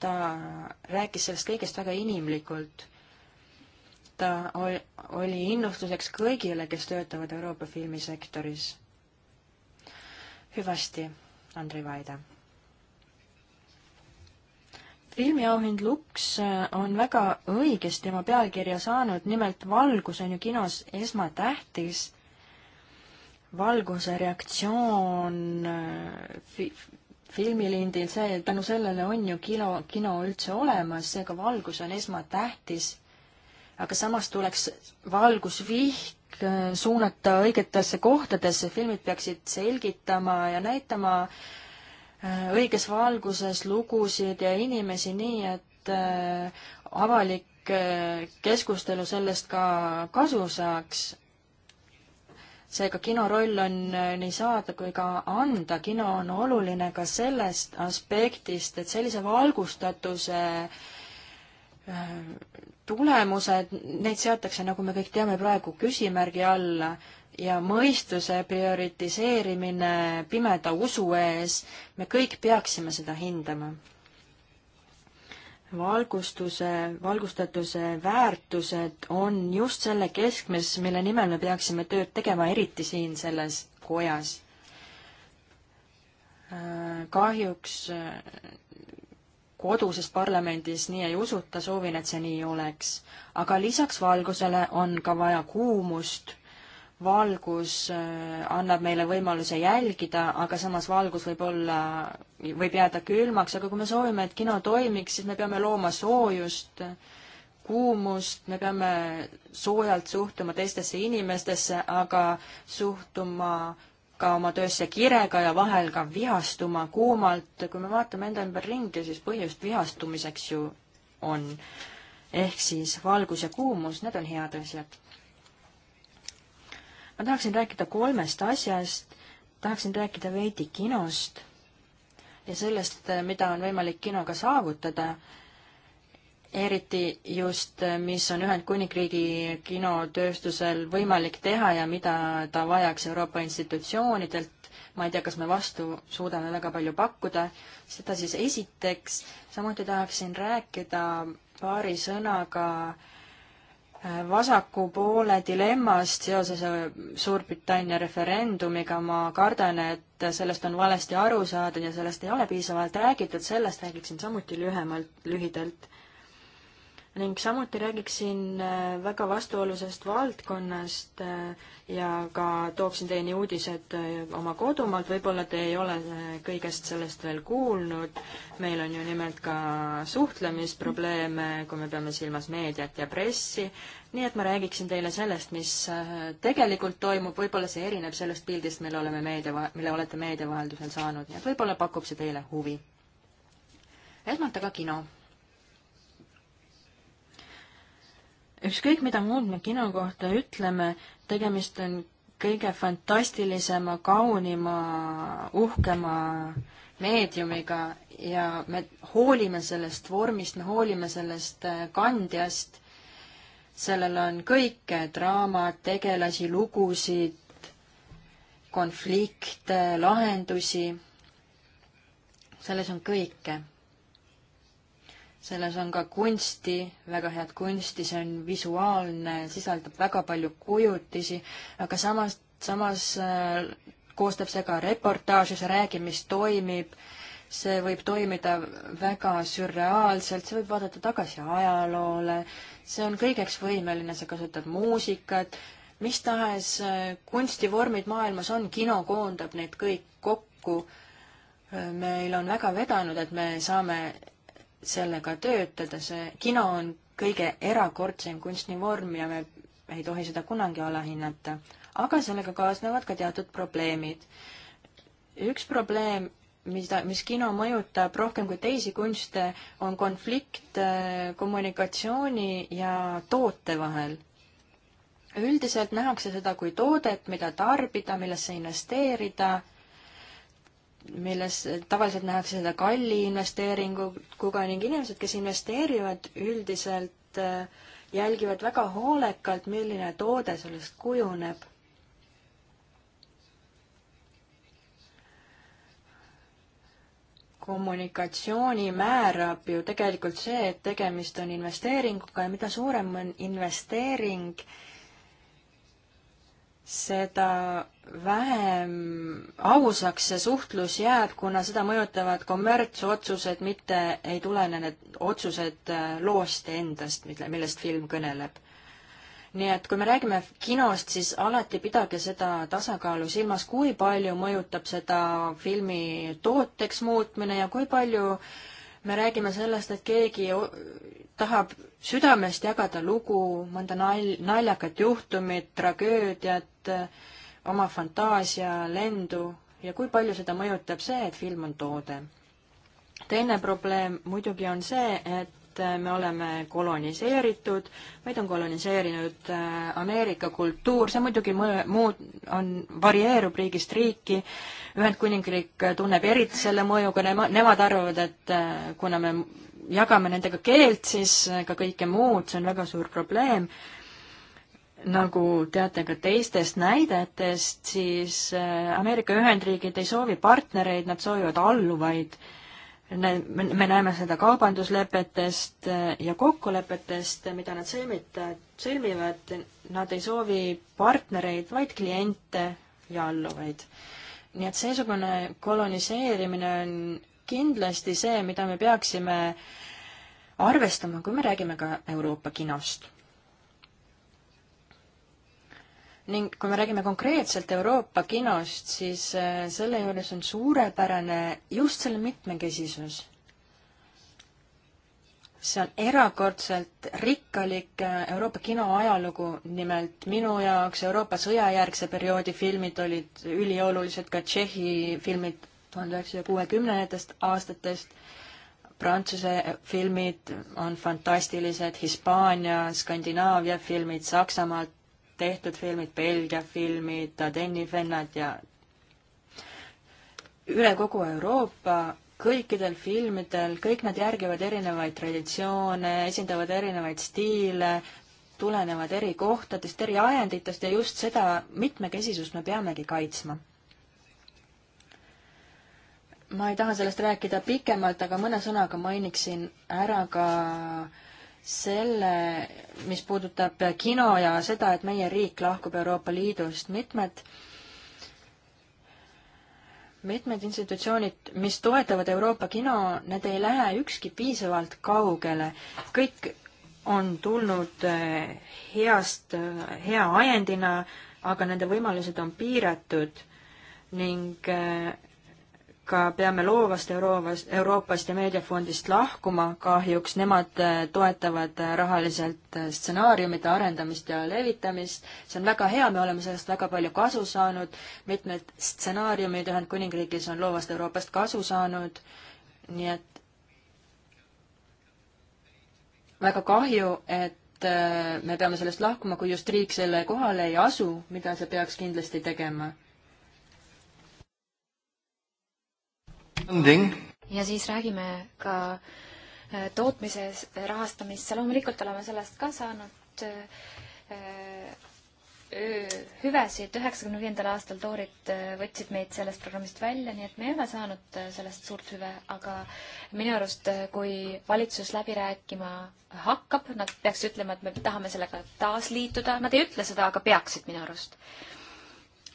ta rääkis sellest kõigest väga inimlikult. ta oli innustuseks kõigile, kes töötavad Euroopa filmisektoris. hüvasti, Andrei Vaide. filmiauhind Lux on väga õigesti oma pealkirja saanud, nimelt valgus on ju kinos esmatähtis valguse reaktsioon äh, filmilindil see, et tänu sellele on ju kino, kino üldse olemas, seega valgus on esmatähtis. aga samas tuleks valgusvihk äh, suunata õigetesse kohtadesse, filmid peaksid selgitama ja näitama äh, õiges valguses lugusid ja inimesi nii, et äh, avalik keskustelu sellest ka kasu saaks seega kino roll on äh, nii saada kui ka anda, kino on oluline ka sellest aspektist, et sellise valgustatuse äh, tulemused, neid seatakse, nagu me kõik teame, praegu küsimärgi alla ja mõistuse prioritiseerimine pimeda usu ees, me kõik peaksime seda hindama valgustuse, valgustatuse väärtused on just selle keskmes, mille nimel me peaksime tööd tegema, eriti siin selles kojas. kahjuks äh, koduses parlamendis nii ei usuta, soovin, et see nii oleks. aga lisaks valgusele on ka vaja kuumust valgus äh, annab meile võimaluse jälgida, aga samas valgus võib olla, võib jääda külmaks, aga kui me soovime, et kino toimiks, siis me peame looma soojust, kuumust, me peame soojalt suhtuma teistesse inimestesse, aga suhtuma ka oma töösse kirega ja vahel ka vihastuma kuumalt. kui me vaatame enda ümber ringi, siis põhjust vihastumiseks ju on. ehk siis valgus ja kuumus, need on head asjad ma tahaksin rääkida kolmest asjast, tahaksin rääkida veidi kinost ja sellest, mida on võimalik kinoga saavutada, eriti just, mis on Ühendkuningriigi kinotööstusel võimalik teha ja mida ta vajaks Euroopa institutsioonidelt, ma ei tea, kas me vastu suudame väga palju pakkuda, seda siis esiteks, samuti tahaksin rääkida paari sõnaga äh, vasaku poole dilemmast seoses äh, Suurbritannia referendumiga, ma kardan, et sellest on valesti aru saadud ja sellest ei ole piisavalt räägitud, sellest räägiksin samuti lühemalt, lühidalt ning samuti räägiksin äh, väga vastuolusest valdkonnast äh, ja ka tooksin teieni uudised äh, oma kodumaalt, võib-olla te ei ole kõigest sellest veel kuulnud, meil on ju nimelt ka suhtlemisprobleeme, kui me peame silmas meediat ja pressi, nii et ma räägiksin teile sellest, mis tegelikult toimub, võib-olla see erineb sellest pildist, mille oleme meedia, mille olete meedia vaheldusel saanud, nii et võib-olla pakub see teile huvi. esmalt aga kino ükskõik, mida muud me kino kohta ütleme, tegemist on kõige fantastilisema, kaunima, uhkema meediumiga ja me hoolime sellest vormist, me hoolime sellest äh, kandjast. sellel on kõike, draamat, tegelasi, lugusid, konflikte, lahendusi. selles on kõike selles on ka kunsti, väga head kunsti, see on visuaalne, sisaldab väga palju kujutisi, aga samas, samas äh, koostab see ka reportaaži, see räägib, mis toimib, see võib toimida väga sürreaalselt, see võib vaadata tagasi ajaloole, see on kõigeks võimeline, see kasutab muusikat, mis tahes äh, kunstivormid maailmas on, kino koondab need kõik kokku. Äh, meil on väga vedanud, et me saame sellega töötada, see kino on kõige erakordsem kunstnivorm ja me ei tohi seda kunagi alahinnata. aga sellega kaasnevad ka teatud probleemid. üks probleem, mida, mis kino mõjutab rohkem kui teisi kunste, on konflikt äh, kommunikatsiooni ja toote vahel. üldiselt nähakse seda kui toodet, mida tarbida, millesse investeerida milles tavaliselt nähakse seda kalli investeeringuga ning inimesed, kes investeerivad, üldiselt äh, jälgivad väga hoolekalt, milline toode sellest kujuneb. kommunikatsiooni määrab ju tegelikult see, et tegemist on investeeringuga ja mida suurem on investeering, seda vähem ausaks see suhtlus jääb, kuna seda mõjutavad kommertsotsused, mitte ei tulene need otsused äh, loost endast, mille, millest film kõneleb. nii et kui me räägime kinost, siis alati pidage seda tasakaalu silmas, kui palju mõjutab seda filmi tooteks muutmine ja kui palju me räägime sellest, et keegi tahab südamest jagada lugu, mõnda nal-, naljakat juhtumit, tragöödiat, oma fantaasia, lendu ja kui palju seda mõjutab see, et film on toode. teine probleem muidugi on see, et me oleme koloniseeritud, meid on koloniseerinud äh, Ameerika kultuur, see muidugi muud on, varieerub riigist riiki, Ühendkuningriik tunneb eriti selle mõjuga, nemad arvavad, et äh, kuna me jagame nendega keelt, siis äh, ka kõike muud, see on väga suur probleem nagu teate ka teistest näidetest, siis äh, Ameerika Ühendriigid ei soovi partnereid, nad soovivad alluvaid. me näeme seda kaubanduslepetest äh, ja kokkulepetest, mida nad sõlmita, sõlmivad, nad ei soovi partnereid, vaid kliente ja alluvaid. nii et seesugune koloniseerimine on kindlasti see, mida me peaksime arvestama, kui me räägime ka Euroopa kinost ning kui me räägime konkreetselt Euroopa kinost, siis äh, selle juures on suurepärane just selle mitmekesisus. see on erakordselt rikkalik äh, Euroopa kino ajalugu, nimelt minu jaoks Euroopa sõjajärgse perioodi filmid olid üliolulised, ka Tšehhi filmid tuhande üheksasaja kuuekümnendatest aastatest, Prantsuse äh, filmid on fantastilised, Hispaania, Skandinaavia filmid Saksamaalt, tehtud filmid, Belgia filmid, Dennivennad ja üle kogu Euroopa kõikidel filmidel, kõik nad järgivad erinevaid traditsioone, esindavad erinevaid stiile, tulenevad eri kohtadest, eri ajenditest ja just seda mitmekesisust me peamegi kaitsma. ma ei taha sellest rääkida pikemalt, aga mõne sõnaga mainiksin ära ka äh, selle, mis puudutab kino ja seda, et meie riik lahkub Euroopa Liidust. mitmed, mitmed institutsioonid, mis toetavad Euroopa kino, need ei lähe ükski piisavalt kaugele. kõik on tulnud eh, heast, eh, hea ajendina, aga nende võimalused on piiratud ning eh, ka peame loovast Euroopast, Euroopast ja Meediafondist lahkuma, kahjuks nemad äh, toetavad äh, rahaliselt äh, stsenaariumite arendamist ja levitamist. see on väga hea, me oleme sellest väga palju kasu saanud, mitmed stsenaariumid Ühendkuningriigis on loovast Euroopast kasu saanud, nii et väga kahju, et me peame sellest lahkuma, kui just riik selle kohale ei asu, mida see peaks kindlasti tegema ja siis räägime ka äh, tootmise rahastamisse, loomulikult oleme sellest ka saanud äh, hüvesid, üheksakümne viiendal aastal toorid äh, võtsid meid sellest programmist välja, nii et me ei ole saanud sellest suurt hüve, aga minu arust, kui valitsus läbi rääkima hakkab, nad peaks ütlema, et me tahame sellega taasliituda, nad ei ütle seda, aga peaksid minu arust.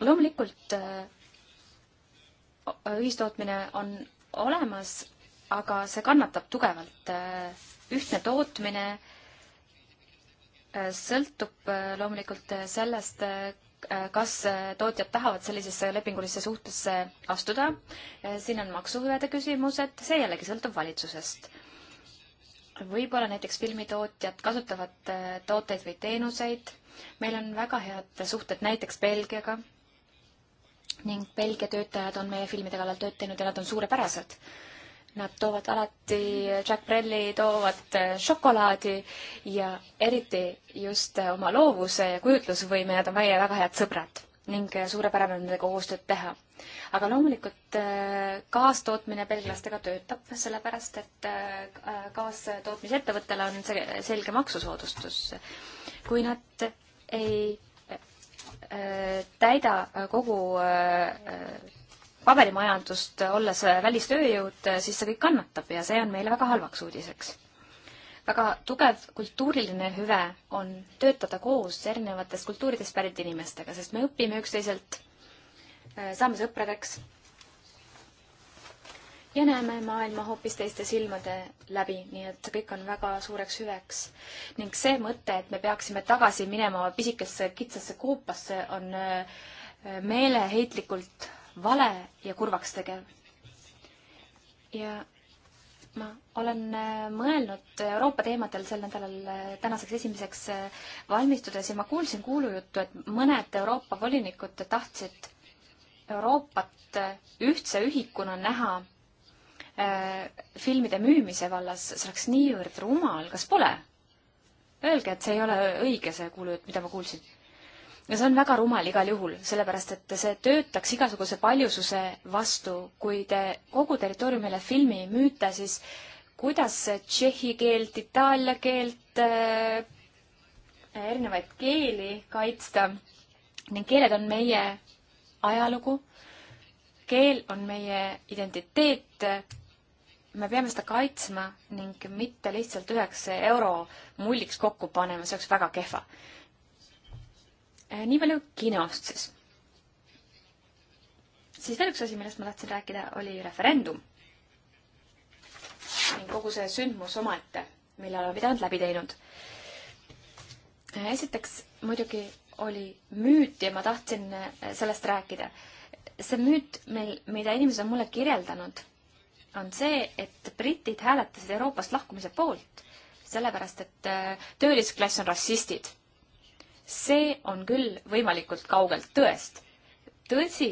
loomulikult ühistootmine on olemas, aga see kannatab tugevalt. ühtne tootmine äh, sõltub äh, loomulikult äh, sellest, kas tootjad tahavad sellisesse lepingulisse suhtesse astuda. siin on maksuhüvede küsimused, see jällegi sõltub valitsusest. võib-olla näiteks filmitootjad kasutavad tooteid või teenuseid. meil on väga head suhted näiteks Belgiaga ning Belgia töötajad on meie filmide kallal tööd teinud ja nad on suurepärased. Nad toovad alati, Jack Brelli toovad eh, šokolaadi ja eriti just eh, oma loovuse ja kujutlusvõime, nad on meie väga head sõbrad ning eh, suurepärane on nendega koostööd teha. aga loomulikult kaastootmine belglastega töötab, sellepärast et kaastootmisettevõttele on see selge maksusoodustus. kui nad ei Äh, täida äh, kogu äh, paberimajandust, olles välistööjõud, siis see kõik kannatab ja see on meile väga halvaks uudiseks. väga tugev kultuuriline hüve on töötada koos erinevatest kultuuridest pärit inimestega, sest me õpime üksteiselt, saame sõpradeks ja näeme maailma hoopis teiste silmade läbi, nii et kõik on väga suureks hüveks. ning see mõte, et me peaksime tagasi minema pisikesse kitsasse koopasse, on äh, meeleheitlikult vale ja kurvaks tegev. ja ma olen äh, mõelnud Euroopa teemadel sel nädalal äh, tänaseks esimeseks valmistudes ja ma kuulsin kuulujuttu, et mõned Euroopa volinikud tahtsid Euroopat ühtse ühikuna näha Äh, filmide müümise vallas, see oleks niivõrd rumal, kas pole? Öelge, et see ei ole õige, see kuulujutt, mida ma kuulsin. ja see on väga rumal igal juhul, sellepärast et see töötaks igasuguse paljususe vastu, kui te kogu territooriumile filmi müüte, siis kuidas tšehhi keelt, itaalia keelt äh,, erinevaid keeli kaitsta. Need keeled on meie ajalugu, keel on meie identiteet me peame seda kaitsma ning mitte lihtsalt üheks euro mulliks kokku panema, see oleks väga kehva. Eh, nii palju kinost siis. siis veel üks asi, millest ma tahtsin rääkida, oli referendum. ning kogu see sündmus omaette, mille oleme pidanud läbi teinud. Eh, esiteks muidugi oli müüt ja ma tahtsin eh, sellest rääkida. see müüt, mil, mida inimesed on mulle kirjeldanud on see, et britid hääletasid Euroopast lahkumise poolt, sellepärast et äh, töölisklass on rassistid. see on küll võimalikult kaugelt tõest. tõsi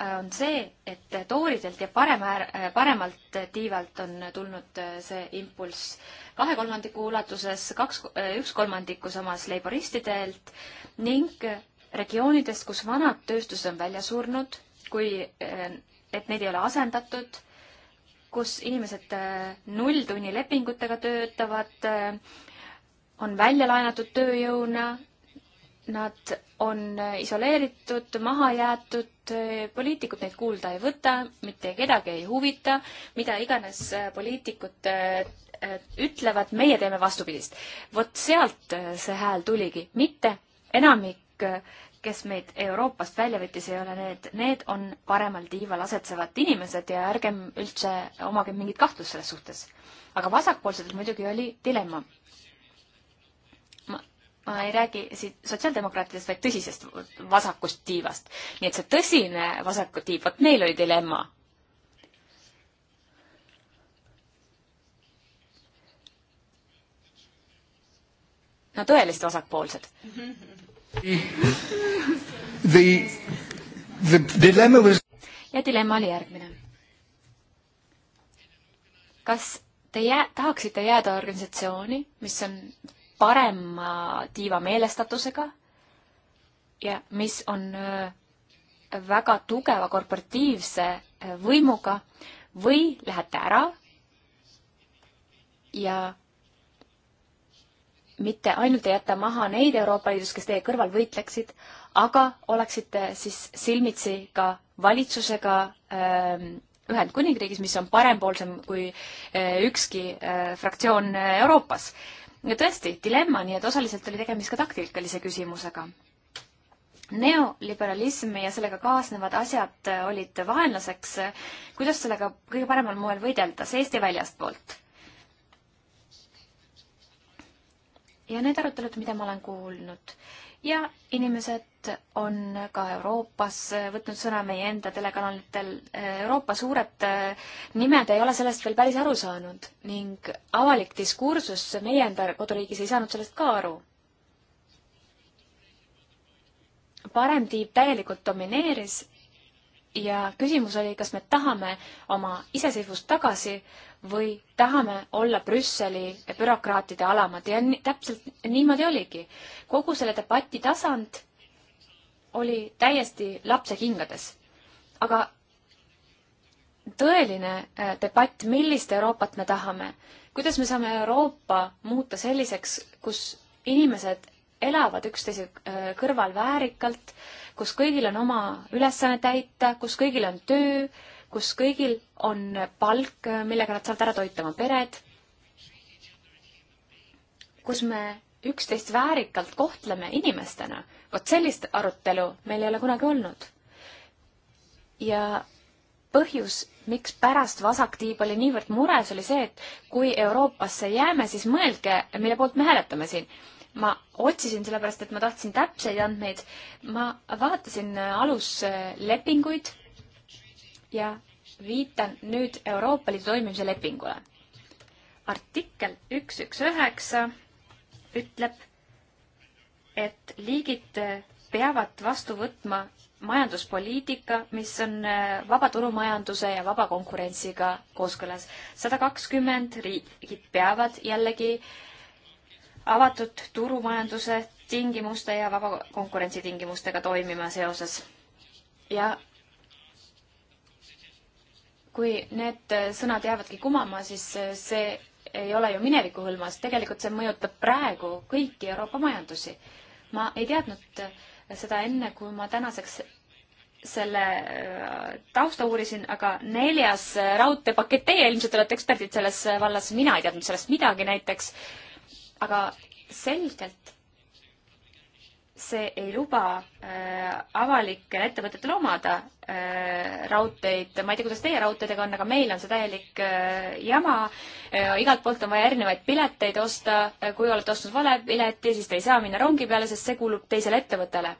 äh, on see, et tooridelt ja parem, äh, paremalt tiivalt on tulnud see impulss kahe kolmandiku ulatuses, kaks, üks kolmandiku samas leiboristidelt ning regioonidest, kus vanad tööstused on välja surnud, kui, et neid ei ole asendatud kus inimesed äh, nulltunni lepingutega töötavad, äh, on välja laenatud tööjõuna, nad on äh, isoleeritud, maha jäetud, poliitikud neid kuulda ei võta, mitte kedagi ei huvita, mida iganes poliitikud ütlevad, meie teeme vastupidist. vot sealt see hääl tuligi, mitte enamik kes meid Euroopast välja võttis, ei ole need, need on paremal tiival asetsevad inimesed ja ärgem üldse omagem mingit kahtlust selles suhtes. aga vasakpoolsetel muidugi oli dilemma. ma, ma ei räägi siit sotsiaaldemokraatidest, vaid tõsisest vasakust tiivast. nii et see tõsine vasaku tiib, vot neil oli dilemma. no tõelist vasakpoolsed The, the dilemma was... ja dilemma oli järgmine. kas te jää-, tahaksite jääda organisatsiooni, mis on parema tiiva meelestatusega ja mis on äh, väga tugeva korporatiivse äh, võimuga või lähete ära ja mitte ainult ei jäta maha neid Euroopa Liidus, kes teie kõrval võitleksid, aga oleksite siis silmitsi ka valitsusega ähm, Ühendkuningriigis, mis on parempoolsem kui äh, ükski äh, fraktsioon äh, Euroopas. ja tõesti, dilemma, nii et osaliselt oli tegemist ka taktikalise küsimusega neoliberalism ja sellega kaasnevad asjad äh, olid vaenlaseks. kuidas sellega kõige paremal moel võidelda, see Eesti väljastpoolt? ja need arutelud, mida ma olen kuulnud ja inimesed on ka Euroopas võtnud sõna meie enda telekanalitel. Euroopa suured äh, nimed ei ole sellest veel päris aru saanud ning avalik diskursus meie enda koduriigis ei saanud sellest ka aru. parem tiib täielikult domineeris ja küsimus oli, kas me tahame oma iseseisvust tagasi või tahame olla Brüsseli bürokraatide alamad ja nii, täpselt niimoodi oligi. kogu selle debati tasand oli täiesti lapse hingades. aga tõeline äh, debatt, millist Euroopat me tahame, kuidas me saame Euroopa muuta selliseks, kus inimesed elavad üksteise äh, kõrval väärikalt, kus kõigil on oma ülesanne täita, kus kõigil on töö, kus kõigil on palk, millega nad saavad ära toita oma pered, kus me üksteist väärikalt kohtleme inimestena. vot sellist arutelu meil ei ole kunagi olnud. ja põhjus, miks pärast vasaktiib oli niivõrd mures, oli see, et kui Euroopasse jääme, siis mõelge, mille poolt me hääletame siin ma otsisin sellepärast, et ma tahtsin täpseid andmeid. ma vaatasin äh, aluslepinguid ja viitan nüüd Euroopa Liidu toimimise lepingule. artikkel üks, üks, üheksa ütleb, et liigid äh, peavad vastu võtma majanduspoliitika, mis on äh, vaba turumajanduse ja vaba konkurentsiga kooskõlas. sada kakskümmend riigid peavad jällegi äh, avatud turumajanduse tingimuste ja vaba konkurentsi tingimustega toimima seoses. ja kui need sõnad jäävadki kumama, siis see ei ole ju mineviku hõlmas, tegelikult see mõjutab praegu kõiki Euroopa majandusi. ma ei teadnud seda enne, kui ma tänaseks selle äh, tausta uurisin, aga neljas raudteepakett, teie ilmselt olete eksperdid selles vallas, mina ei teadnud sellest midagi näiteks aga selgelt see ei luba äh, avalikel ettevõtetel omada äh, raudteid, ma ei tea, kuidas teie raudteedega on, aga meil on see täielik äh, jama äh,. igalt poolt on vaja erinevaid pileteid osta äh,, kui olete ostnud vale pileti, siis te ei saa minna rongi peale, sest see kuulub teisele ettevõttele.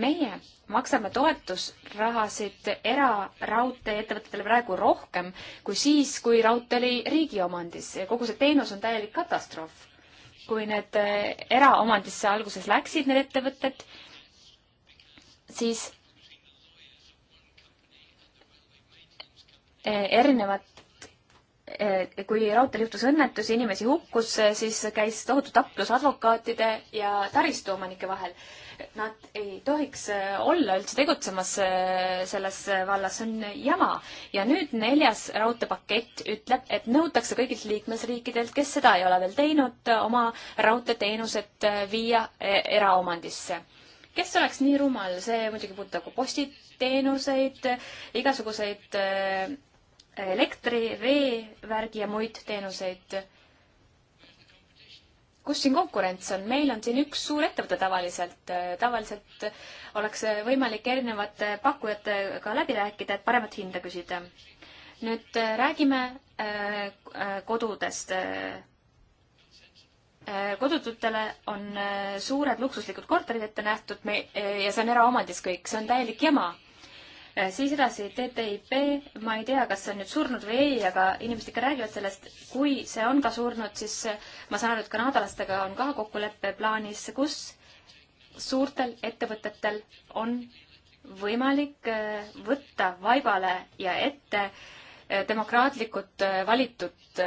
meie maksame toetusrahasid eraraudteeettevõtetele praegu rohkem kui siis, kui raudtee oli riigi omandis. kogu see teenus on täielik katastroof kui need äh, eraomandisse alguses läksid, need ettevõtted, siis äh, erinevad Eh, kui raudteel juhtus õnnetus ja inimesi hukkus, eh, siis käis tohutu taplus advokaatide ja taristuomanike vahel. Nad ei tohiks eh, olla üldse tegutsemas selles vallas, see on jama. ja nüüd neljas raudteepakett ütleb, et nõutakse kõigilt liikmesriikidelt, kes seda ei ole veel teinud, oma raudteeteenused viia eraomandisse kes oleks nii rumal, see muidugi puudutab ka postiteenuseid, igasuguseid elektri, veevärgi ja muid teenuseid. kus siin konkurents on? meil on siin üks suur ettevõte tavaliselt. tavaliselt oleks võimalik erinevate pakkujatega läbi rääkida, et paremat hinda küsida. nüüd äh, räägime äh, äh, kodudest. kodututele on suured luksuslikud korterid ette nähtud me- ja see on eraomandis kõik, see on täielik jama Äh, siis edasi TTIP, ma ei tea, kas see on nüüd surnud või ei, aga inimesed ikka räägivad sellest, kui see on ka surnud, siis äh, ma saan aru, et kanadalastega on ka kokkulepe plaanis, kus suurtel ettevõtetel on võimalik äh, võtta vaibale ja ette demokraatlikult valitud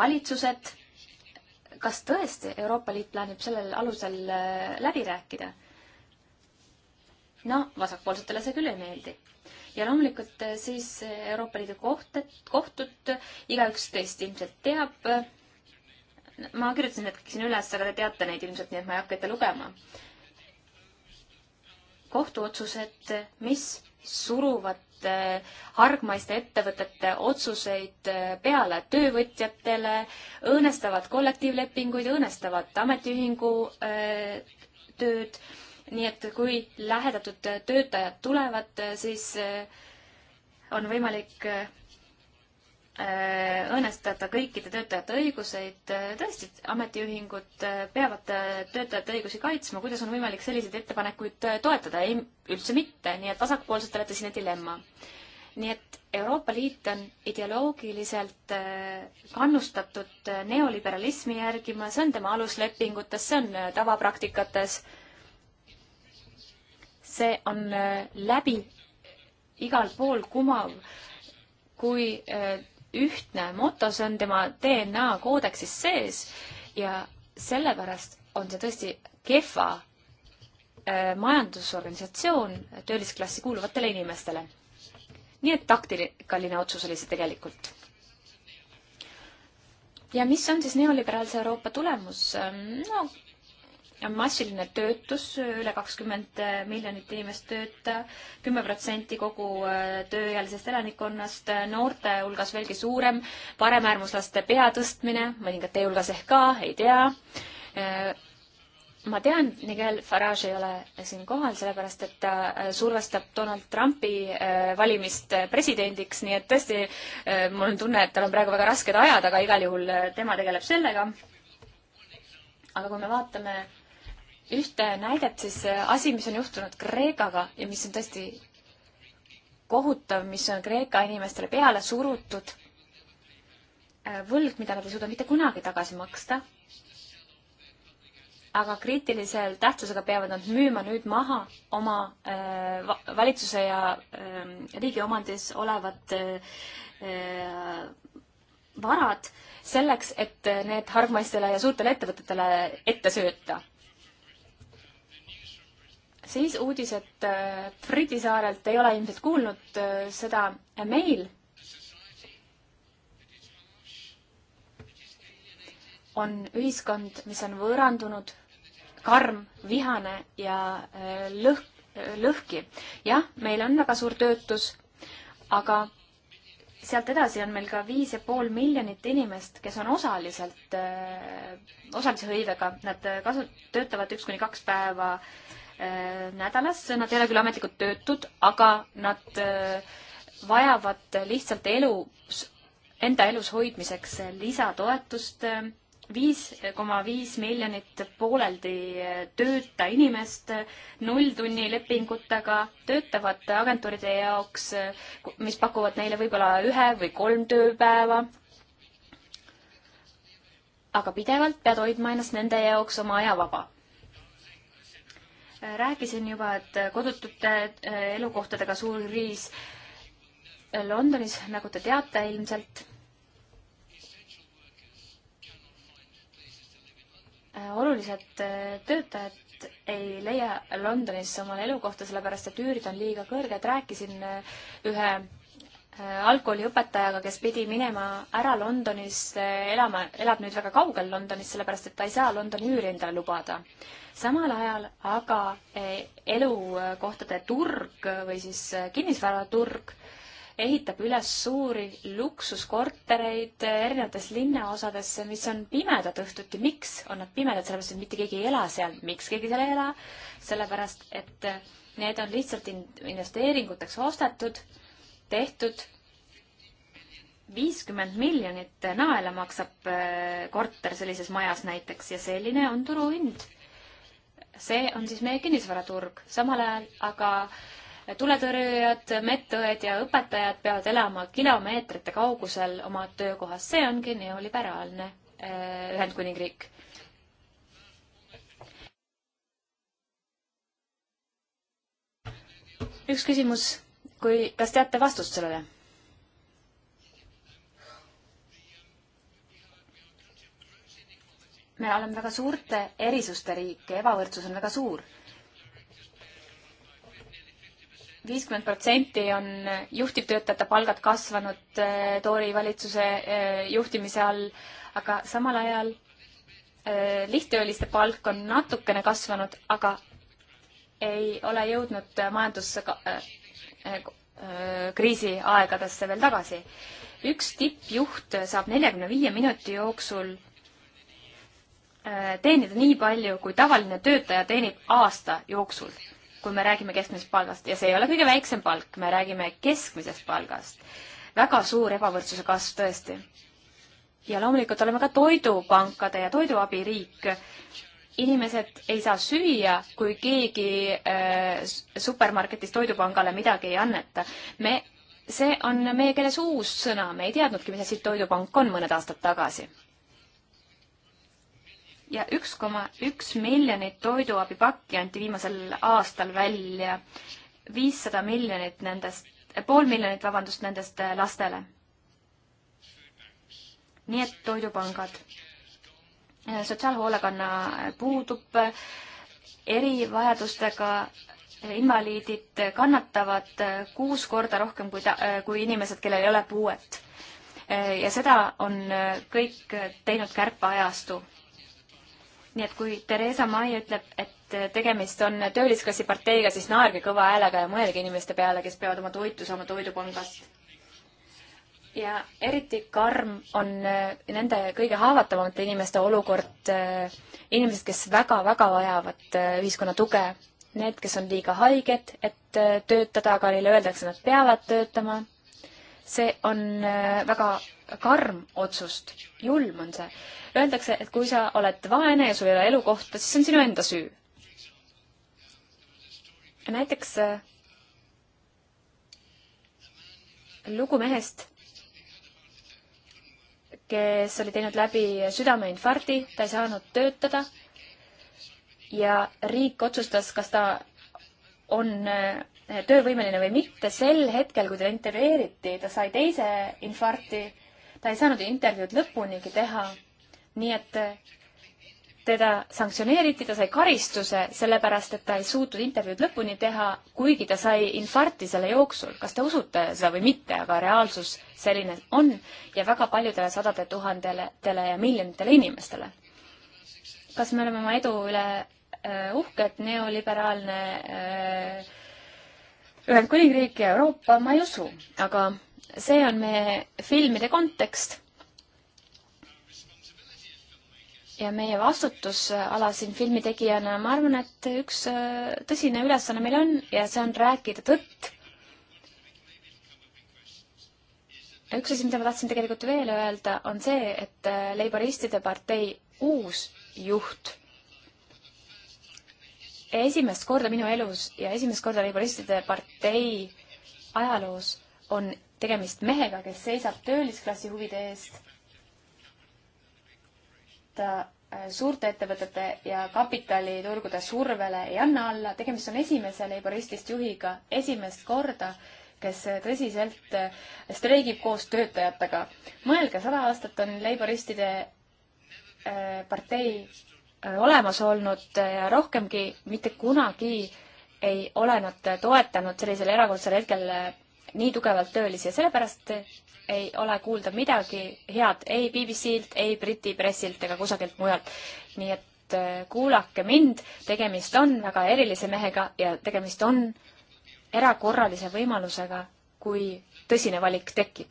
valitsused. kas tõesti Euroopa Liit plaanib sellel alusel läbi rääkida? no vasakpoolsetele see küll ei meeldi. ja loomulikult eh, siis eh, Euroopa Liidu koht, kohtud, eh, igaüks teist ilmselt teab, ma kirjutasin need kõik siin üles, aga te teate neid ilmselt, nii et ma ei hakka ette lugema. kohtuotsused, mis suruvad hargmaiste ettevõtete otsuseid peale töövõtjatele, õõnestavad kollektiivlepinguid, õõnestavad ametiühingu öö, tööd nii et kui lähedatud töötajad tulevad, siis eh, on võimalik eh, õõnestada kõikide töötajate õiguseid. tõesti, ametiühingud eh, peavad töötajate õigusi kaitsma. kuidas on võimalik selliseid ettepanekuid toetada? ei, üldse mitte. nii et vasakpoolselt olete siin dilemma. nii et Euroopa Liit on ideoloogiliselt kannustatud neoliberalismi järgima, see on tema aluslepingutes, see on tavapraktikates see on äh, läbi igal pool kumav kui äh, ühtne moto, see on tema DNA koodeksis sees ja sellepärast on see tõesti kehva äh, majandusorganisatsioon töölisklassi kuuluvatele inimestele. nii et taktikaline otsus oli see tegelikult. ja mis on siis neoliberaalse Euroopa tulemus? no massiline töötus, üle kakskümmend miljonit inimest tööta, kümme protsenti kogu äh, tööealisest elanikkonnast, äh, noorte hulgas veelgi suurem, paremäärmuslaste pea tõstmine, mõningate hulgas ehk ka, ei tea. Äh, ma tean, Nigel Farage ei ole siin kohal, sellepärast et ta survestab Donald Trumpi valimist presidendiks, nii et tõesti, mul on tunne, et tal on praegu väga rasked ajad, aga igal juhul tema tegeleb sellega. aga kui me vaatame ühte näidet, siis asi, mis on juhtunud Kreekaga ja mis on tõesti kohutav, mis on Kreeka inimestele peale surutud, äh, võlg, mida nad ei suuda mitte kunagi tagasi maksta, aga kriitilisel tähtsusega peavad nad müüma nüüd maha oma äh, valitsuse ja äh, riigi omandis olevad äh, äh varad selleks, et äh, need hargmaistele ja suurtele ettevõtetele ette sööta siis uudised äh, Briti saarelt ei ole ilmselt kuulnud äh, seda meil. on ühiskond, mis on võõrandunud, karm, vihane ja äh, lõhk, lõhki. jah, meil on väga suur töötus, aga sealt edasi on meil ka viis ja pool miljonit inimest, kes on osaliselt, osalise hõivega, nad kasu-, töötavad üks kuni kaks päeva äh, Äh, nädalas, nad ei ole küll ametlikult töötud, aga nad äh, vajavad lihtsalt elus, enda elus hoidmiseks lisatoetust viis koma viis miljonit pooleldi äh, tööta inimest nulltunnilepingutega töötavad agentuuride jaoks, mis pakuvad neile võib-olla ühe või kolm tööpäeva. aga pidevalt pead hoidma ennast nende jaoks oma aja vaba rääkisin juba, et kodutute eh, elukohtadega suur kriis Londonis, nagu te teate ilmselt. Eh, olulised eh, töötajad ei leia Londonis omale elukohta, sellepärast et üürid on liiga kõrged. rääkisin ühe algkooliõpetajaga, kes pidi minema ära Londonis elama, elab nüüd väga kaugel Londonis, sellepärast et ta ei saa Londoni üüri endale lubada. samal ajal aga eh, elukohtade turg või siis eh, kinnisvaraturg ehitab üles suuri luksuskortereid eh, erinevates linnaosadesse, mis on pimedad õhtuti. miks on nad pimedad? sellepärast, et mitte keegi ei ela seal. miks keegi seal ei ela? sellepärast, et need on lihtsalt investeeringuteks ostetud tehtud. viiskümmend miljonit naela maksab äh, korter sellises majas näiteks ja selline on turuhind. see on siis meie kinnisvaraturg, samal ajal aga tuletõrjujad, medõed ja õpetajad peavad elama kilomeetrite kaugusel oma töökohast, see ongi neoliberaalne äh, Ühendkuningriik. üks küsimus kui, kas teate vastust sellele? me oleme väga suurte erisuste riik ja ebavõrdsus on väga suur. viiskümmend protsenti on juhtivtöötajate palgad kasvanud äh, Tori valitsuse äh, juhtimise all, aga samal ajal äh, lihttööliste palk on natukene kasvanud, aga ei ole jõudnud majandus Äh, äh, kriisiaegadesse veel tagasi. üks tippjuht saab neljakümne viie minuti jooksul äh, teenida nii palju, kui tavaline töötaja teenib aasta jooksul, kui me räägime keskmisest palgast ja see ei ole kõige väiksem palk, me räägime keskmisest palgast. väga suur ebavõrdsuse kasv tõesti. ja loomulikult oleme ka toidupankade ja toiduabiriik, inimesed ei saa süüa, kui keegi äh, supermarketis toidupangale midagi ei anneta. me, see on meie keeles uus sõna, me ei teadnudki, mis asi toidupank on mõned aastad tagasi. ja üks koma üks miljonit toiduabipakki anti viimasel aastal välja, viissada miljonit nendest, pool miljonit, vabandust, nendest lastele. nii et toidupangad sotsiaalhoolekanna puudub, erivajadustega invaliidid kannatavad kuus korda rohkem kui ta, kui inimesed, kellel ei ole puuet. ja seda on kõik teinud kärpeajastu. nii et kui Theresa May ütleb, et tegemist on töölisklassi parteiga, siis naerge kõva häälega ja mõelge inimeste peale, kes peavad oma toitu saama toidupangast ja eriti karm on äh, nende kõige haavatavamate inimeste olukord, äh, inimesed, kes väga-väga vajavad äh, ühiskonna tuge. Need, kes on liiga haiged, et töötada, aga neile öeldakse, nad peavad töötama. see on väga karm otsust, julm on see. Öeldakse, et kui sa oled vaene ja sul ei ole elukohta, siis see on sinu enda süü. näiteks lugu mehest kes oli teinud läbi südameinfarkti, ta ei saanud töötada ja riik otsustas, kas ta on eh, töövõimeline või mitte, sel hetkel, kui teda intervjueeriti, ta sai teise infarkti, ta ei saanud intervjuud lõpunigi teha. nii et eh, teda sanktsioneeriti, ta sai karistuse, sellepärast et ta ei suutnud intervjuud lõpuni teha, kuigi ta sai infarkti selle jooksul. kas te usute seda või mitte, aga reaalsus selline on ja väga paljudele sadade tuhandetele ja miljonitele inimestele. kas me oleme oma edu üle äh, uhked, neoliberaalne äh, Ühendkuningriik ja Euroopa, ma ei usu, aga see on meie filmide kontekst ja meie vastutusala siin filmitegijana, ma arvan, et üks äh, tõsine ülesanne meil on ja see on rääkida tõtt. üks asi, mida ma tahtsin tegelikult veel öelda, on see, et äh, Leiboristide partei uus juht esimest korda minu elus ja esimest korda Leiboristide partei ajaloos on tegemist mehega, kes seisab töölisklassi huvide eest vaadata äh, suurte ettevõtete ja kapitaliturgude survele ei anna alla. tegemist on esimese laboristist juhiga esimest korda, kes äh, tõsiselt äh, streigib koos töötajatega. mõelge, sada aastat on laboristide partei olemas olnud ja rohkemgi, mitte kunagi ei ole nad toetanud sellisel erakordsel hetkel nii tugevalt töölisi ja sellepärast ei ole kuulda midagi head ei BBC-lt, ei Briti pressilt ega kusagilt mujalt. nii et äh, kuulake mind, tegemist on väga erilise mehega ja tegemist on erakorralise võimalusega, kui tõsine valik tekib.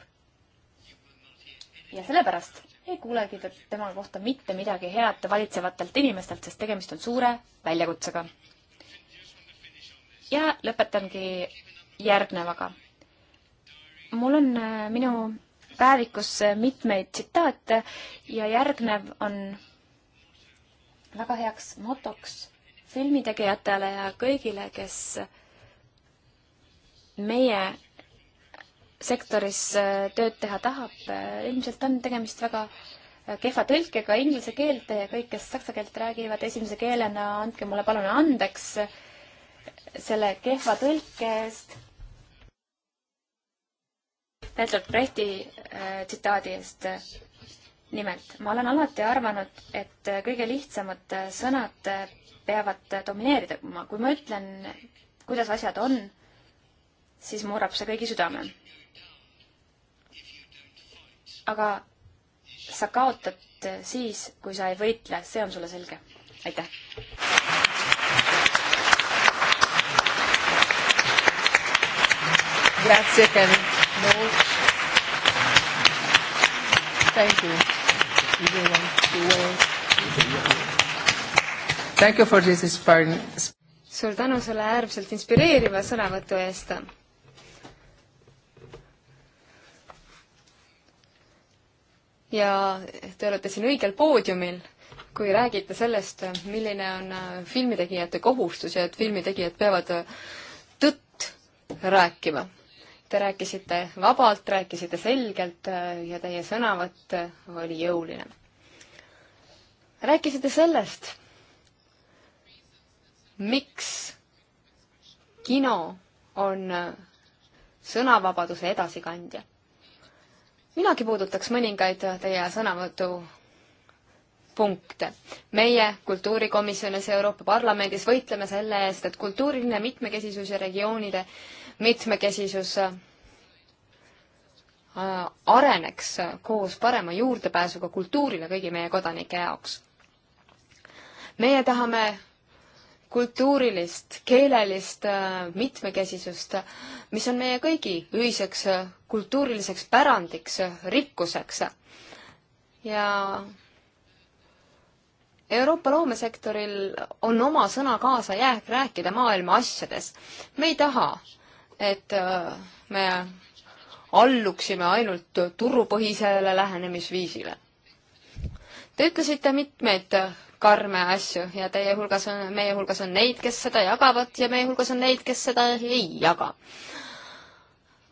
ja sellepärast ei kuulegi tema kohta mitte midagi head valitsevatelt inimestelt, sest tegemist on suure väljakutsega. ja lõpetangi järgnevaga mul on äh, minu päevikus äh, mitmeid tsitaate ja järgnev on väga heaks motoks filmitegijatele ja kõigile, kes meie sektoris äh, tööd teha tahab. ilmselt on tegemist väga kehva tõlkega inglise keelde ja kõik, kes saksa keelt räägivad esimese keelena, andke mulle palun andeks selle kehva tõlke eest Bertolt Brechti äh, tsitaadi eest. nimelt, ma olen alati arvanud, et äh, kõige lihtsamad äh, sõnad peavad domineerida, kui ma, kui ma ütlen, kuidas asjad on, siis murrab see kõigi südame. aga sa kaotad siis, kui sa ei võitle, see on sulle selge. aitäh! Grazie Kevin. No. Thank you. Thank you for this inspiring. suur tänu selle äärmiselt inspireeriva sõnavõtu eest. ja te olete siin õigel poodiumil, kui räägite sellest, milline on äh, filmitegijate kohustus ja et filmitegijad peavad tõtt rääkima Te rääkisite vabalt, rääkisite selgelt äh, ja teie sõnavõtt äh, oli jõuline. rääkisite sellest, miks kino on äh, sõnavabaduse edasikandja. minagi puudutaks mõningaid teie sõnavõtu punkte. meie kultuurikomisjonis Euroopa Parlamendis võitleme selle eest, et kultuuriline mitmekesisus ja regioonide äh, mitmekesisus äh, areneks koos parema juurdepääsuga kultuurile kõigi meie kodanike jaoks. meie tahame kultuurilist, keelelist äh, mitmekesisust, mis on meie kõigi ühiseks äh, kultuuriliseks pärandiks, rikkuseks. ja Euroopa loomesektoril on oma sõna kaasa jääk rääkida maailma asjades. me ei taha äh, et äh, me alluksime ainult turupõhisele lähenemisviisile. Te ütlesite mitmeid karme asju ja teie hulgas on, meie hulgas on neid, kes seda jagavad ja meie hulgas on neid, kes seda ei jaga.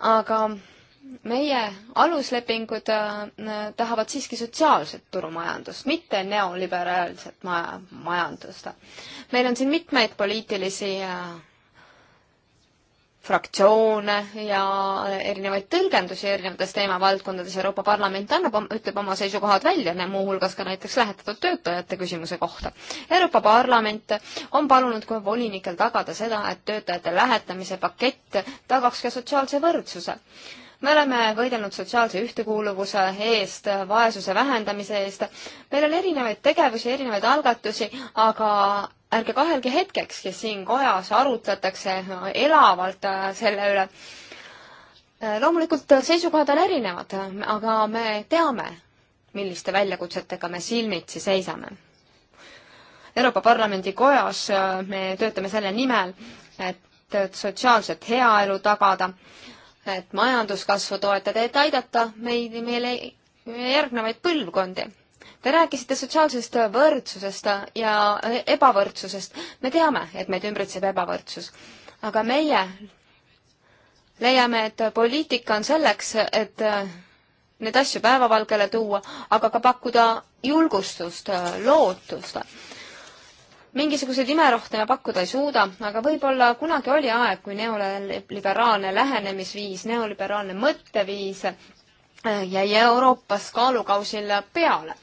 aga meie aluslepingud äh, tahavad siiski sotsiaalset turumajandust, mitte neoliberaalset maja, majandust. meil on siin mitmeid poliitilisi äh, fraktsioone ja erinevaid tõlgendusi erinevates teemavaldkondades. Euroopa Parlament annab, ütleb oma seisukohad välja, muuhulgas ka näiteks lähetatud töötajate küsimuse kohta. Euroopa Parlament on palunud kohe volinikel tagada seda, et töötajate lähetamise pakett tagaks ka sotsiaalse võrdsuse me oleme võidelnud sotsiaalse ühtekuuluvuse eest, vaesuse vähendamise eest, meil on erinevaid tegevusi, erinevaid algatusi, aga ärge kahelge hetkekski, siin kojas arutletakse elavalt äh, selle üle. Äh, loomulikult äh, seisukohad on erinevad, aga me teame, milliste väljakutsetega me silmitsi seisame. Euroopa Parlamendi kojas me töötame selle nimel, et sotsiaalset heaelu tagada, et majanduskasvu toetada, et aidata meid, meile järgnevaid põlvkondi Te rääkisite sotsiaalsest võrdsusest ja ebavõrdsusest. me teame, et meid ümbritseb ebavõrdsus, aga meie leiame, et poliitika on selleks, et neid asju päevavalgele tuua, aga ka pakkuda julgustust, lootust. mingisuguseid imerohte me pakkuda ei suuda, aga võib-olla kunagi oli aeg, kui neoliberaalne lähenemisviis, neoliberaalne mõtteviis jäi Euroopas kaalukausil peale.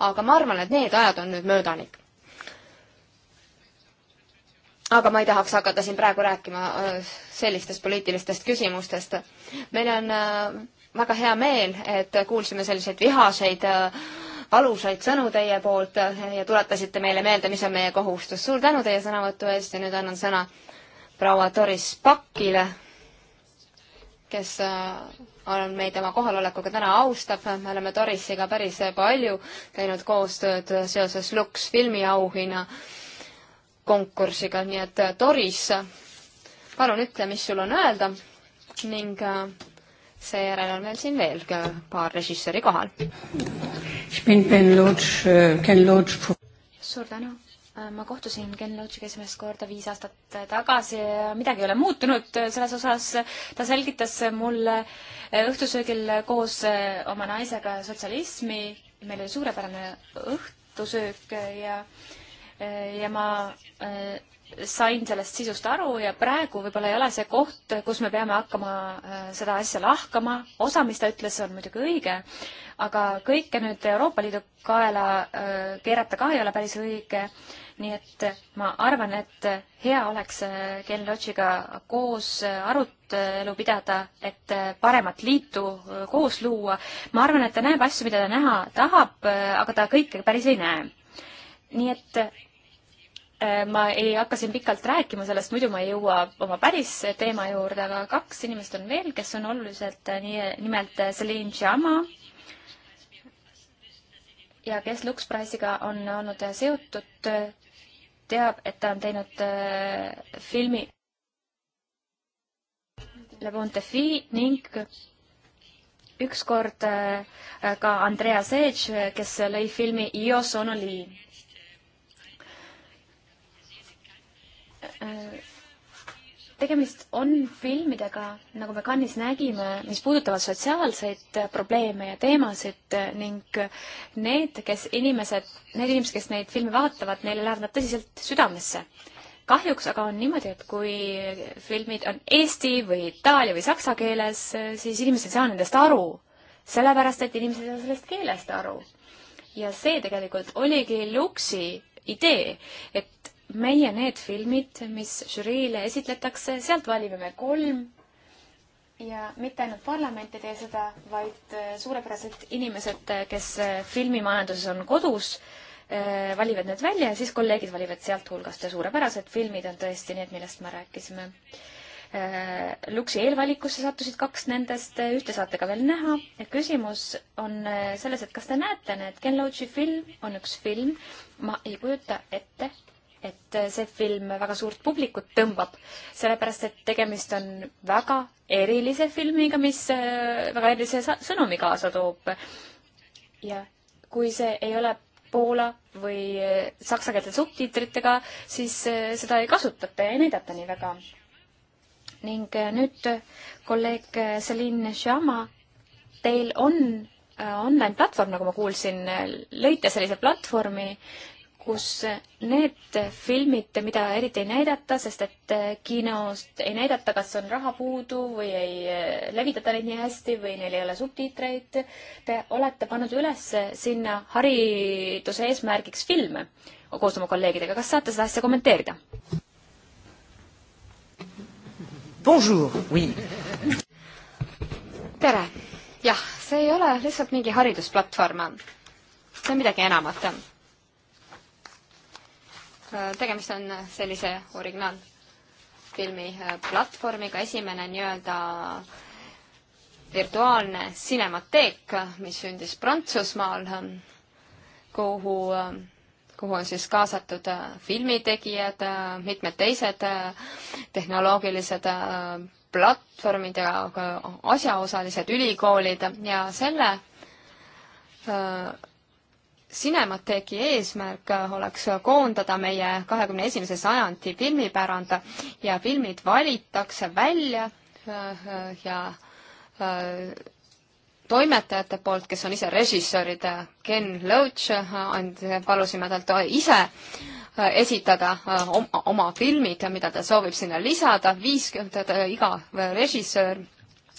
aga ma arvan, et need ajad on nüüd möödanik. aga ma ei tahaks hakata siin praegu rääkima äh, sellistest poliitilistest küsimustest. meil on äh, väga hea meel, et kuulsime selliseid vihaseid valusaid äh, sõnu teie poolt ja tuletasite meile meelde, mis on meie kohustus. suur tänu teie sõnavõtu eest ja nüüd annan sõna proua Doris Pakile kes äh, on meid oma kohalolekuga täna austab, me oleme Torisiga päris palju teinud koostööd seoses Lux filmiauhinna konkursiga, nii et äh, Toris, palun ütle, mis sul on öelda ning äh, seejärel on meil siin veel paar režissööri kohal. suur tänu Äh, ma kohtusin Ken Loachiga esimest korda viis aastat äh, tagasi ja midagi ei ole muutunud äh, selles osas. ta selgitas mulle õhtusöögil koos oma naisega sotsialismi. meil oli suurepärane õhtusöök ja, ja ma sain sellest sisust aru ja praegu võib-olla ei ole see koht, kus me peame hakkama seda asja lahkama. osa, mis ta ütles, on muidugi õige, aga kõike nüüd Euroopa Liidu kaela keerata ka ei ole päris õige nii et ma arvan, et hea oleks äh, Ken Lodžiga koos äh, arutelu pidada, et äh, paremat liitu koos luua. ma arvan, et ta näeb asju, mida ta näha tahab, aga ta kõike päris ei näe. nii et ma ei hakka siin pikalt rääkima sellest, muidu ma ei jõua oma päris teema juurde, aga kaks inimest on veel, kes on oluliselt nii, nimelt Celine Chama ja kes Lux Price'iga on olnud seotud teab, et ta on teinud äh, filmi Le Bon Defi ning ükskord äh, ka Andrea Seeg, kes lõi filmi Io sono lì äh, tegemist on filmidega, nagu me Cannes'is nägime, mis puudutavad sotsiaalseid probleeme ja teemasid ning need, kes inimesed, need inimesed, kes neid filme vaatavad, neile lähevad nad tõsiselt südamesse. kahjuks aga on niimoodi, et kui filmid on eesti või itaalia või saksa keeles, siis inimesed ei saa nendest aru, sellepärast et inimesed ei saa sellest keelest aru. ja see tegelikult oligi Luksi idee, et meie need filmid, mis žüriile esitletakse, sealt valime me kolm ja mitte ainult parlament ei tee seda, vaid äh, suurepärased inimesed, äh, kes äh, filmimajanduses on kodus, valivad need välja ja siis kolleegid valivad sealt hulgast ja suurepärased filmid on tõesti need, millest me rääkisime. Luksi eelvalikusse sattusid kaks nendest, ühte saate ka veel näha. küsimus on selles, et kas te näete, need Ken Loachi film on üks film, ma ei kujuta ette, et see film väga suurt publikut tõmbab, sellepärast et tegemist on väga erilise filmiga, mis äh, väga erilise sõnumi kaasa toob. ja kui see ei ole poola või äh, saksakeelse subtiitritega, siis äh, seda ei kasutata ja ei näidata nii väga. ning nüüd kolleeg Celine Chama, teil on online platvorm, nagu ma kuulsin, lõite sellise platvormi, kus need filmid, mida eriti ei näidata, sest et kinost ei näidata, kas on raha puudu või ei eh, levitata neid nii hästi või neil ei ole subtiitreid, te olete pannud üles sinna hariduse eesmärgiks filme koos oma kolleegidega, kas saate seda asja kommenteerida? Bonjour, oui. tere, jah, see ei ole lihtsalt mingi haridusplatvorm, see on midagi enamat Äh, tegemist on sellise originaalfilmi äh, platvormiga, esimene nii-öelda virtuaalne Cinemateek, mis sündis Prantsusmaal, ähm, kuhu, ähm, kuhu on siis kaasatud äh, filmitegijad, mitmed teised tehnoloogilised platvormid ja asjaosalised ülikoolid ja selle Cinemateeki eesmärk oleks koondada meie kahekümne esimese sajandi filmipärand ja filmid valitakse välja äh, ja äh, toimetajate poolt, kes on ise režissöörid, Ken Loach, palusime talt ise äh, esitada oma filmid, mida ta soovib sinna lisada, viiskümmend, iga režissöör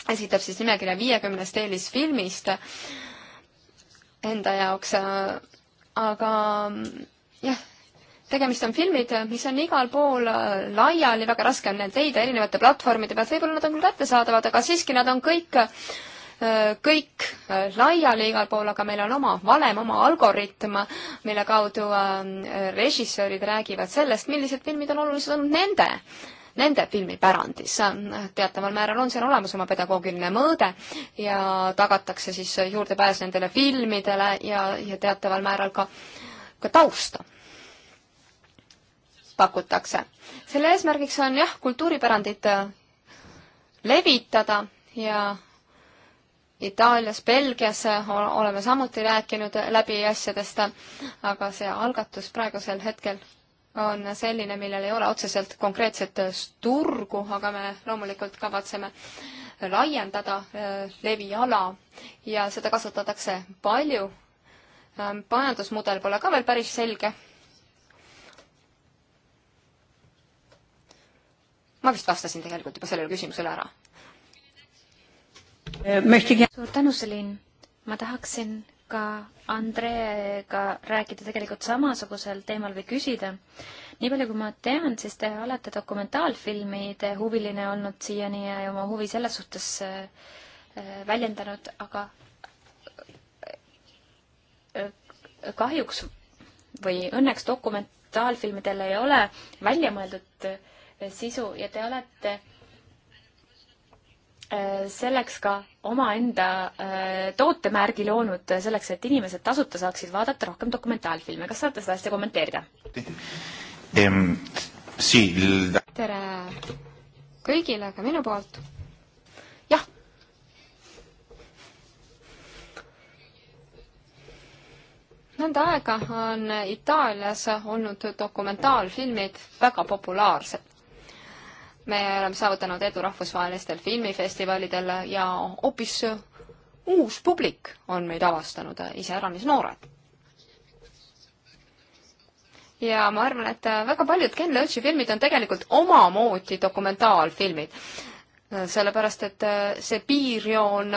esitab siis nimekirja viiekümnest eelisfilmist enda jaoks, äh, aga mm, jah, tegemist on filmid, äh, mis on igal pool äh, laiali, väga raske on need leida erinevate platvormide pealt, võib-olla nad on küll kättesaadavad, aga siiski nad on kõik kõik laiali igal pool, aga meil on oma valem, oma algoritm, mille kaudu režissöörid räägivad sellest, millised filmid on olulised olnud nende nende filmipärandis. teataval määral on seal olemas oma pedagoogiline mõõde ja tagatakse siis juurdepääs nendele filmidele ja, ja teataval määral ka, ka tausta pakutakse. selle eesmärgiks on jah, kultuuripärandit levitada ja Itaalias, Belgias oleme samuti rääkinud läbi asjadest, aga see algatus praegusel hetkel on selline, millel ei ole otseselt konkreetset turgu, aga me loomulikult kavatseme laiendada äh, leviala ja seda kasutatakse palju. Ähm, majandusmudel pole ka veel päris selge. ma vist vastasin tegelikult juba sellele küsimusele ära. Äh, suur tänu, Selin. ma tahaksin ka Andreega rääkida tegelikult samasugusel teemal või küsida. nii palju, kui ma tean, siis te olete dokumentaalfilmide huviline olnud siiani ja oma huvi selles suhtes äh, väljendanud, aga äh, kahjuks või õnneks dokumentaalfilmidel ei ole välja mõeldud äh, sisu ja te olete äh, Äh, selleks ka omaenda äh, tootemärgi loonud, äh, selleks et inimesed tasuta saaksid vaadata rohkem dokumentaalfilme. kas saate seda asja kommenteerida? tere kõigile ka minu poolt. jah. nõnda aega on Itaalias olnud dokumentaalfilmid väga populaarsed me oleme saavutanud edu rahvusvahelistel filmifestivalidel ja hoopis uus publik on meid avastanud, iseäranis noored. ja ma arvan, et väga paljud Ken Loachi filmid on tegelikult omamoodi dokumentaalfilmid. sellepärast, et see piirjoon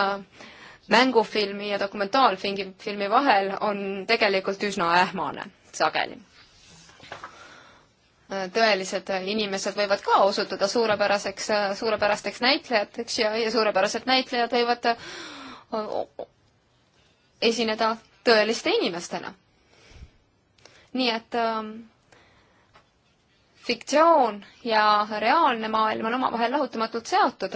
mängufilmi ja dokumentaalfilmi vahel on tegelikult üsna ähmane sageli tõelised inimesed võivad ka osutuda suurepäraseks, suurepärasteks näitlejateks ja, ja suurepärased näitlejad võivad esineda tõeliste inimestena. nii et ähm, fiktsioon ja reaalne maailm on omavahel lahutamatult seotud.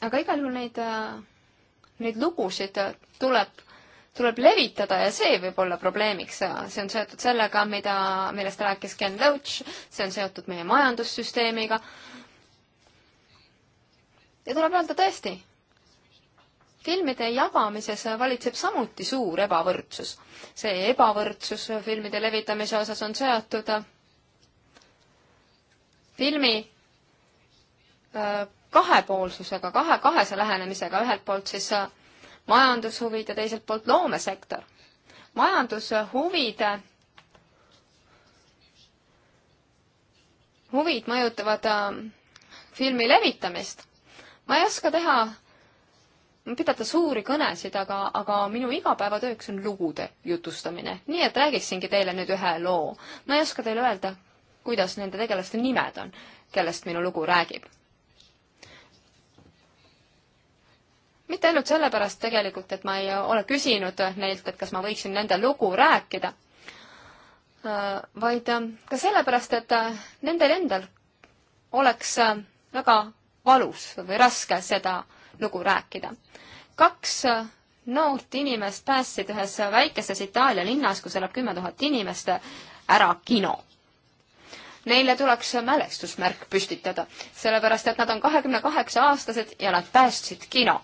aga igal juhul neid, äh, neid lugusid tuleb tuleb levitada ja see võib olla probleemiks. see on seotud sellega, mida, millest rääkis Ken Loach, see on seotud meie majandussüsteemiga. ja tuleb öelda tõesti, filmide jagamises valitseb samuti suur ebavõrdsus. see ebavõrdsus filmide levitamise osas on seotud filmi äh, kahepoolsusega, kahe, kahese lähenemisega, ühelt poolt siis äh, majandushuvid ja teiselt poolt loomesektor. majandushuvid, huvid mõjutavad äh, filmi levitamist. ma ei oska teha, pidada suuri kõnesid, aga, aga minu igapäevatööks on lugude jutustamine. nii et räägiksingi teile nüüd ühe loo. ma ei oska teile öelda, kuidas nende tegelaste nimed on, kellest minu lugu räägib mitte ainult sellepärast tegelikult, et ma ei ole küsinud neilt, et kas ma võiksin nende lugu rääkida, vaid äh, ka sellepärast, et äh, nendel endal oleks äh, väga valus või raske seda lugu rääkida. kaks noort inimest päästsid ühes väikeses Itaalia linnas, kus elab kümme tuhat inimest, ära kino neile tuleks mälestusmärk püstitada, sellepärast et nad on kahekümne kaheksa aastased ja nad päästsid kino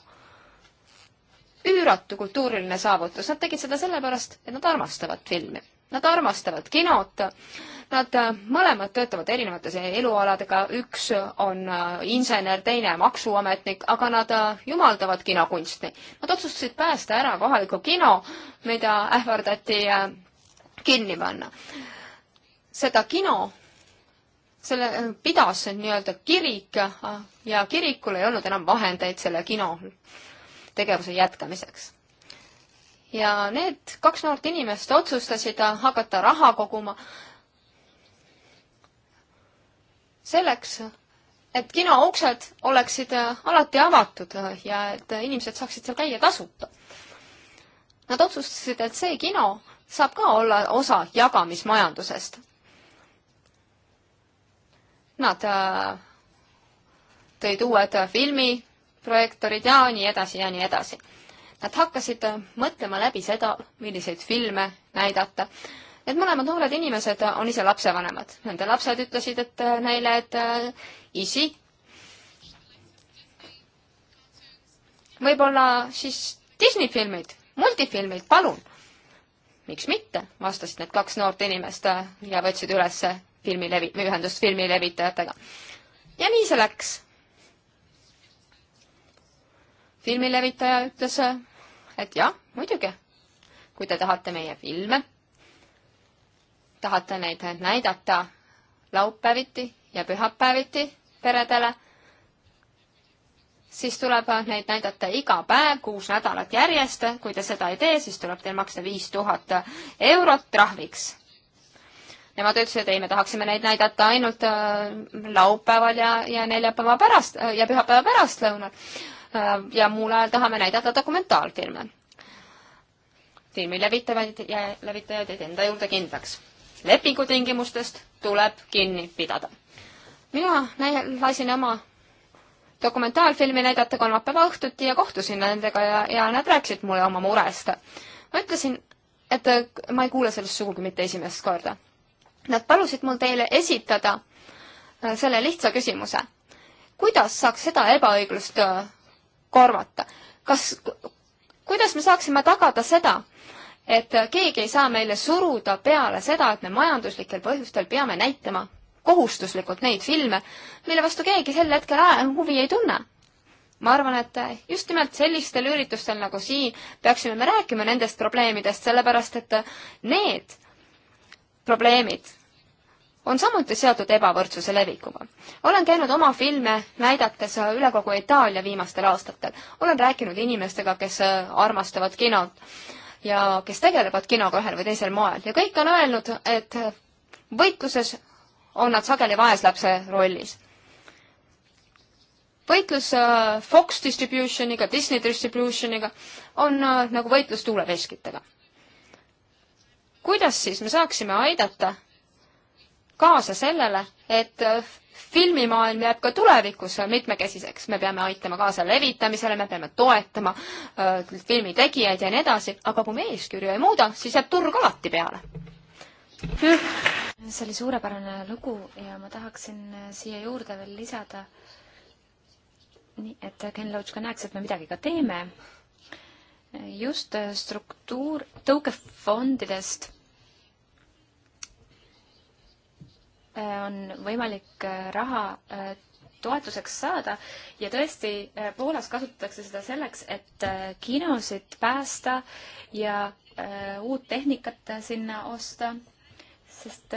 üüratu kultuuriline saavutus, nad tegid seda sellepärast, et nad armastavad filmi. Nad armastavad kinot, nad äh, mõlemad töötavad erinevates elualadega, üks on äh, insener, teine maksuametnik, aga nad äh, jumaldavad kinokunsti. Nad otsustasid päästa ära kohaliku kino, mida ähvardati kinni panna. seda kino selle pidas nii-öelda kirik ja kirikul ei olnud enam vahendeid selle kino tegevuse jätkamiseks. ja need kaks noort inimest otsustasid hakata raha koguma selleks, et kino uksed oleksid alati avatud ja et inimesed saaksid seal käia tasuta. Nad otsustasid, et see kino saab ka olla osa jagamismajandusest. Nad äh, tõid uued filmi projektoorid ja nii edasi ja nii edasi. Nad hakkasid mõtlema läbi seda, milliseid filme näidata. Need mõlemad noored inimesed on ise lapsevanemad. Nende lapsed ütlesid, et äh, neile, et äh, isi, võib-olla siis Disney filmid, multifilmid, palun. miks mitte, vastasid need kaks noort inimest äh, ja võtsid üles filmilevi, ühendust filmilevitajatega. ja nii see läks filmilevitaja ütles, et jah, muidugi, kui te tahate meie filme, tahate neid näidata laupäeviti ja pühapäeviti peredele, siis tuleb neid näidata iga päev kuus nädalat järjest, kui te seda ei tee, siis tuleb teil maksta viis tuhat eurot trahviks nemad ütlesid, et ei, me tahaksime neid näidata ainult äh, laupäeval ja, ja neljapäeva pärast äh, ja pühapäeva pärastlõunal. Äh, ja muul ajal tahame näidata dokumentaalfilme. filmi levitavaid ja levitajaid jäid enda juurde kindlaks. lepingutingimustest tuleb kinni pidada. mina lasin oma dokumentaalfilmi näidata kolmapäeva õhtuti ja kohtusin nendega ja, ja nad rääkisid mulle oma murest. ma ütlesin, et äh, ma ei kuule sellest sugugi mitte esimest korda. Nad palusid mul teile esitada äh, selle lihtsa küsimuse. kuidas saaks seda ebaõiglust korvata. kas, kuidas me saaksime tagada seda, et keegi ei saa meile suruda peale seda, et me majanduslikel põhjustel peame näitama kohustuslikult neid filme, mille vastu keegi sel hetkel huvi ei tunne. ma arvan, et just nimelt sellistel üritustel nagu siin peaksime me rääkima nendest probleemidest, sellepärast et need probleemid on samuti seotud ebavõrdsuse levikuga. olen käinud oma filme näidates üle kogu Itaalia viimastel aastatel. olen rääkinud inimestega, kes armastavad kinot ja kes tegelevad kinoga ühel või teisel moel ja kõik on öelnud, et võitluses on nad sageli vaeslapse rollis. võitlus äh, Fox Distributioniga, Disney Distributioniga on äh, nagu võitlus tuuleveskitega kuidas siis me saaksime aidata kaasa sellele, et äh, filmimaailm jääb ka tulevikus äh, mitmekesiseks, me peame aitama kaasa levitamisele, me peame toetama äh, filmi tegijaid ja nii edasi, aga kui me eeskirju ei muuda, siis jääb turg alati peale. see oli suurepärane lugu ja ma tahaksin äh, siia juurde veel lisada, nii et Ken Loach ka näeks, et me midagi ka teeme. just struktuur, tõukefondidest Äh, on võimalik äh, raha äh, toetuseks saada ja tõesti, Poolas kasutatakse seda selleks, et kinosid päästa ja uut tehnikat sinna osta, sest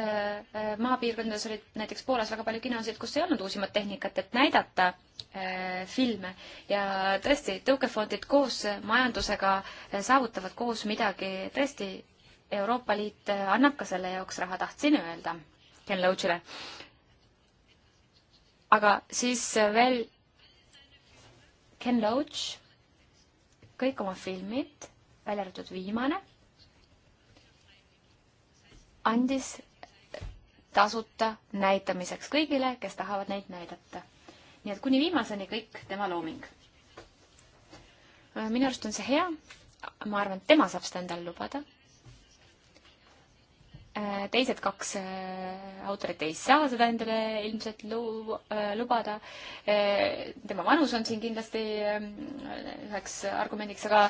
maapiirkondades olid näiteks Poolas väga palju kinosid, kus ei olnud uusimat tehnikat, et näidata filme ja tõesti, tõukefondid koos majandusega saavutavad koos midagi, tõesti, Euroopa Liit annab ka selle jaoks raha, tahtsin öelda Ken Loachile. aga siis veel Ken Loach, kõik oma filmid, välja arvatud viimane, andis tasuta näitamiseks kõigile, kes tahavad neid näidata. nii et kuni viimaseni kõik tema looming. minu arust on see hea, ma arvan, et tema saab seda endale lubada Äh, teised kaks äh, autorit ei saa seda endale ilmselt lu-, äh, lubada. tema vanus on siin kindlasti ähm, üheks argumendiks, aga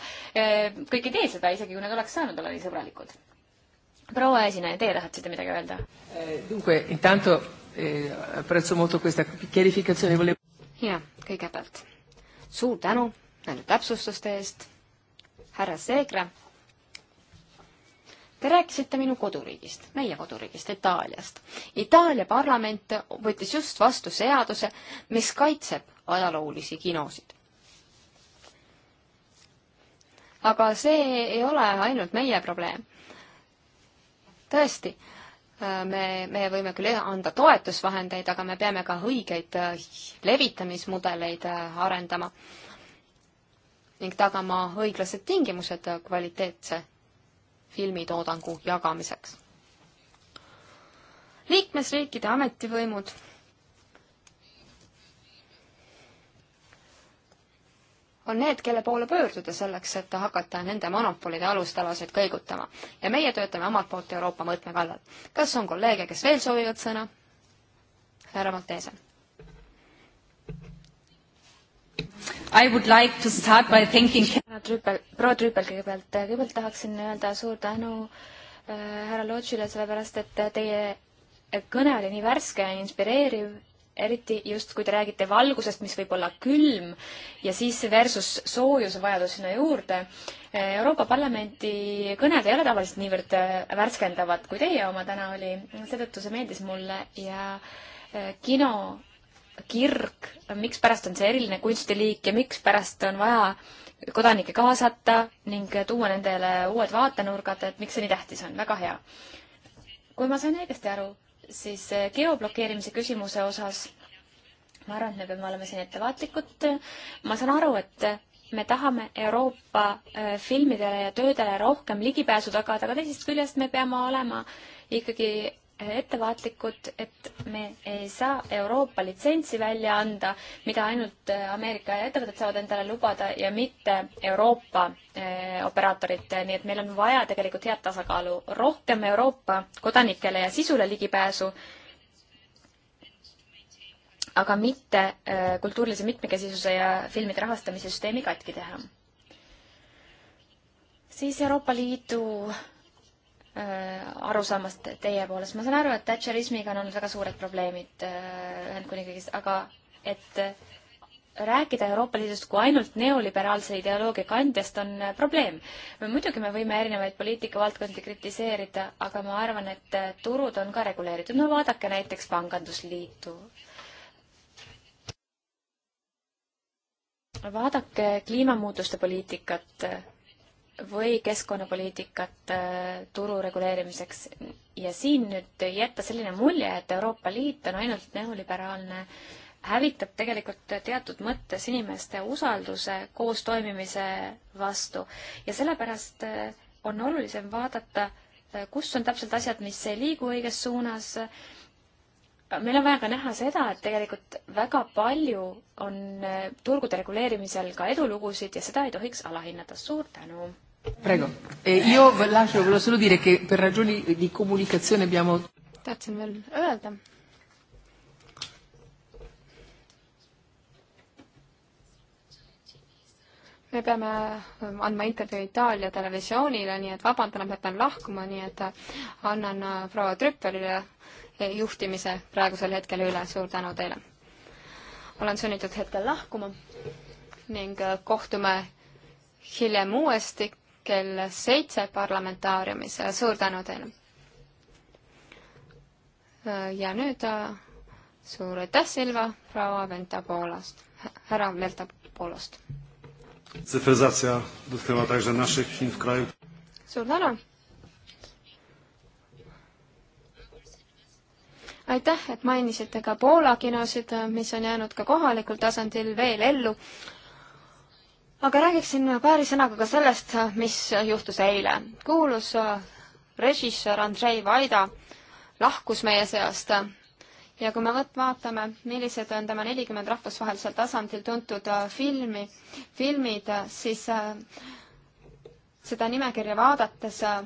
kõik ei tee seda, isegi kui nad oleks saanud olla nii sõbralikud. proua esineja, teie tahtsite midagi öelda? jaa, kõigepealt suur tänu nende täpsustuste eest, härra Seegra Te rääkisite minu koduriigist, meie koduriigist, Itaaliast. Itaalia parlament võttis just vastu seaduse, mis kaitseb ajaloolisi kinosid. aga see ei ole ainult meie probleem. tõesti, me, me võime küll anda toetusvahendeid, aga me peame ka õigeid äh, levitamismudeleid äh, arendama ning tagama õiglased tingimused äh, kvaliteetse filmitoodangu jagamiseks. liikmesriikide ametivõimud on need, kelle poole pöörduda selleks, et hakata nende monopolide alustalasid kõigutama. ja meie töötame omalt poolt Euroopa mõõtme kallal. kas on kolleege, kes veel soovivad sõna? härra Maltese I would like to start by thanking Trüppel, proua Trüppel kõigepealt, kõigepealt tahaksin öelda suur tänu äh, härra Lodžile, sellepärast et teie kõne oli nii värske ja inspireeriv, eriti just, kui te räägite valgusest, mis võib olla külm, ja siis versus soojuse vajadus sinna juurde. Äh, Euroopa Parlamenti kõned ei ole tavaliselt niivõrd äh, värskendavad, kui teie oma täna oli, seetõttu see meeldis mulle ja kino kirg, mikspärast on see eriline kunstiliik ja mikspärast on vaja kodanikke kaasata ning tuua nendele uued vaatenurgad, et miks see nii tähtis on, väga hea. kui ma sain õigesti aru, siis geoblokeerimise küsimuse osas ma arvan, et me peame olema siin ettevaatlikud. ma saan aru, et me tahame Euroopa äh, filmidele ja töödele rohkem ligipääsu tagada, aga teisest küljest me peame olema ikkagi ettevaatlikud, et me ei saa Euroopa litsentsi välja anda, mida ainult äh, Ameerika ettevõtted saavad endale lubada ja mitte Euroopa äh, operaatorid, nii et meil on vaja tegelikult head tasakaalu, rohkem Euroopa kodanikele ja sisule ligipääsu, aga mitte äh, kultuurilise mitmekesisuse ja filmide rahastamise süsteemi katki teha. siis Euroopa Liidu Äh, arusaamast teie poolest. ma saan aru, et thatcherismiga on olnud väga suured probleemid äh, Ühendkuningriigis, aga et äh, rääkida Euroopa Liidust kui ainult neoliberaalse ideoloogia kandjast on probleem. muidugi me võime erinevaid poliitikavaldkondi kritiseerida, aga ma arvan, et turud on ka reguleeritud. no vaadake näiteks Pangandusliitu. vaadake kliimamuutuste poliitikat või keskkonnapoliitikat äh, turu reguleerimiseks. ja siin nüüd jätta selline mulje, et Euroopa Liit on ainult neoliberaalne, hävitab tegelikult teatud mõttes inimeste usalduse koostoimimise vastu ja sellepärast äh, on olulisem vaadata, äh, kus on täpselt asjad, mis ei liigu õiges suunas. meil on vaja ka näha seda, et tegelikult väga palju on turgude reguleerimisel ka edulugusid ja seda ei tohiks alahinnata. suur tänu! Prego. E io lascio, volevo solo dire che per ragioni di comunicazione abbiamo... tahtsin veel öelda. me peame eh, andma intervjuu Itaalia televisioonile, nii et vabandan, et ma pean lahkuma, nii et eh, annan eh, proua Trüppelile juhtimise praegusel hetkel üle, suur tänu teile. olen sunnitud hetkel lahkuma ning kohtume hiljem uuesti kell seitse parlamentaariumis, suur tänu teile! ja nüüd äh, suur aitäh, Silva, proua Ventapoolast, härra Ventapoolast! Cyfryzacja dotknęła także naszych Chin w kraju. suur tänu! aitäh, et mainisite ka Poola kinosid, mis on jäänud ka kohalikul tasandil veel ellu aga räägiksin paari sõnaga ka sellest, mis juhtus eile. kuulus äh, režissöör Andrei Vaida lahkus meie seast ja kui me võt-, vaatame, millised on tema nelikümmend rahvusvahelisel tasandil tuntud äh, filmi, filmid, äh, siis äh, seda nimekirja vaadates äh,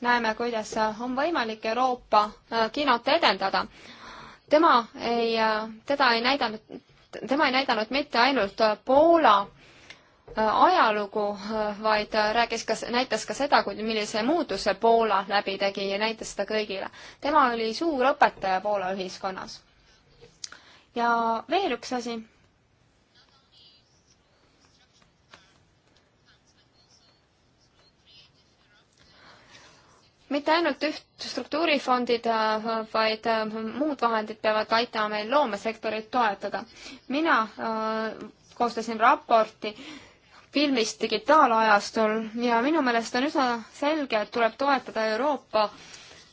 näeme, kuidas äh, on võimalik Euroopa kinot edendada. tema ei, teda ei näidanud tema ei näidanud mitte ainult äh, Poola äh, ajalugu, äh, vaid rääkis ka, näitas ka seda, kui, millise muutuse Poola läbi tegi ja näitas seda kõigile. tema oli suur õpetaja Poola ühiskonnas. ja veel üks asi mitte ainult üht struktuurifondid, vaid äh, muud vahendid peavad aitama meil loomesektorit toetada. mina äh, koostasin raporti filmist digitaalajastul ja minu meelest on üsna selge, et tuleb toetada Euroopa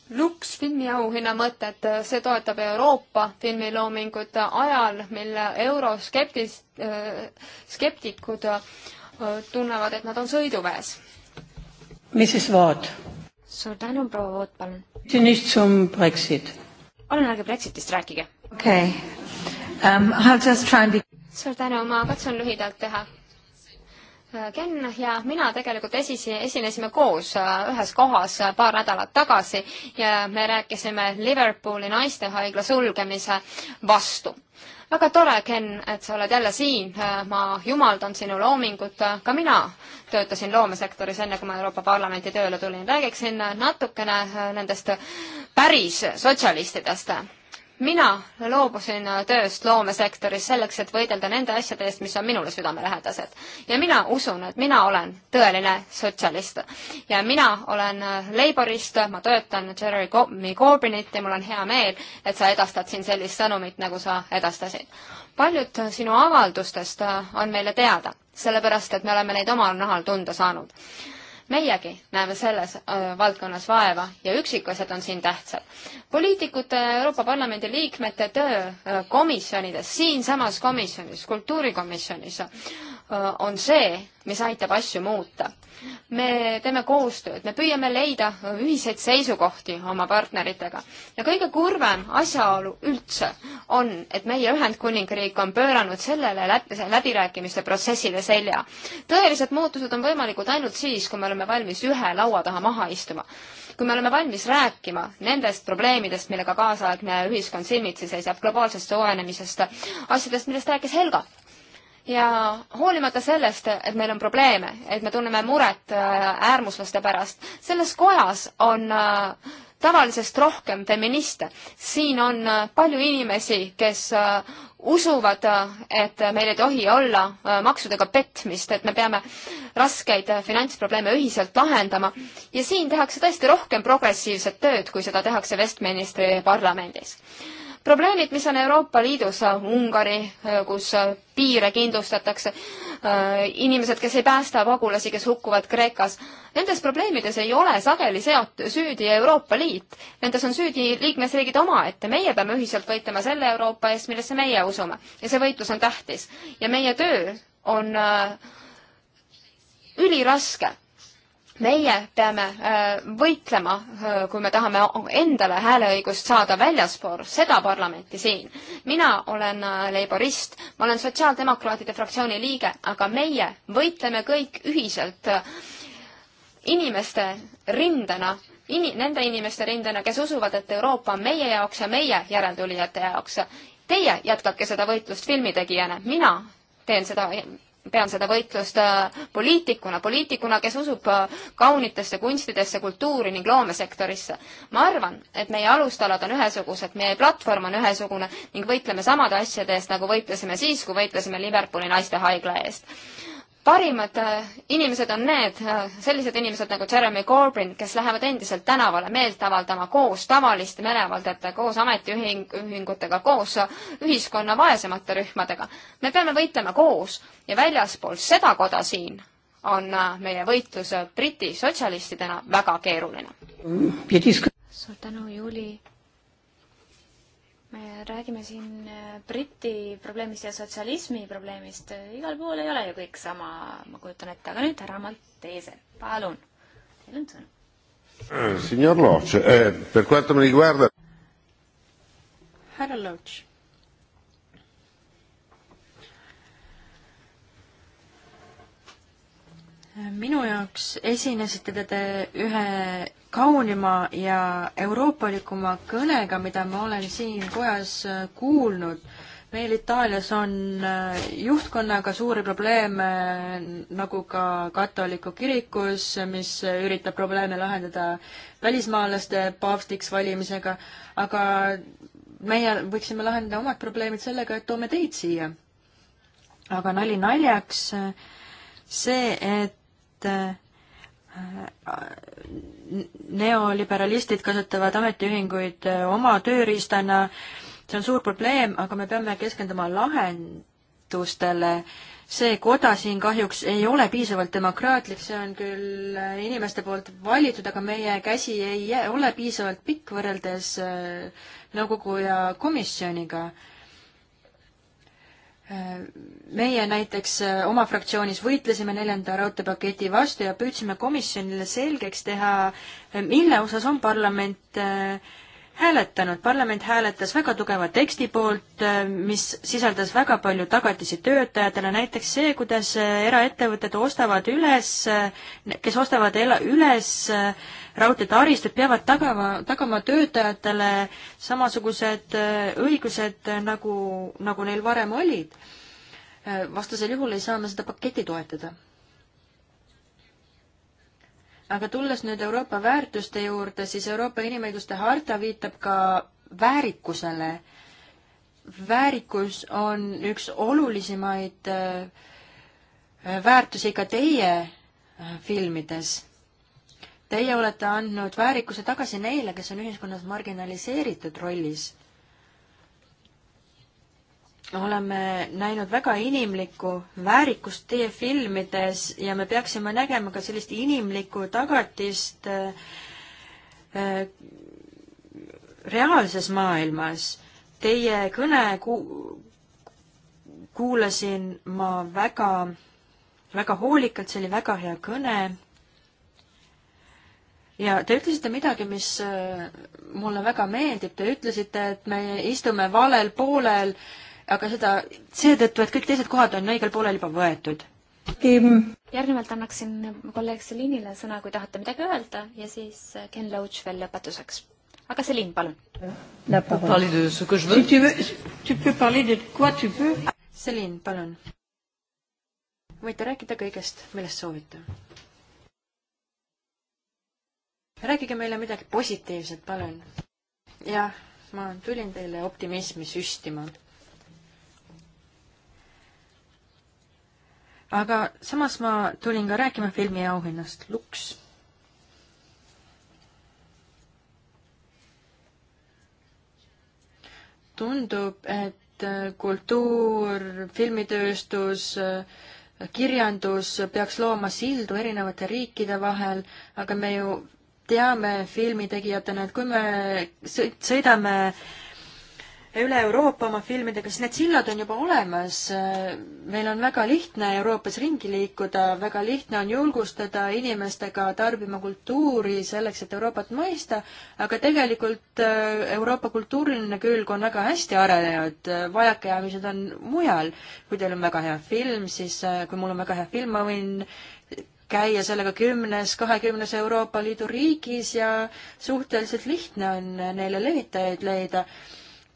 Lux filmi auhinna mõtet, see toetab Euroopa filmiloomingut ajal, mil euroskeptis-, äh, skeptikud tunnevad, et nad on sõiduväes. Mrs Vaad suur tänu, proua Voot, palun. palun ärge Brexitist rääkige. okei okay. um,, I will just try and be suur tänu, ma katsun lühidalt teha. Äh, Ken ja mina tegelikult esisi, esinesime koos äh, ühes kohas äh, paar nädalat tagasi ja me rääkisime Liverpooli naistehaigla sulgemise vastu väga tore, Ken, et sa oled jälle siin, ma jumaldan sinu loomingut, ka mina töötasin loomesektoris, enne kui ma Euroopa Parlamenti tööle tulin, räägiksin natukene nendest päris sotsialistidest mina loobusin äh, tööst loomesektoris selleks, et võidelda nende asjade eest, mis on minule südamelähedased. ja mina usun, et mina olen tõeline sotsialist. ja mina olen äh, laborist, ma töötan Jeremy Corbynit ja mul on hea meel, et sa edastad siin sellist sõnumit, nagu sa edastasid. paljud äh, sinu avaldustest on meile teada, sellepärast et me oleme neid omal nahal tunda saanud meiegi näeme selles äh, valdkonnas vaeva ja üksikasjad on siin tähtsad. poliitikute, Euroopa Parlamendi liikmete töö äh, komisjonides, siinsamas komisjonis, kultuurikomisjonis Äh, on see, mis aitab asju muuta. me teeme koostööd, me püüame leida ühiseid seisukohti oma partneritega ja kõige kurvem asjaolu üldse on, et meie Ühendkuningriik on pööranud sellele läbi, läbirääkimiste protsessile selja. tõelised muutused on võimalikud ainult siis, kui me oleme valmis ühe laua taha maha istuma. kui me oleme valmis rääkima nendest probleemidest, millega kaasaegne ühiskond silmitsi seisab, globaalsest soojenemisest, asjadest, millest rääkis Helga ja hoolimata sellest, et meil on probleeme, et me tunneme muret äh, äärmuslaste pärast, selles kojas on äh, tavalisest rohkem feministe. siin on äh, palju inimesi, kes usuvad, et meil ei tohi olla maksudega petmist, et me peame raskeid finantsprobleeme ühiselt lahendama ja siin tehakse tõesti rohkem progressiivset tööd, kui seda tehakse Westministri parlamendis probleemid, mis on Euroopa Liidus, Ungari, kus piire kindlustatakse, inimesed, kes ei päästa pagulasi, kes hukkuvad Kreekas, nendes probleemides ei ole sageli seot-, süüdi Euroopa Liit. Nendes on süüdi liikmesriigid omaette, meie peame ühiselt võitlema selle Euroopa eest, millesse meie usume. ja see võitlus on tähtis. ja meie töö on äh, üliraske meie peame äh, võitlema, äh, kui me tahame endale hääleõigust saada väljaspool seda parlamenti siin. mina olen äh, leiborist, ma olen Sotsiaaldemokraatide fraktsiooni liige, aga meie võitleme kõik ühiselt inimeste rindena, ini-, nende inimeste rindena, kes usuvad, et Euroopa on meie jaoks ja meie järeltulijate jaoks. Teie jätkake seda võitlust filmitegijana, mina teen seda pean seda võitlust äh, poliitikuna, poliitikuna, kes usub äh, kaunitesse kunstidesse, kultuuri ning loomesektorisse. ma arvan, et meie alustalad on ühesugused, meie platvorm on ühesugune ning võitleme samade asjade eest, nagu võitlesime siis, kui võitlesime Liverpooli naistehaigla eest parimad äh, inimesed on need, äh, sellised inimesed nagu Jeremy Corbyn, kes lähevad endiselt tänavale meelt avaldama koos tavaliste meeleavaldajate, koos ametiühingutega, koos äh, ühiskonna vaesemate rühmadega. me peame võitlema koos ja väljaspool seda koda siin on meie võitlus Briti sotsialistidena väga keeruline. suur tänu, Juuli me räägime siin äh, Briti probleemist ja sotsialismi probleemist. igal pool ei ole ju kõik sama, ma kujutan ette, aga nüüd härra Maltese, palun, teil on sõna. Eh, signor Loach eh,, per quanto mi riguarda. härra Loach. minu jaoks esinesite te ühe kaunima ja euroopalikuma kõnega, mida ma olen siin kojas äh, kuulnud. meil Itaalias on äh, juhtkonnaga suuri probleeme, äh, nagu ka katoliku kirikus, mis üritab probleeme lahendada välismaalaste paavstiks valimisega, aga meie võiksime lahendada omad probleemid sellega, et toome teid siia. aga nali naljaks, see, et neoliberalistid kasutavad ametiühinguid äh, oma tööriistana, see on suur probleem, aga me peame keskenduma lahendustele. see koda siin kahjuks ei ole piisavalt demokraatlik, see on küll äh, inimeste poolt valitud, aga meie käsi ei ole piisavalt pikk võrreldes äh, nõukogu ja komisjoniga meie näiteks äh, oma fraktsioonis võitlesime neljanda raudteepaketi vastu ja püüdsime komisjonile selgeks teha, äh, mille osas on parlament äh, hääletanud. parlament hääletas väga tugeva teksti poolt, mis sisaldas väga palju tagatisi töötajatele, näiteks see, kuidas eraettevõtted ostavad üles, kes ostavad üles äh, raudteetaristud peavad tagama, tagama töötajatele samasugused äh, õigused, äh, nagu, nagu neil varem olid. Äh, vastasel juhul ei saa me seda paketti toetada. aga tulles nüüd Euroopa väärtuste juurde, siis Euroopa inimõiguste harta viitab ka väärikusele. väärikus on üks olulisemaid väärtusi ka teie filmides Teie olete andnud väärikuse tagasi neile, kes on ühiskonnas marginaliseeritud rollis. oleme näinud väga inimlikku väärikust teie filmides ja me peaksime nägema ka sellist inimlikku tagatist äh, reaalses maailmas. Teie kõne ku-, kuulasin ma väga, väga hoolikalt, see oli väga hea kõne ja te ütlesite midagi, mis äh, mulle väga meeldib, te ütlesite, et me istume valel poolel, aga seda seetõttu, et kõik teised kohad on õigel poolel juba võetud. järgnevalt annaksin kolleeg Selinile sõna, kui tahate midagi öelda ja siis Ken Loach veel lõpetuseks. aga Selin, palun. Selin, palun. võite rääkida kõigest, millest soovite rääkige meile midagi positiivset, palun. jah, ma tulin teile optimismi süstima. aga samas ma tulin ka rääkima filmiauhinnast Lux tundub, et äh, kultuur, filmitööstus, äh, kirjandus peaks looma sildu erinevate riikide vahel, aga me ju teame filmitegijatena, et kui me sõidame üle Euroopa oma filmidega, siis need sillad on juba olemas. meil on väga lihtne Euroopas ringi liikuda, väga lihtne on julgustada inimestega tarbima kultuuri selleks, et Euroopat mõista, aga tegelikult äh, Euroopa kultuuriline külg on väga hästi arenenud, vajakajäämised on mujal. kui teil on väga hea film, siis, äh, kui mul on väga hea film, ma võin käia sellega kümnes, kahekümnes Euroopa Liidu riigis ja suhteliselt lihtne on neile levitajaid leida.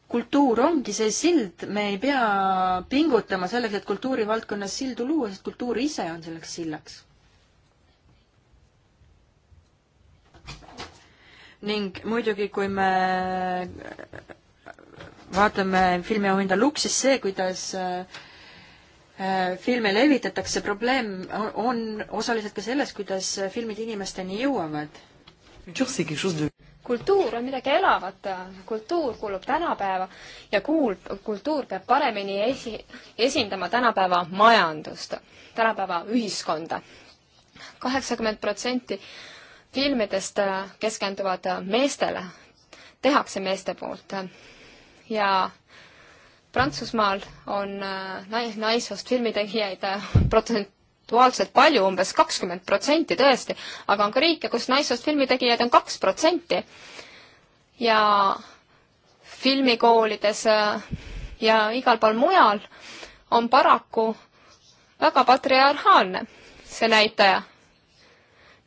kultuur ongi see sild, me ei pea pingutama selleks, et kultuurivaldkonnas sildu luua, sest kultuur ise on selleks sillaks. ning muidugi, kui me vaatame filmiauhinda Lux, siis see, kuidas äh, Äh, filme levitatakse, probleem on osaliselt ka selles, kuidas filmid inimesteni jõuavad. kultuur on midagi elavat, kultuur kuulub tänapäeva ja kuul-, kultuur peab paremini esi-, esindama tänapäeva majandust, tänapäeva ühiskonda. kaheksakümmend protsenti filmidest äh, keskenduvad äh, meestele, tehakse meeste poolt ja Prantsusmaal on äh, nais, naissoost filmitegijaid äh, protsentuaalselt palju, umbes kakskümmend protsenti tõesti, aga on ka riike, kus naissoost filmitegijaid on kaks protsenti. ja filmikoolides äh, ja igal pool mujal on paraku väga patriarhaalne see näitaja.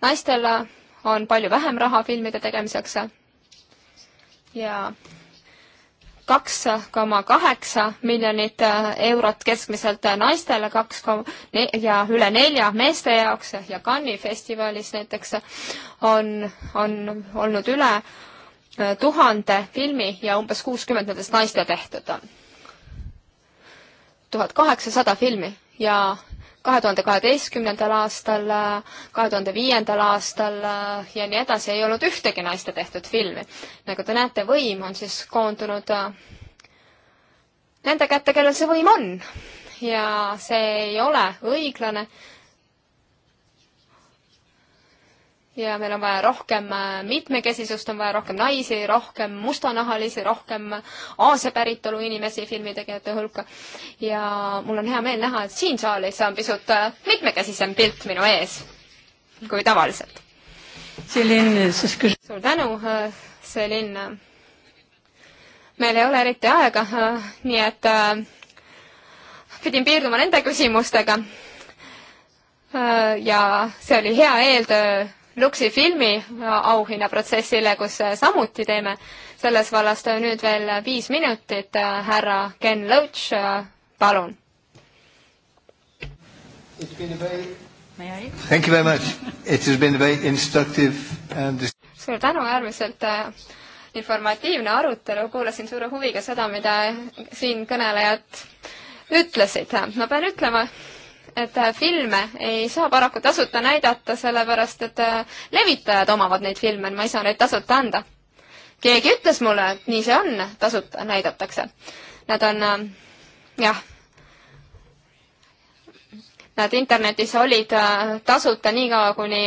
naistel on palju vähem raha filmide tegemiseks ja kaks koma kaheksa miljonit äh, eurot keskmiselt äh, naistele, kaks koma ja üle nelja meeste jaoks ja Cannes'i festivalis näiteks on, on olnud üle äh, tuhande filmi ja umbes kuuskümmend nendest naiste tehtud. tuhat kaheksasada filmi ja kahe tuhande kaheteistkümnendal aastal, kahe tuhande viiendal aastal äh, ja nii edasi ei olnud ühtegi naiste tehtud filmi. nagu te näete, võim on siis koondunud äh, nende kätte, kellel see võim on. ja see ei ole õiglane ja meil on vaja rohkem äh, mitmekesisust, on vaja rohkem naisi, rohkem mustanahalisi, rohkem Aasia päritolu inimesi filmitegijate hulka. ja mul on hea meel näha, et siin saalis on pisut äh, mitmekesisem pilt minu ees kui tavaliselt. Äh, suur tänu, Selin. meil ei ole eriti aega, nii et pidin piirduma nende küsimustega ja see oli hea eeltöö Luksi filmi auhinnaprotsessile, kus samuti teeme selles vallas nüüd veel viis minutit. härra Ken Loach, palun. Thank you very much. It has been very instructive and um, suur tänu, äärmiselt äh, informatiivne arutelu, kuulasin suure huviga seda, mida siinkõnelejad ütlesid. ma pean ütlema, et äh, filme ei saa paraku tasuta näidata, sellepärast et äh, levitajad omavad neid filme, ma ei saa neid tasuta anda. keegi ütles mulle, et nii see on, tasuta näidatakse. Nad on äh, jah, nad internetis olid tasuta niikaua, kuni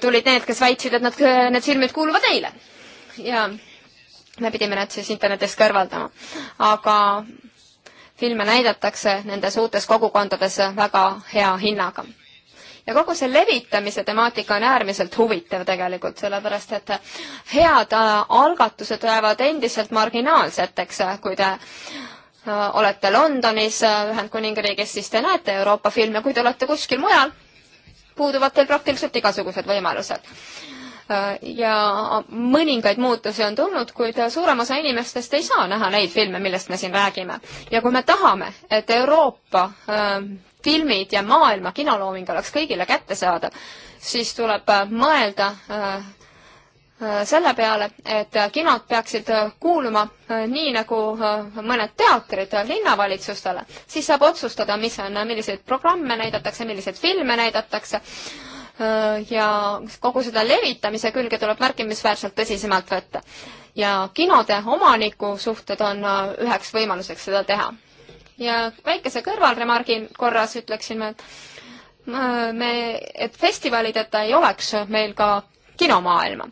tulid need, kes väitsid, et nad, need filmid kuuluvad neile. ja me pidime need siis internetist kõrvaldama. aga filme näidatakse nendes uutes kogukondades väga hea hinnaga. ja kogu see levitamise temaatika on äärmiselt huvitav tegelikult, sellepärast et head äh, algatused jäävad endiselt marginaalseteks, kui te äh, olete Londonis, äh, Ühendkuningriigis, siis te näete Euroopa filme, kui te olete kuskil mujal, puuduvad teil praktiliselt igasugused võimalused Äh, ja mõningaid muutusi on tulnud, kuid suurem osa inimestest ei saa näha neid filme, millest me siin räägime. ja kui me tahame, et Euroopa ähm, filmid ja maailma kinolooming oleks kõigile kättesaadav, siis tuleb äh, mõelda äh, selle peale, et kinod peaksid kuuluma nii, nagu mõned teatrid linnavalitsustele, siis saab otsustada, mis on, milliseid programme näidatakse, milliseid filme näidatakse Äh, ja kogu seda levitamise külge tuleb märkimisväärselt tõsisemalt võtta. ja kinode omaniku suhted on äh, üheks võimaluseks seda teha. ja väikese kõrvalremargi korras ütleksime, et äh, me, et festivalideta ei oleks meil ka kinomaailma.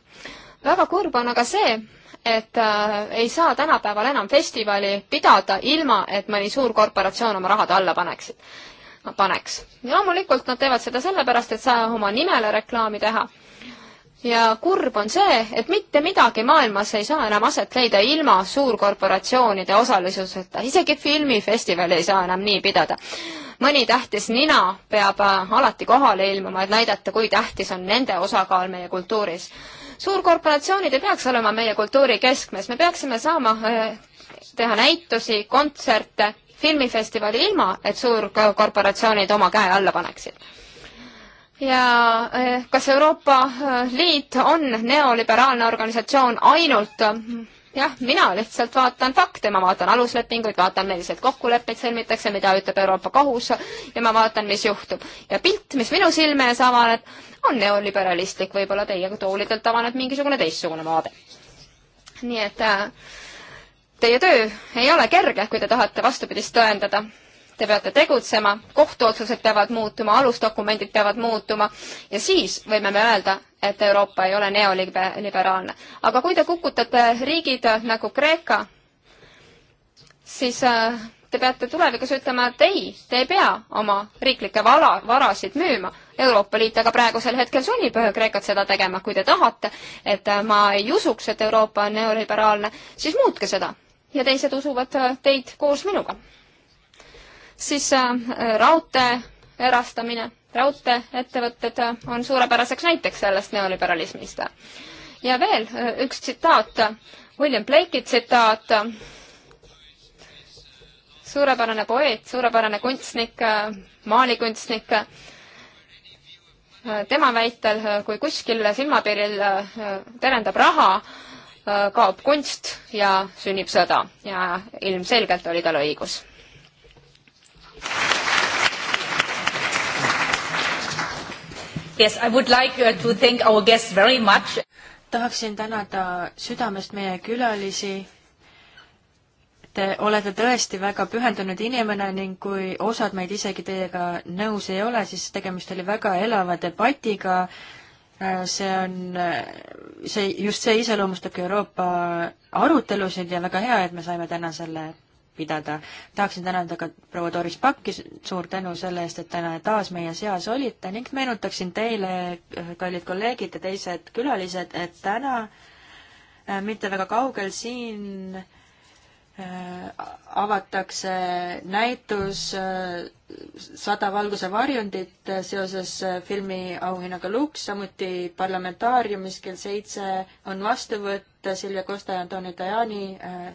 väga kurb on aga see, et äh, ei saa tänapäeval enam festivali pidada ilma, et mõni suurkorporatsioon oma rahad alla paneksid paneks. loomulikult nad teevad seda sellepärast, et saa oma nimele reklaami teha. ja kurb on see, et mitte midagi maailmas ei saa enam aset leida ilma suurkorporatsioonide osalisuseta, isegi filmifestivali ei saa enam nii pidada mõni tähtis nina peab äh, alati kohale ilmuma, et näidata, kui tähtis on nende osakaal meie kultuuris. suurkorporatsioonid ei peaks olema meie kultuuri keskmes, me peaksime saama äh, teha näitusi, kontserte filmifestivali ilma, et suurkorporatsioonid oma käe alla paneksid. ja eh, kas Euroopa eh, Liit on neoliberaalne organisatsioon ainult eh, jah, mina lihtsalt vaatan fakte, ma vaatan aluslepinguid, vaatan, millised kokkulepped sõlmitakse, mida ütleb Euroopa Kohus ja ma vaatan, mis juhtub. ja pilt, mis minu silme ees avaneb, on neoliberalistlik, võib-olla teie toolidelt avaneb mingisugune teistsugune vaade. nii et äh, Teie töö ei ole kerge, kui te tahate vastupidist tõendada. Te peate tegutsema, kohtuotsused peavad muutuma, alusdokumendid peavad muutuma ja siis võime me öelda, et Euroopa ei ole neoliberaalne. aga kui te kukutate riigid nagu Kreeka, siis äh, te peate tulevikus ütlema, et ei, te ei pea oma riiklikke vala, varasid müüma. Euroopa Liit aga praegusel hetkel sunnib Kreekat seda tegema. kui te tahate, et äh, ma ei usuks, et Euroopa on neoliberaalne, siis muutke seda ja teised usuvad äh, teid koos minuga. siis äh, raudtee erastamine, raudteeettevõtted äh, on suurepäraseks näiteks sellest neoliberalismist. ja veel üks tsitaat, William Blake'i tsitaat, suurepärane poeet, suurepärane kunstnik, maalikunstnik, tema väitel, kui kuskil silmapiiril terendab raha, Äh, kaob kunst ja sünnib sõda ja ilmselgelt oli tal õigus. Yes, I would like uh, to thank our guests very much. tahaksin tänada südamest meie külalisi te olete tõesti väga pühendunud inimene ning kui osad meid isegi teiega nõus ei ole, siis tegemist oli väga elava debatiga Äh, see on, äh, see, just see iseloomustabki Euroopa arutelusid ja väga hea, et me saime täna selle pidada. tahaksin tänada ka proua Doris Pakki, suur tänu selle eest, et täna taas meie seas olite ning meenutaksin teile, äh, kallid kolleegid ja teised külalised, et täna mitte väga kaugel siin avatakse näitus sada valguse varjundit seoses äh, filmi auhinnaga Lux, samuti parlamentaariumis kell seitse on vastuvõtt Silvia Kosta ja Antoni Tajani äh,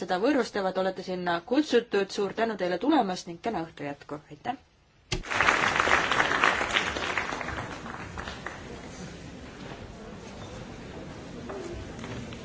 seda võõrustavad, olete sinna kutsutud, suur tänu teile tulemast ning kena õhtu jätku, aitäh!